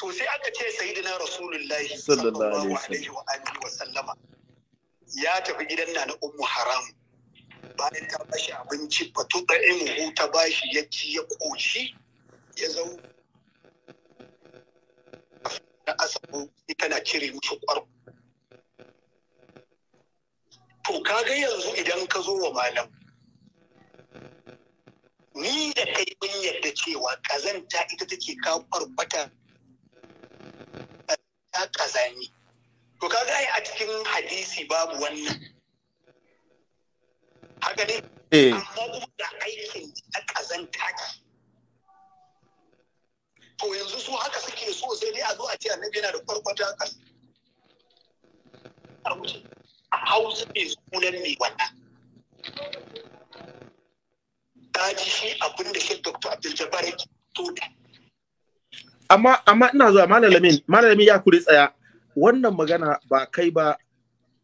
to sai aka ce sayyidina rasulullahi sallallahu alaihi wa alihi wa sallama ya tafi gidan na ummu haram bayan ta bashi abinci ba fa da imu ta bashi ya ci ya koshi ya zau na asabu ita na cire musu kwar to kaga yanzu idan ka zo wa malam ni da kai mun yadda cewa kazanta ita take kawo farfata. ta kazani. to kaga ai a cikin hadisi babu wannan haka ne eh. amma kuma da aikin ta kazanta ki. to yanzu su haka suke so sai dai a zo a ce annabi yana da kwarkwata haka a hausa mai sunan mai wannan ta ji shi abin da shi dr abdul jabbar yake to da amma amma ina zuwa malalamin malalamin ya kuri tsaya wannan magana ba kai ba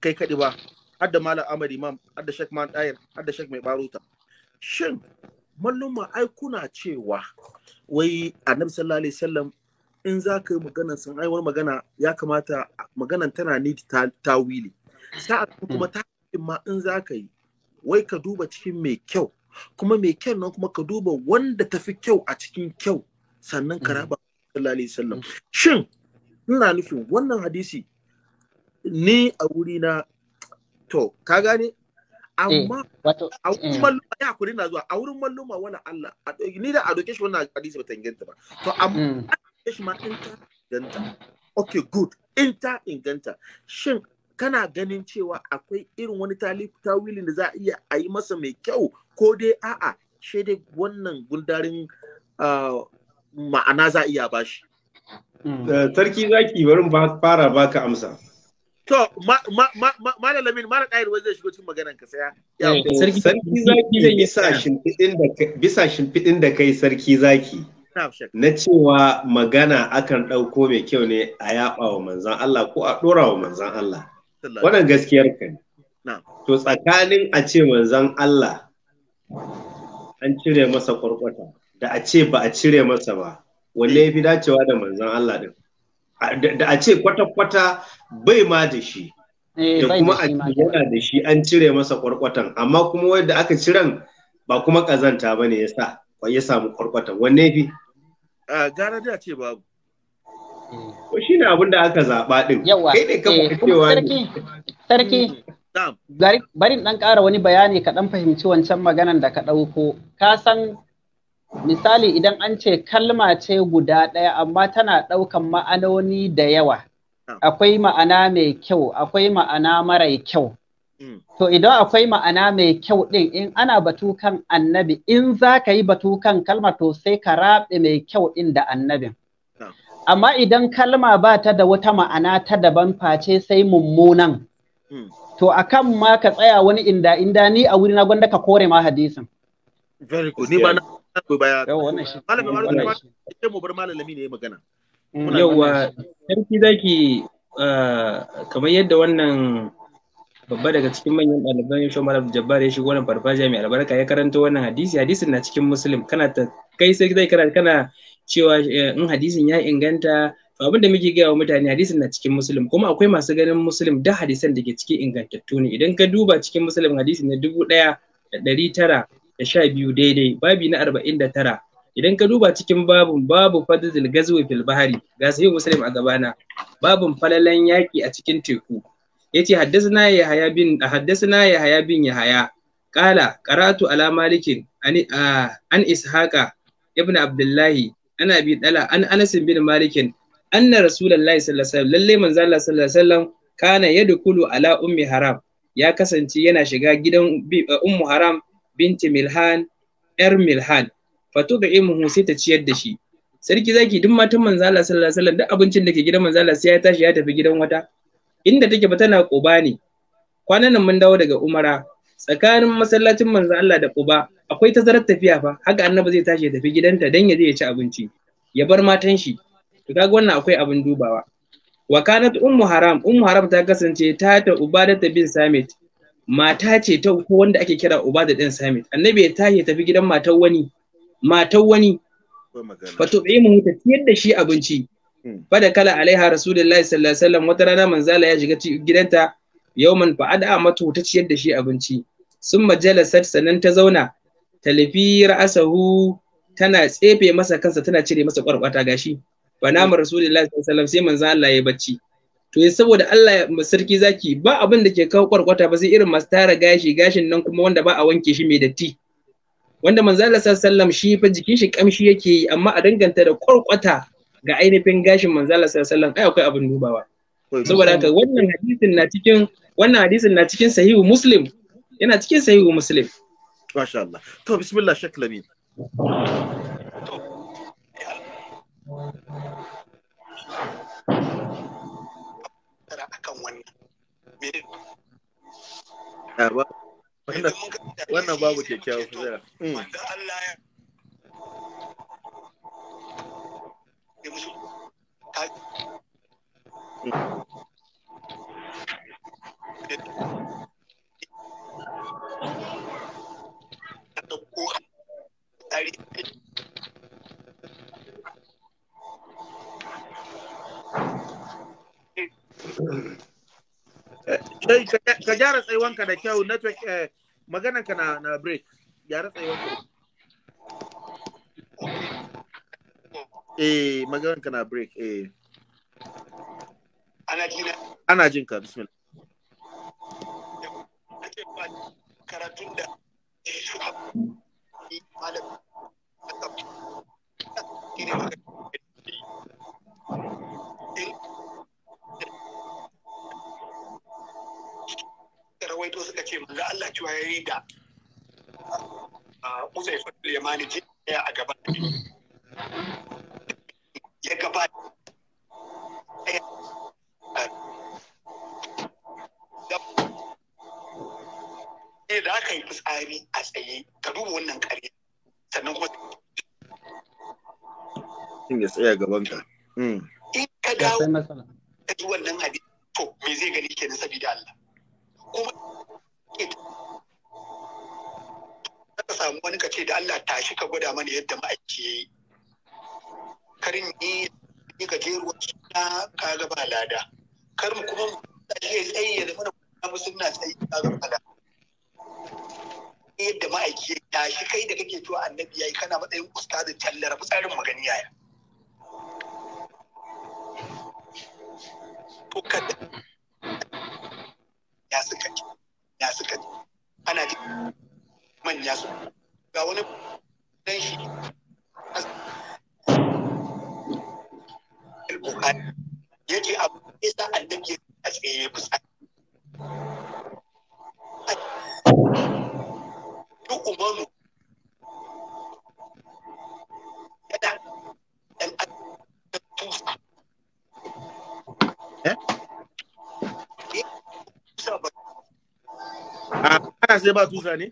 kai kaɗi ba hadda malam Ahmad Imam hadda shek Man Dair hadda shek Mai Baruta shin malluma ai kuna cewa wai Annabi sallallahu alaihi wasallam in za ka yi magana sun aiwar magana ya kamata maganan tana ni tawili sa'a kuma ta ma in za ka yi wai ka duba cikin mai kyau kuma mai kyau nan kuma ka duba wanda tafi kyau a cikin kyau sannan ka mm. raba sallallahu alaihi wasallam mm. shin ina nufin wannan hadisi ni a wuri na to ka gane amma eh, a wurin eh. malluma ya kuri na zuwa a wurin malluma wani Allah ni da a doke shi wannan hadisi ba ta inganta ba to amma mm. a shi ma in ta inganta okay good in ta inganta shin kana ganin cewa akwai irin wani tawilin da za a iya a yi masa mai kyau ko dai a'a shi dai wannan gundarin ah, ma'ana za iya bashi. Eh, sarki zaki bari fara baka amsa. To, Malam Lamin, mara Ɗayar ruwa zai shigo cikin maganar ka saya. Eh, sarki zaki zai yi bisa shimfiɗin da kai sarki zaki. Na cewa magana akan ɗauko mai kyau ne a yaɓa wa manzan Allah ko a ɗora wa manzan Allah. Wannan gaskiyar ka ne. To tsakanin a ce manzan Allah an cire masa kwarkwata. da a ce ba a cire masa ba wanne ya fi dacewa da manzon Allah din da a ce kwata-kwata bai ma da shi eh, da kuma a yana da shi an cire masa kwarkwatan amma kuma wanda aka ciran ba kuma kazanta ba ne ya sa ya samu kwarkwatan wanne fi a gara da ce ba ko shi ne abin da aka zaɓa din kai ne ka eh, cewa ne sarki bari dan ƙara wani bayani ka dan fahimci wancan maganan da ka ɗauko ka san misali idan an ce kalma ce guda ɗaya amma tana ɗaukan ma'anoni da yawa ah. akwai ma'ana mai kyau akwai ma'ana mara kyau hmm. to idan akwai ma'ana mai kyau ɗin in ana batu kan annabi in za ka yi batu kan kalma to sai ka raɓe mai kyau ɗin da annabin ah. amma idan kalma ba ta da wata ma'ana ta daban face sai mummunan hmm. to a kan ma ka tsaya wani inda inda ni a wuri na gwanda ka kore ma hadisin goyi mm. sarki zaki uh, kamar yadda wannan babba daga cikin manyan ɗaliban ya shomar jabbar ya shigo wannan farfajiya mai albarka ya karanta wannan hadisi hadisin na cikin muslim kana ta kai sai zai kana kana cewa eh, in hadisin ya inganta abin da muke gaya wa mutane hadisin na cikin muslim kuma akwai masu ganin muslim da hadisan da ke cikin ingantattu ne idan ka duba cikin muslim hadisi na dubu ɗaya da ɗari tara da sha biyu daidai babi na arba'in da tara idan ka duba cikin babun babu fadlul gazwe fil bahari ga sahih muslim a gabana babun falalan yaki a cikin teku yace haddathana yahaya bin haddathana yahaya bin yahaya qala qara'tu ala malikin an an ishaqa ibn abdullahi ana bi dala an anas bin malikin anna rasulullahi sallallahu alaihi wasallam lalle manzo Allah sallallahu alaihi wasallam kana yadkulu ala ummi haram ya kasance yana shiga gidan uh, ummu haram binti milhan yar milhan fatu da imuhu sai ta ciyar da shi sarki zaki duk matan manzo Allah sallallahu alaihi wasallam duk abincin da ke gidan manzo sai ya tashi ya tafi gidan wata inda take ba tana Quba ne kwanan nan mun dawo daga Umara tsakanin masallacin manzo Allah da Quba akwai tazarar tafiya fa haka annabi zai tashi ya tafi gidanta dan ya je ya ci abinci ya bar matan shi to kaga wannan akwai abin dubawa wa kanat ummu haram ummu haram ta kasance ta ta ubadat bin samit mata ce ta wanda ake kira da ɗin Samit. Annabi ya tashi tafi gidan matar wani, matar wani. Fato bai mu ta ciyar da shi abinci. Hmm. da kala alaiha Rasulullahi sallallahu alaihi wasallam wata rana manzala ya shiga gidanta yawman fa fa'ada matu ta ciyar da shi abinci. Sun majalasat sannan ta zauna talifi ra'asahu tana tsefe masa kansa tana cire masa kwarkwata gashi. Fa namar Rasulullahi sallallahu alaihi wasallam sai manzo Allah ya bacci. to ya saboda Allah ya sarki zaki ba abin da ke kawo kwarkwata ba sai irin masu tara gashi gashin nan kuma wanda ba a wanke shi mai datti wanda manzo Allah sallallahu shi fa jikin shi kamshi yake yi amma a danganta da kwarkwata ga ainihin gashin manzo Allah sallallahu ai akwai abin dubawa saboda haka wannan hadisin na cikin wannan hadisin na cikin sahihu muslim yana cikin sahihu muslim masha Allah to bismillah shek to wannan babu kyakkyawan fuzara Sai ka gyara tsaiwanka da kyau network eh, magananka na na break. Gyara tsaiwanka. Eh, magananka na break. Eh. Ana jin ka, bismillah. karatun da malam rawaito suka ce manzo Allah cewa yayi da Uzai ya Yamani ya a gaban ya gaba sai eh, da aka yi fitsari a tsaye ka duba wannan kare sannan kuma in ya tsaya gaban ka hmm. in ka dawo ka ji wannan abin to me zai gani kenan saboda Allah kuma ka samu wani ka ce da Allah tashi ka gwada mana yadda ma'aiki ya yi karin ni ni gajeruwar suna ka ga ba lada kar kuma mu tashi ya tsayi ya zama na musulna tsayi ka ga ba lada yadda ma'aiki ya tashi kai da kake cewa annabi yayi kana matsayin ustazin tallar tsarin magani yaya to ya suka ya suka ana ji manya su ga wani dan shi al-bukhari yake abu ya sa annabi ya a tsaye kusa duk yana ana sai ba tusa ne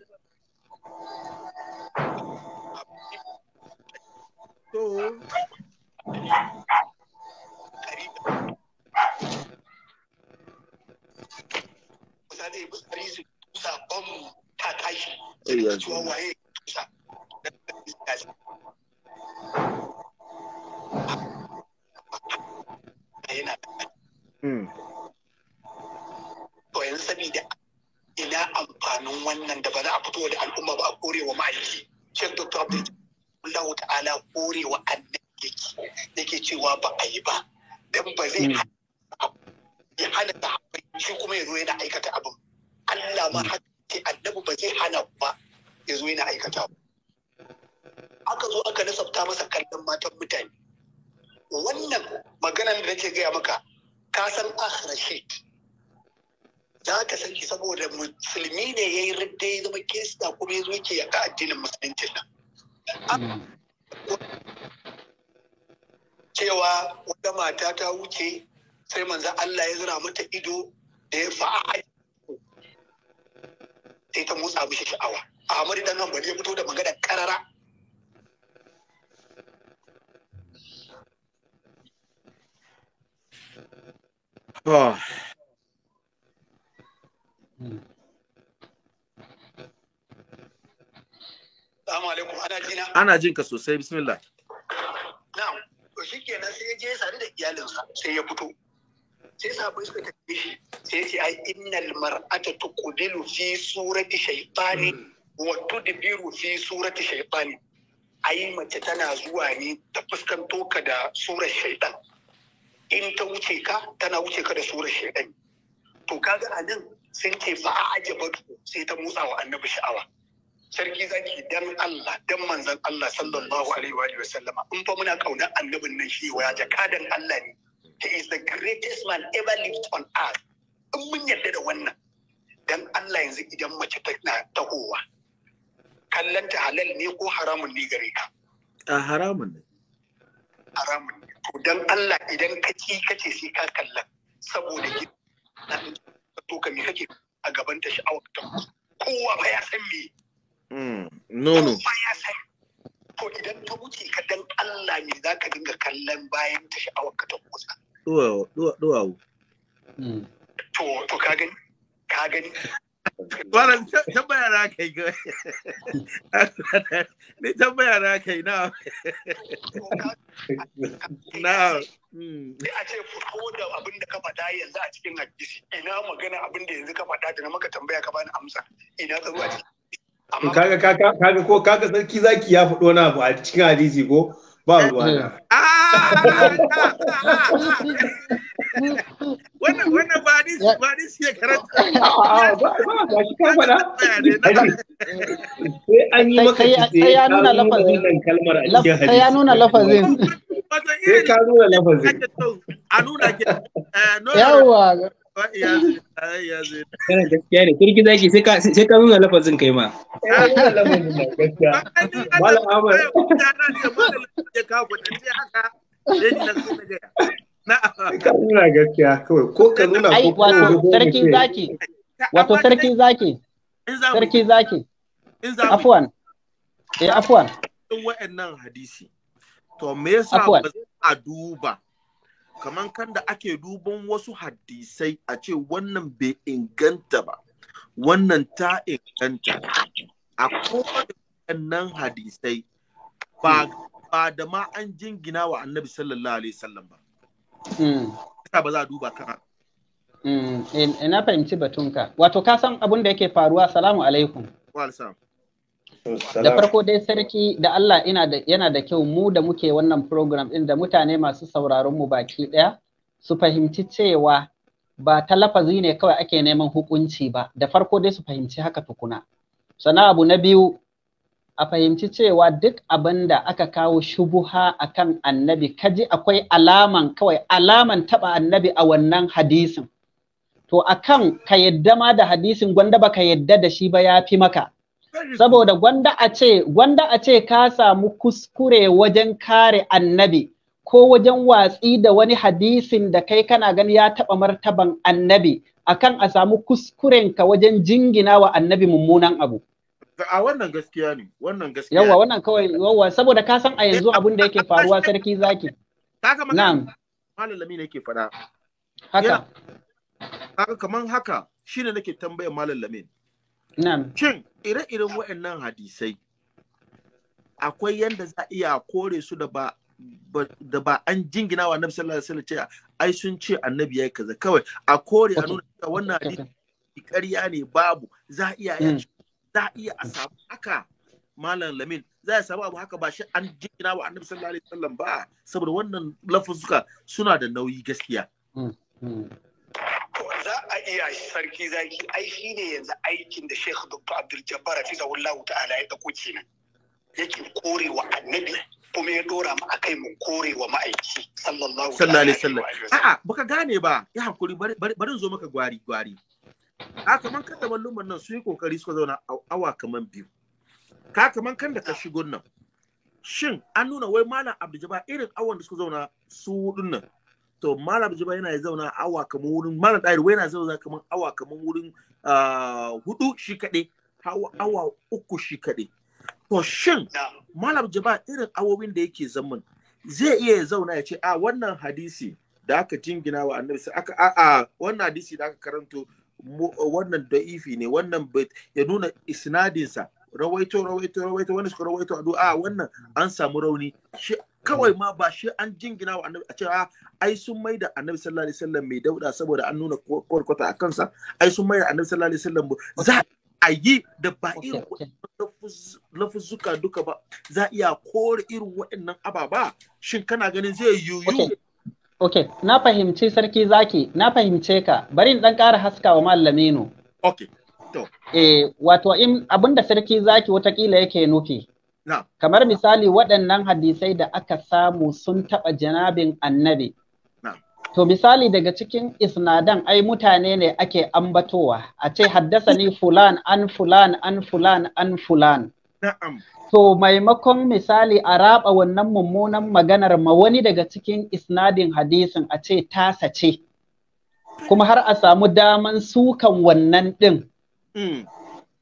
to mutane to sani da ina amfanin wannan da ba za a fito da al'umma ba a korewa ma'aiki shek dr abdullahi ta'ala korewa annabi yake cewa ba a yi ba dan ba zai hmm. ya hana sahabbai shi kuma ya zo yana aikata abin Allah ma haka annabi ba zai hana ba ya zo yana aikata aka zo aka nasabta masa kallon matan mutane wannan maganar da nake gaya maka ka san akhira za ka san shi saboda musulmi ne ya yi ridda ya zama kirista kuma ya zo yake yaƙa addinin musulunci nan. Cewa wata mata ta wuce sai manzo Allah ya zira mata ido da ya fa'a sai ta motsa mishi sha'awa. Ahmadu dan Hanbali ya fito da magana karara Oh. Assalamu alaikum, ana jina. Ana jin ka sosai, bismillah. Na'am, to shi kenan sai ya je ya da iyalinsa sai ya fito. Sai sabai suka tafi shi, sai ya ce ai innal mar'ata tuqbilu fi surati shaytani wa tudbiru fi surati shaytani. Ai mace tana zuwa ne ta fuskanto ka da surar shaytan. In ta wuce ka, tana wuce ka da surar shaytan. To kaga a nan sun ce fa a ake batu sai ta motsa wa annabi sha'awa sarki zaki dan Allah dan manzan Allah sallallahu alaihi wa sallama in fa muna kaunar annabin nan shi waya jakadan Allah ne he is the greatest man ever lived on earth in mun yarda da wannan dan Allah yanzu idan mace ta na tahowa kallon ta halal ne ko haramun ne gare ka a haramun ne haramun ne to dan Allah idan ka ci kace sai ka kallon saboda gidan to ta kowa ba ya san me hmm, idan ta wuce ka dan Allah me za ka dinga kallon bayan ta sha'awa ka ta kusa hmm. to ka gani Wannan tambaya na kai ga. Ni tambaya na yi na. Na. Hmm. A ce ko da abin da ka faɗa yanzu a cikin hadisi ina magana abin da yanzu ka faɗa da na maka tambaya ka bani amsa ina tsaro a cikin kaga kaga kaga ko kaga sarki zaki ya faɗo na abu a cikin hadisi ko ba ruwa na. Ah! wannan wannan ba ni ba ni sai karanta ba ba ba shi ka fada. sai an yi maka sai ya nuna lafazin kalmar a cikin hadisi sai ya nuna lafazin sai ka nuna lafazin a nuna ke eh, yawa gaskiya ne kirki zaki sai ka nuna lafazin kai ma malam ahmad ka nuna gaskiya kawai ko ka nuna ko wato sarki zaki wato sarki zaki sarki zaki afwan eh afwan wa'annan hadisi to me yasa ba a duba kaman kan da ake duban wasu hadisai a ce wannan bai inganta ba wannan ta inganta a kowane hadisai ba da ma an jingina wa annabi sallallahu alaihi wasallam ba Mm. ba za a mm. eh, eh, wato ka san da yake faruwa salamu alaikum da farko dai sarki da Allah yana da kyau mu da muke wannan program ɗin da mutane masu sauraron mu baki ɗaya su fahimci cewa ba ta lafazi ne kawai ake neman hukunci ba da farko dai su fahimci haka tukuna sana abu na biyu a fahimci cewa duk abin da aka kawo shubuha a kan annabi kaji akwai alaman kawai alaman taba annabi a wannan hadisin to akan ka yadda ma da hadisin gwanda baka yadda da shi ba ya fi maka saboda gwanda a ce gwanda a ce ka samu kuskure wajen kare annabi ko wajen watsi da wani hadisin da kai kana gani ya taɓa martaban annabi akan a samu kuskurenka wajen jingina wa annabi mummunan abu a wannan gaskiya ne wannan gaskiya yawa wannan kawai yawa saboda ka san a yanzu eh, abin da yake faruwa sarki zaki kaga na'am malalami ne yake faɗa haka Haka kaman haka shine nake tambayar malalami Nan. Cin ire-iren waɗannan hadisai akwai yanda za a iya kore su da ba da ba an jingina wa annabi sallallahu alaihi wasallam ce ai sun ce annabi yayi kaza kawai a kore a nuna wannan hadisi ƙarya ne babu za a iya yin hmm. za a iya a samu haka malam lamin za a samu abu haka ba shi an jina wa annabi sallallahu alaihi wasallam ba saboda wannan suka suna da nauyi gaskiya hmm, hmm. za a iya sarki zaki ai shi ne yanzu aikin da Sheikh Dr. Abdul Jabbar Hafizahullah ta'ala ya dauko kenan yake kore wa annabi kuma ya dora mu akai mu kore wa ma'aiki sallallahu alaihi wasallam a'a baka gane ba ya hakuri bari zo maka gwari gwari ka kaman kan da malluman nan su yi kokari suka zauna awa kaman biyu ka kaman kan da ka shigo nan shin an nuna wai malam abdujaba irin awan da suka zauna su hudun nan to malam abdujaba yana zauna awa kaman wurin malam dair wai yana zauna kaman awa kaman wurin ah, hudu shi kaɗai awa uku shi kaɗe. to shin malam jaba irin awowin da yake zaman zai iya zauna ya ce a wannan hadisi da aka jingina wa annabi aka a wannan hadisi da aka karanto Eh, wannan da'ifi ne wannan ya nuna isnadinsa rawaito rawaito rawaito wani suka rawaito adu ah, wannan an samu rauni shi kawai ma ba shi an jingina wa annabi a cewa ah, ai sun mai da annabi sallallahu alaihi wasallam mai dauda saboda an nuna kwarkwata a kansa ai sun mai da annabi sallallahu alaihi wasallam za a yi da ba irin lafuzzuka duka ba za a iya kore irin waɗannan ababa shin kana ganin zai yiwu Ok, na fahimci sarki zaki, na fahimce ka, bari in ɗan ƙara haska wa mallaminu. Ok, to. Eh, wato in abinda sarki zaki watakila yake nufi. Na. Kamar misali waɗannan hadisai da aka samu sun taɓa janabin annabi. Na. To misali daga cikin isnadan ai mutane ne ake ambatowa, a ce haddasa ni fulan an fulan an fulan an fulan. Na'am. to maimakon misali a raba wannan mummunan maganar ma wani daga cikin isnadin hadisin a ce tasa ce kuma har a samu daman sukan wannan ɗin mm.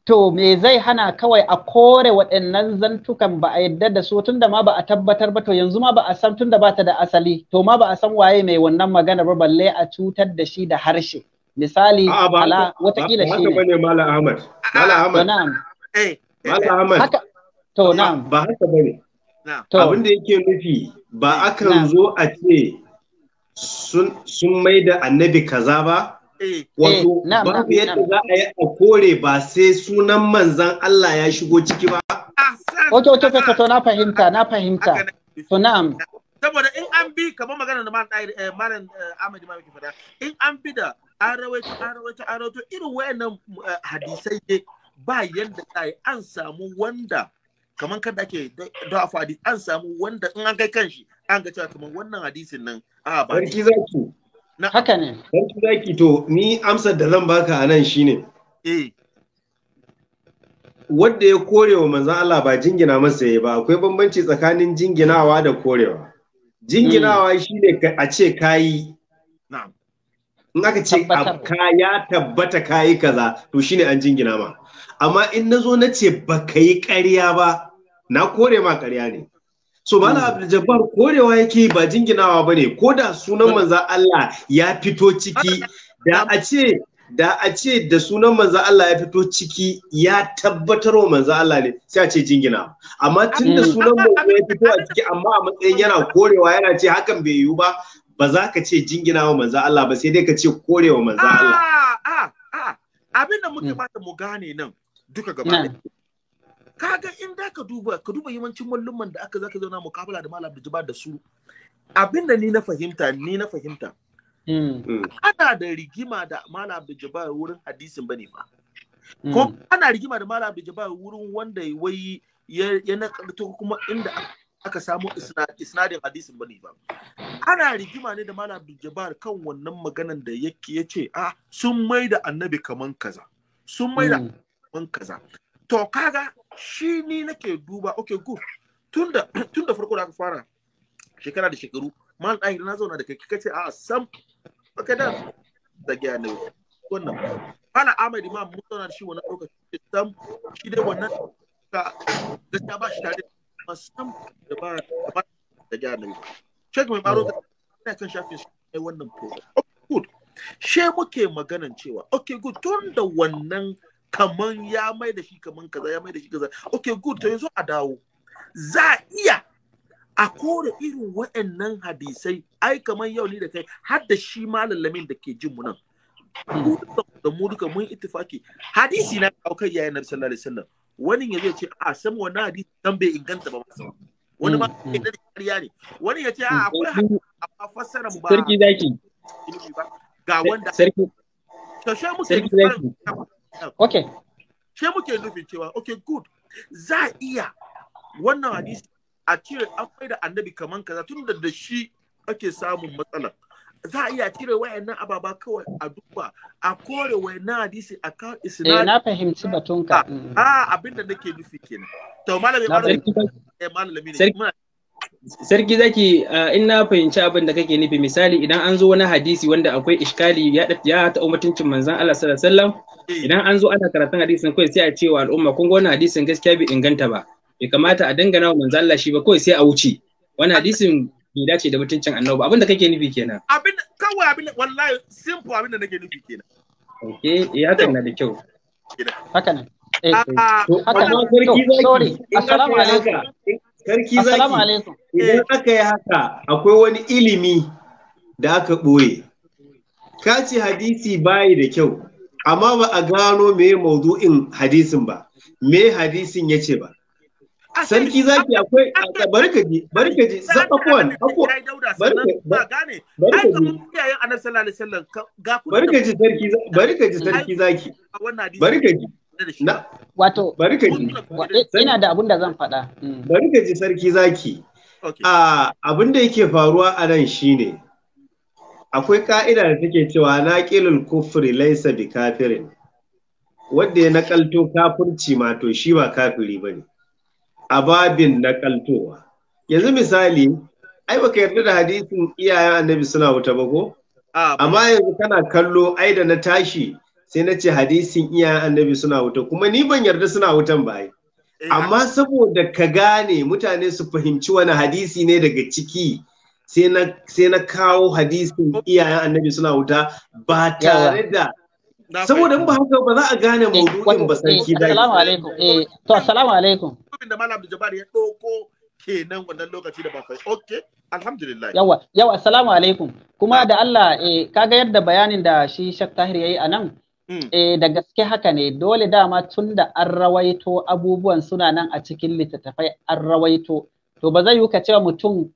to me zai hana kawai a kore waɗannan zantukan ba a yadda da su tunda ma ba a tabbatar ba to yanzu ma ba a san tunda ba ta da asali to ma ba a san waye mai wannan maganar ba balle a cutar da shi da harshe misali ala watakila shi ne Ahmad Ahmad Ahmad To na. Ba haka ba ne. Abin da yake nufi ba aka zo a ce sun mai da annabi kaza ba? Eh. Wato eh, babu yadda za a yi a kore ba sai sunan manzan Allah ya shigo ciki ba. Wato wato kaka to na fahimta na fahimta. To na. Saboda in an bi kamar magana da Malam eh, Ahmed Imam ke faɗa in an bi da an rawaito an rawaito an rawaito irin wayannan hadisai ne ba yadda ta yi an samu wanda kamar kan da ake da afu hadisi an samu wanda in an kai kanshi an ga cewa kamar wannan hadisin nan a ba barki zaki na haka ne barki zaki to ni amsar da zan baka a nan shine eh wanda ya korewa manzon Allah ba jingina masa yayi ba akwai bambanci tsakanin jinginawa da korewa jinginawa hmm. shine a ce kayi na'am in aka ce ka ya tabbata kayi kaza to shine an jingina ma amma in na zo na ce ba ka yi ƙarya ba na kore ma ƙarya ne so malam hmm. abdul korewa yake ba jinginawa ne, ko da sunan hmm. manza Allah ya fito ciki da a ce da a ce da sunan manza Allah ya fito ciki ya tabbatar wa manza Allah ne sai a ce jingina amma tun da hmm. sunan manza ya fito a ciki amma a matsayin yana korewa yana ce hakan bai yiwu ba ba za ka ce jingina wa manza Allah ba sai dai ka ce korewa manza Allah ah, ah, ah, abin da muke bata mu gane nan duka gaba kaga in da ka duba ka duba yawancin mallumman da aka zaka zauna mukabala da malam da da su abinda ni na fahimta ni na fahimta hmm. Hmm. ana da rigima da malam da wurin hadisin bane fa hmm. ko ana rigima da malam da wurin wanda wai ya nakalto kuma inda aka samu isnadin hadisin bane ba ana rigima ne da malam Jabbar kan wannan maganan da yake yace a ah, sun mai da annabi kaman kaza sun mai da kaman kaza to kaga shi ni nake duba okay good tunda tunda farko da aka fara shekara da shekaru mal dai na zauna da kai kace a sam okay da da gaya ne wannan ana amadi ma mun zauna da shi wannan lokaci sam shi dai wannan ka ta ba shi tare amma sam da ba da gaya ne check mai baro da ina kan shafin shi wannan program okay good she muke maganan cewa okay good tun da wannan kaman ya mai da shi kaman kaza ya mai da shi kaza okay good to yanzu a dawo za iya a kore irin waɗannan hadisai ai kaman yau ni da kai har da shi malamin da ke jin mu nan da mu duka mun ittifaki hadisi na kawo yayin nabi sallallahu alaihi wasallam wani ya ce a san wannan hadisi dan bai inganta ba wani ma mm, mm. ya da ƙarya ne wani ya ce a akwai a amma fassara ba sarki zaki ga wanda sarki sarki zaki ok she muke nufin cewa ok good za a iya wannan hadisi a cire an da annabi kaman kaza tun da shi ake samun matsala za a iya cire wayannan ababa kawai a duba a kore wayannan hadisi a kan isnad eh na fahimci batunka a ah, abinda nake nufi kenan malami malami eh, malami sarki zaki in na fahimci abin da kake nufi misali idan an zo wani hadisi wanda akwai iskali ya ya ta umatincin manzon Allah sallallahu alaihi wasallam idan an zo ana karatun hadisin kai sai a ce wa al'umma kun ga wannan hadisin gaskiya bai inganta ba bai kamata a dangana wa manzon Allah shi ba kawai sai a wuce wannan hadisin bai dace da mutuncin annabi ba abin da kake nufi kenan abin kawai abin wallahi simple abin da nake nufi kenan okay ya eh, hakan na da kyau hakan eh ah, ah, to hakan sorry assalamu alaikum Sarki zaki, idan eh. aka yi haka akwai wani ilimi da aka ɓoye. Ka ce hadisi bayi da kyau, amma ba a gano me maudu'in hadisin ba, me hadisin ya ce ba. Sarki zaki akwai barkaji, barkaji, zaɓafuwan, barkaji, barkaji, barkaji. yarda da shi wato bari ka ji eh, ina da abin da zan faɗa mm. bari ka ji sarki zaki a ah, abin da yake faruwa a nan shine akwai ƙa'ida da take cewa naqilul kufri laysa bi kafirin wanda ya nakalto kafirci ma to shi ba kafiri bane a babin nakaltowa yanzu misali ai baka yarda da hadisin iyayen annabi suna wuta ba ko ah, amma yanzu kana kallo ai da na tashi sai na ce hadisin iya annabi suna wuta kuma ni ban yarda suna wutan ba eh, amma saboda ka gane mutane su fahimci wani hadisi ne daga ciki sai na kawo hadisin iyayen annabi suna wuta ba tare da saboda in ba haka ba za a gane eh, maudu'in ba sarki da eh, assalamu alaikum eh to assalamu alaikum da malam jabari ya doko kenan wannan lokaci da ba fa okay alhamdulillah yawa yawa assalamu alaikum kuma da Allah eh kaga yadda bayanin da shi Sheikh Tahir yayi anan Mm. Eh da gaske haka ne dole dama tun da an rawaito abubuwan suna nan a cikin littattafai an rawaito to ba zai yi ka cewa mutum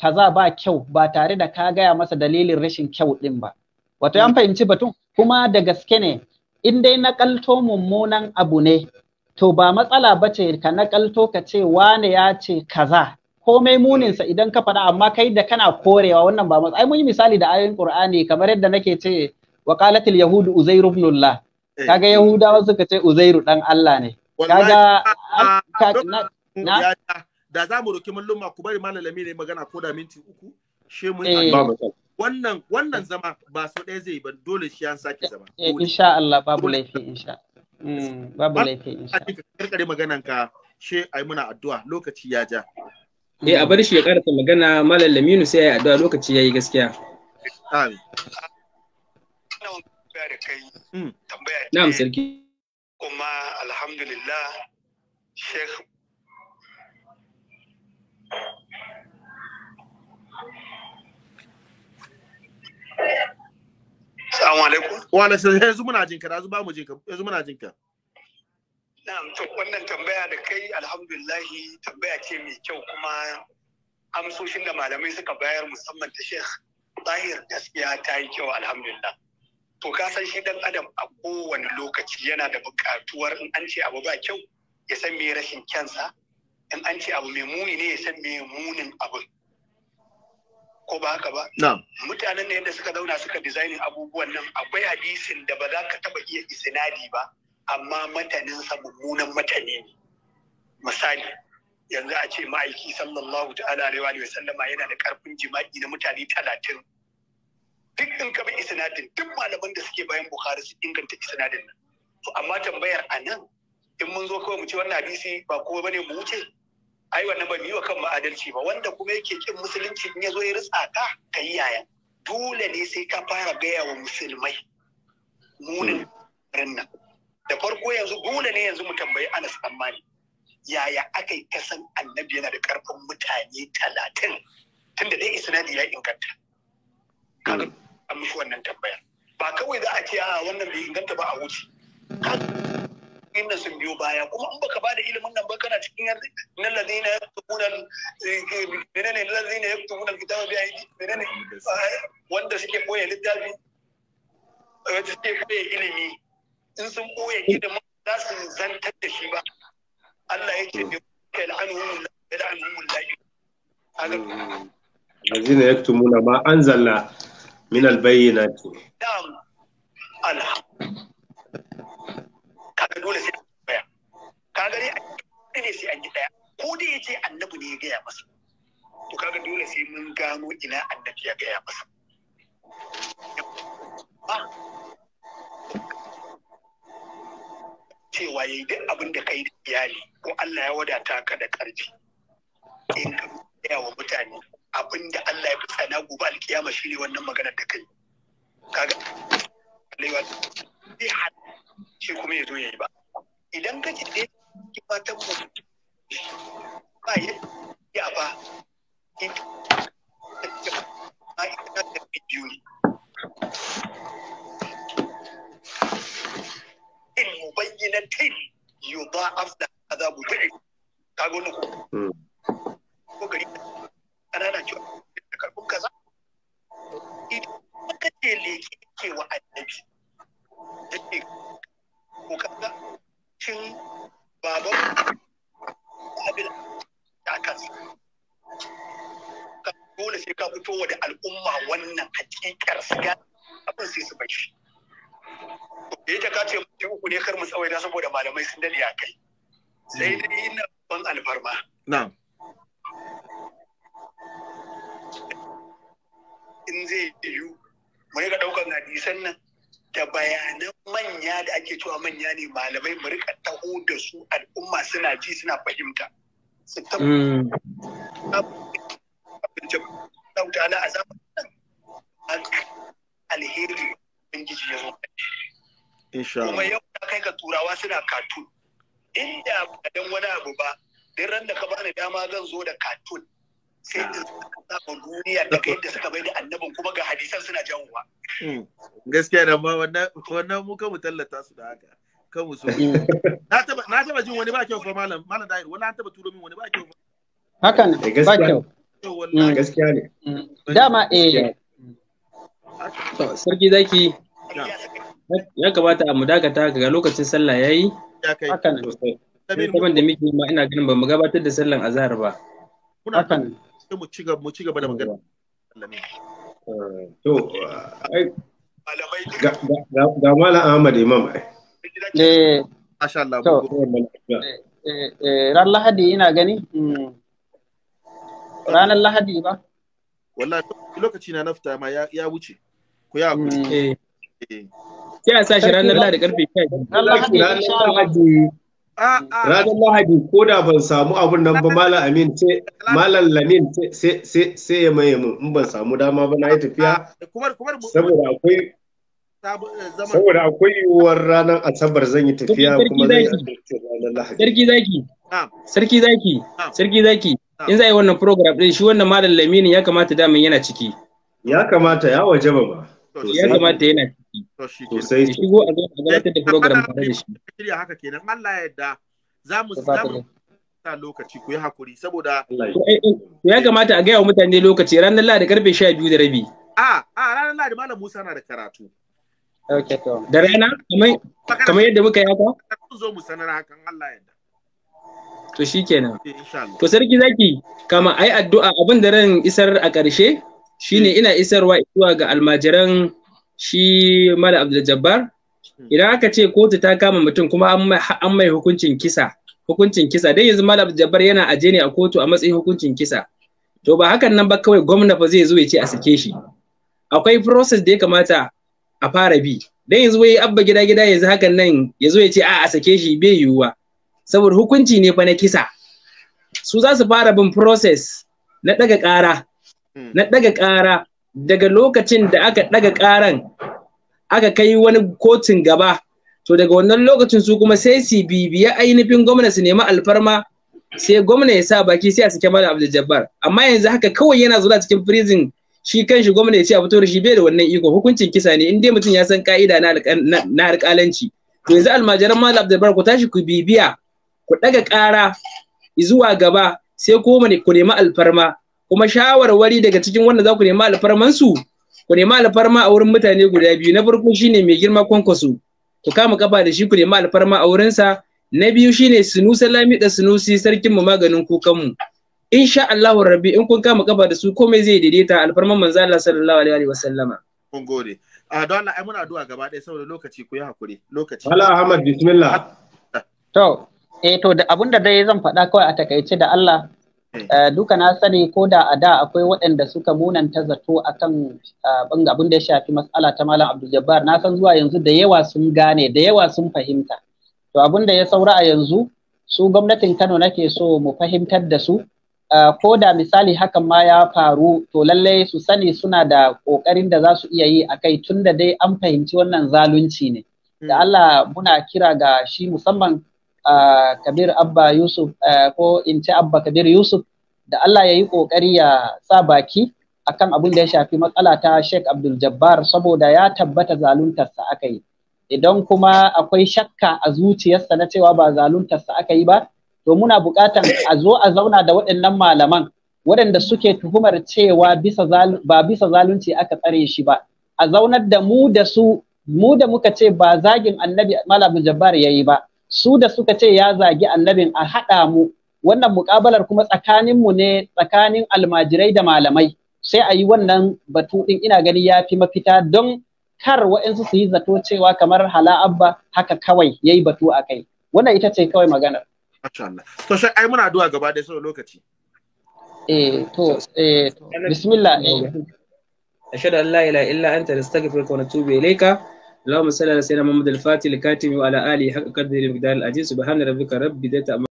kaza ba kyau ba tare da ka gaya masa dalilin rashin kyau din ba. Wato an mm. fahimci batun kuma da gaske ne in dai nakalto mummunan abu ne to ba matsala ba ce ka nakalto ka ce wane ya ce kaza komai muninsa idan ka faɗa amma kai da kana korewa wannan ba ai mun yi misali da ayoyin Qur'ani kamar yadda nake ce wa qalatil yahudu uzairu ibnullah eh. kaga yahudawa suka ce uzairu dan Allah ne kaga ah, ah, na da za mu roki malluma ku bari malalami ne magana ko da minti uku she mun eh. wannan wannan zama ba so ɗaya zai ba dole shi an sake eh, zama insha Allah babu laifi insha mm, babu laifi insha Allah karkare maganan ka she ai muna addu'a lokaci ya ja eh a bar shi ya karasa magana malalami sai ya addu'a lokaci yayi gaskiya amin wannan tambaya da kai hmm. tambaya na'am sarki kuma alhamdulillah sheikh Assalamu alaikum. Wa alaikum yanzu muna jin ka, yanzu ba mu jin ka, yanzu muna jin ka. Na'am, to wannan tambaya da kai alhamdulillah tambaya ce mai kyau kuma amsoshin da malamai suka bayar musamman ta Sheikh Zahir gaskiya ta yi kyau alhamdulillah. to ka san shi dan adam a kowane lokaci yana da buƙatuwar in an ce abu ba kyau ya san me rashin kyansa in an ce abu mai muni ne ya san me munin abin ko ba haka ba mutanen ne da suka zauna suka designing abubuwan nan akwai hadisin da ba za ka taba iya isinadi ba amma mataninsa mummunan matane ne misali yanzu a ce ma'aiki sallallahu ta'ala alaihi wa sallama yana da karfin jima'i na mutane talatin duk in ka bi isnadin duk malaman da suke bayan bukhari su inganta isnadin nan to amma tambayar a nan in mun zo kawai mu ce wannan hadisi ba kowa bane mu wuce ai wannan ba yi wa kan adalci ba wanda kuma yake kin musulunci in ya zo ya ritsa ka ka yi yaya dole ne sai ka fara gaya wa musulmai munin nan da farko yanzu dole ne yanzu mu tambayi anas ammani yaya aka yi kasan annabi yana da karfin mutane talatin tunda dai isnadi ya inganta an mishi wannan tambayar ba kawai za a ce a wannan bai inganta ba a wuce inda sun biyo baya kuma in baka bada ilimin nan ba kana cikin yanzu na lazina ya tubuna ne lazina ya tubuna kitaba bi ne ne wanda suke koya littafi wanda suke koya ilimi in sun koya boye ilimin za su zantar da shi ba Allah ya ce ne kai la'anuhum la'anuhum la'i mm. azina yaktumuna ma anzalna من البينات kaga dole sai ko da yace annabi ne ya gaya masa to kaga dole sai mun gano ina annabi ya gaya masa cewa yi duk abin da kai da iyali ko Allah ya wadata ka da ƙarfi in ka gaya wa mutane abin da Allah ya kusa na gobe alkiyama shi ne wannan maganar da kai kaga lewa zai hada shi kuma ya zo ya yi ba idan ka ce ki fata mu ba ya ya ba in ba ita da biyu ne in mu mubayyinatin yudha'af da azabu bi'i kaga wannan ko hmm. gari kanana ki da karfin kaza idan ka ce leke ke wa annabi da ke ko kaza shin baban abin da kansa dole sai ka fito wa da al'umma wannan hakikar su ga abin sai su bar shi da yake ka ce mutum uku ne kar mu tsawaita saboda malamai sun dade a kai sai dai ina ban alfarma na'am in zai yiwu mu rika ɗaukar hadisan nan da bayanan manya da ake cewa manya ne malamai mu rika taho da su al'umma suna ji suna fahimta su tabbata mm. na a zamanin alheri ubangiji ya zo kuma yau ta kai ga turawa suna katun inda ba dan wani abu ba duk ran da ka bani dama zan zo da katun Ah. Hmm. Gaskiya da ma wannan muka mu tallata su da haka. Kan mu hmm. Na taba jin wani ba kyau fa malam malam dahir wani an taba turo min wani ba kyau. Hakan eh, ba kyau. Hmm, gaskiya ne. Dama eh. Sarki zaki ya kamata a mu dakata ga lokacin sallah yayi. Hakan. Saboda da muke ma ina ganin ba mu gabatar da sallan azhar ba. Hakan. mu ci gaba mu ci gaba da magana to ai malamai ga malam Ahmad Imam ai eh masha Allah eh, eh, eh, eh ran Lahadi ina gani hmm. ranar Lahadi ba wallahi lokaci na nafta ma ya wuce ku ya wuce hmm. eh kina sashi sa ranar Lahadi karfe 10 ranar Lahadi Ranar Lahadi ko da ban samu abun nan ba Malam Amin ce Malam Lamin sai ya maye mun in ban samu dama ba na yi tafiya. Saboda akwai eh, Saboda akwai yiwuwar ranar Asabar zan yi tafiya kuma zan yi ranar Lahadi. Sarki zaki. Sarki zaki. Sarki zaki. In za a yi wannan program din shi wannan Malam Lamin ya kamata daman yana ciki. Ya kamata ya waje ba. ya kamata yana ciki sosai shigo a gabatar da program tare da shi ya lokaci ku yi hakuri saboda ya kamata a gaya wa mutane lokaci ranar Lahadi karfe 12 da rabi a a ranar Lahadi malam Musa na da karatu da rana kamar yadda muka yi haka zo mu sanar hakan Allah ya to shikenan eh, to sarki zaki kama ai addu'a abin da ran isar a ƙarshe shine ina isarwa zuwa ga almajiran shi mala abdul jabbar hmm. idan aka ce kotu ta kama mutum kuma an mai hukuncin kisa hukuncin kisa dai yanzu mala abdul jabbar yana aje ne a kotu a matsayin hukuncin kisa to ba hakan nan ba kawai gwamna ba zai zo ya ce a sake shi akwai process da ya kamata a fara bi dan yanzu wai abba gida gida yanzu hakan nan ya zo ya ce a a sake shi bai yiwuwa saboda hukunci ne fa na kisa su za su fara bin process na daga ƙara Hmm. na ɗaga ƙara daga lokacin da aka daga ƙaran aka kai wani kotun gaba to daga wannan lokacin su kuma sai su bibiya ainihin gwamna su nemi alfarma sai gwamna ya sa baki sai a sake malam Abdul Jabbar amma yanzu haka kawai yana zuwa cikin prison shi kanshi gwamna ya ce a fito da shi bai da wannan iko hukuncin kisa ne in dai mutum ya san ka'ida na alƙalanci to yanzu almajiran malam Abdul ku tashi ku bibiya ku ɗaga ƙara zuwa gaba sai ko ku nemi alfarma kuma shawarwari daga cikin wanda za ku nema alfarman su ku nema alfarma a wurin mutane guda biyu na farko shine mai girma kwankwaso ku kama kafa da shi ku nema alfarma a wurinsa na biyu shine sunusa lamida sunusi sarkin mu maganin mu insha Allahu rabbi in kun kama kafa da su komai zai daidaita alfarman manzo Allah sallallahu alaihi wa sallama kun gode a ah, don Allah ai muna addu'a gaba ɗaya saboda lokaci ku yi hakuri lokaci Allah Ahmad bismillah ah. to eh to da abinda dai zan faɗa kawai a takaice da Allah Eh. Eh, duka na sani ko da a da akwai waɗanda suka munanta zato a kan eh, abin da ya shafi matsala ta malam Abdul Jabbar na san zuwa yanzu da yawa sun gane da yawa sun fahimta to abin da ya saura a yanzu su gwamnatin Kano nake so mu fahimtar da su ko da misali hakan ma ya faru to lallai su sani suna da ƙoƙarin da za su iya yi a kai tun da dai an fahimci wannan zalunci ne da hmm. Allah muna kira ga shi musamman kabir abba yusuf ko in ce abba kabir yusuf da allah ya yi ƙoƙari ya sa baki akan abin da ya shafi matsala ta sheikh abdul jabbar saboda ya tabbata zaluntarsa aka yi idan kuma akwai shakka a zuciyarsa na cewa ba zaluntarsa aka yi ba to muna buƙatar a zo a zauna da waɗannan malaman waɗanda suke tuhumar cewa ba bisa zalunci aka tsare shi ba a zaunar da mu da su mu da muka ce ba zagin annabi malam jabbar yi ba su da suka ce ya zagi annabin a haɗa mu wannan muƙabalar kuma tsakanin mu ne tsakanin almajirai da malamai sai a yi wannan batu ɗin ina gani ya fi mafita don kar wa'insu su yi zato cewa kamar hala abba haka kawai ya yi batu a kai wannan ita ce kawai maganar. To shi ai muna addu'a gaba da sau lokaci. Eh to eh to bismillah eh. Ashhadu an la ilaha illa anta astaghfiruka wa atubu ilayka. اللهم صل على سيدنا محمد الفاتح الكاتم وعلى آله حق قدر مقدار العزيز سبحان ربك رب بدأت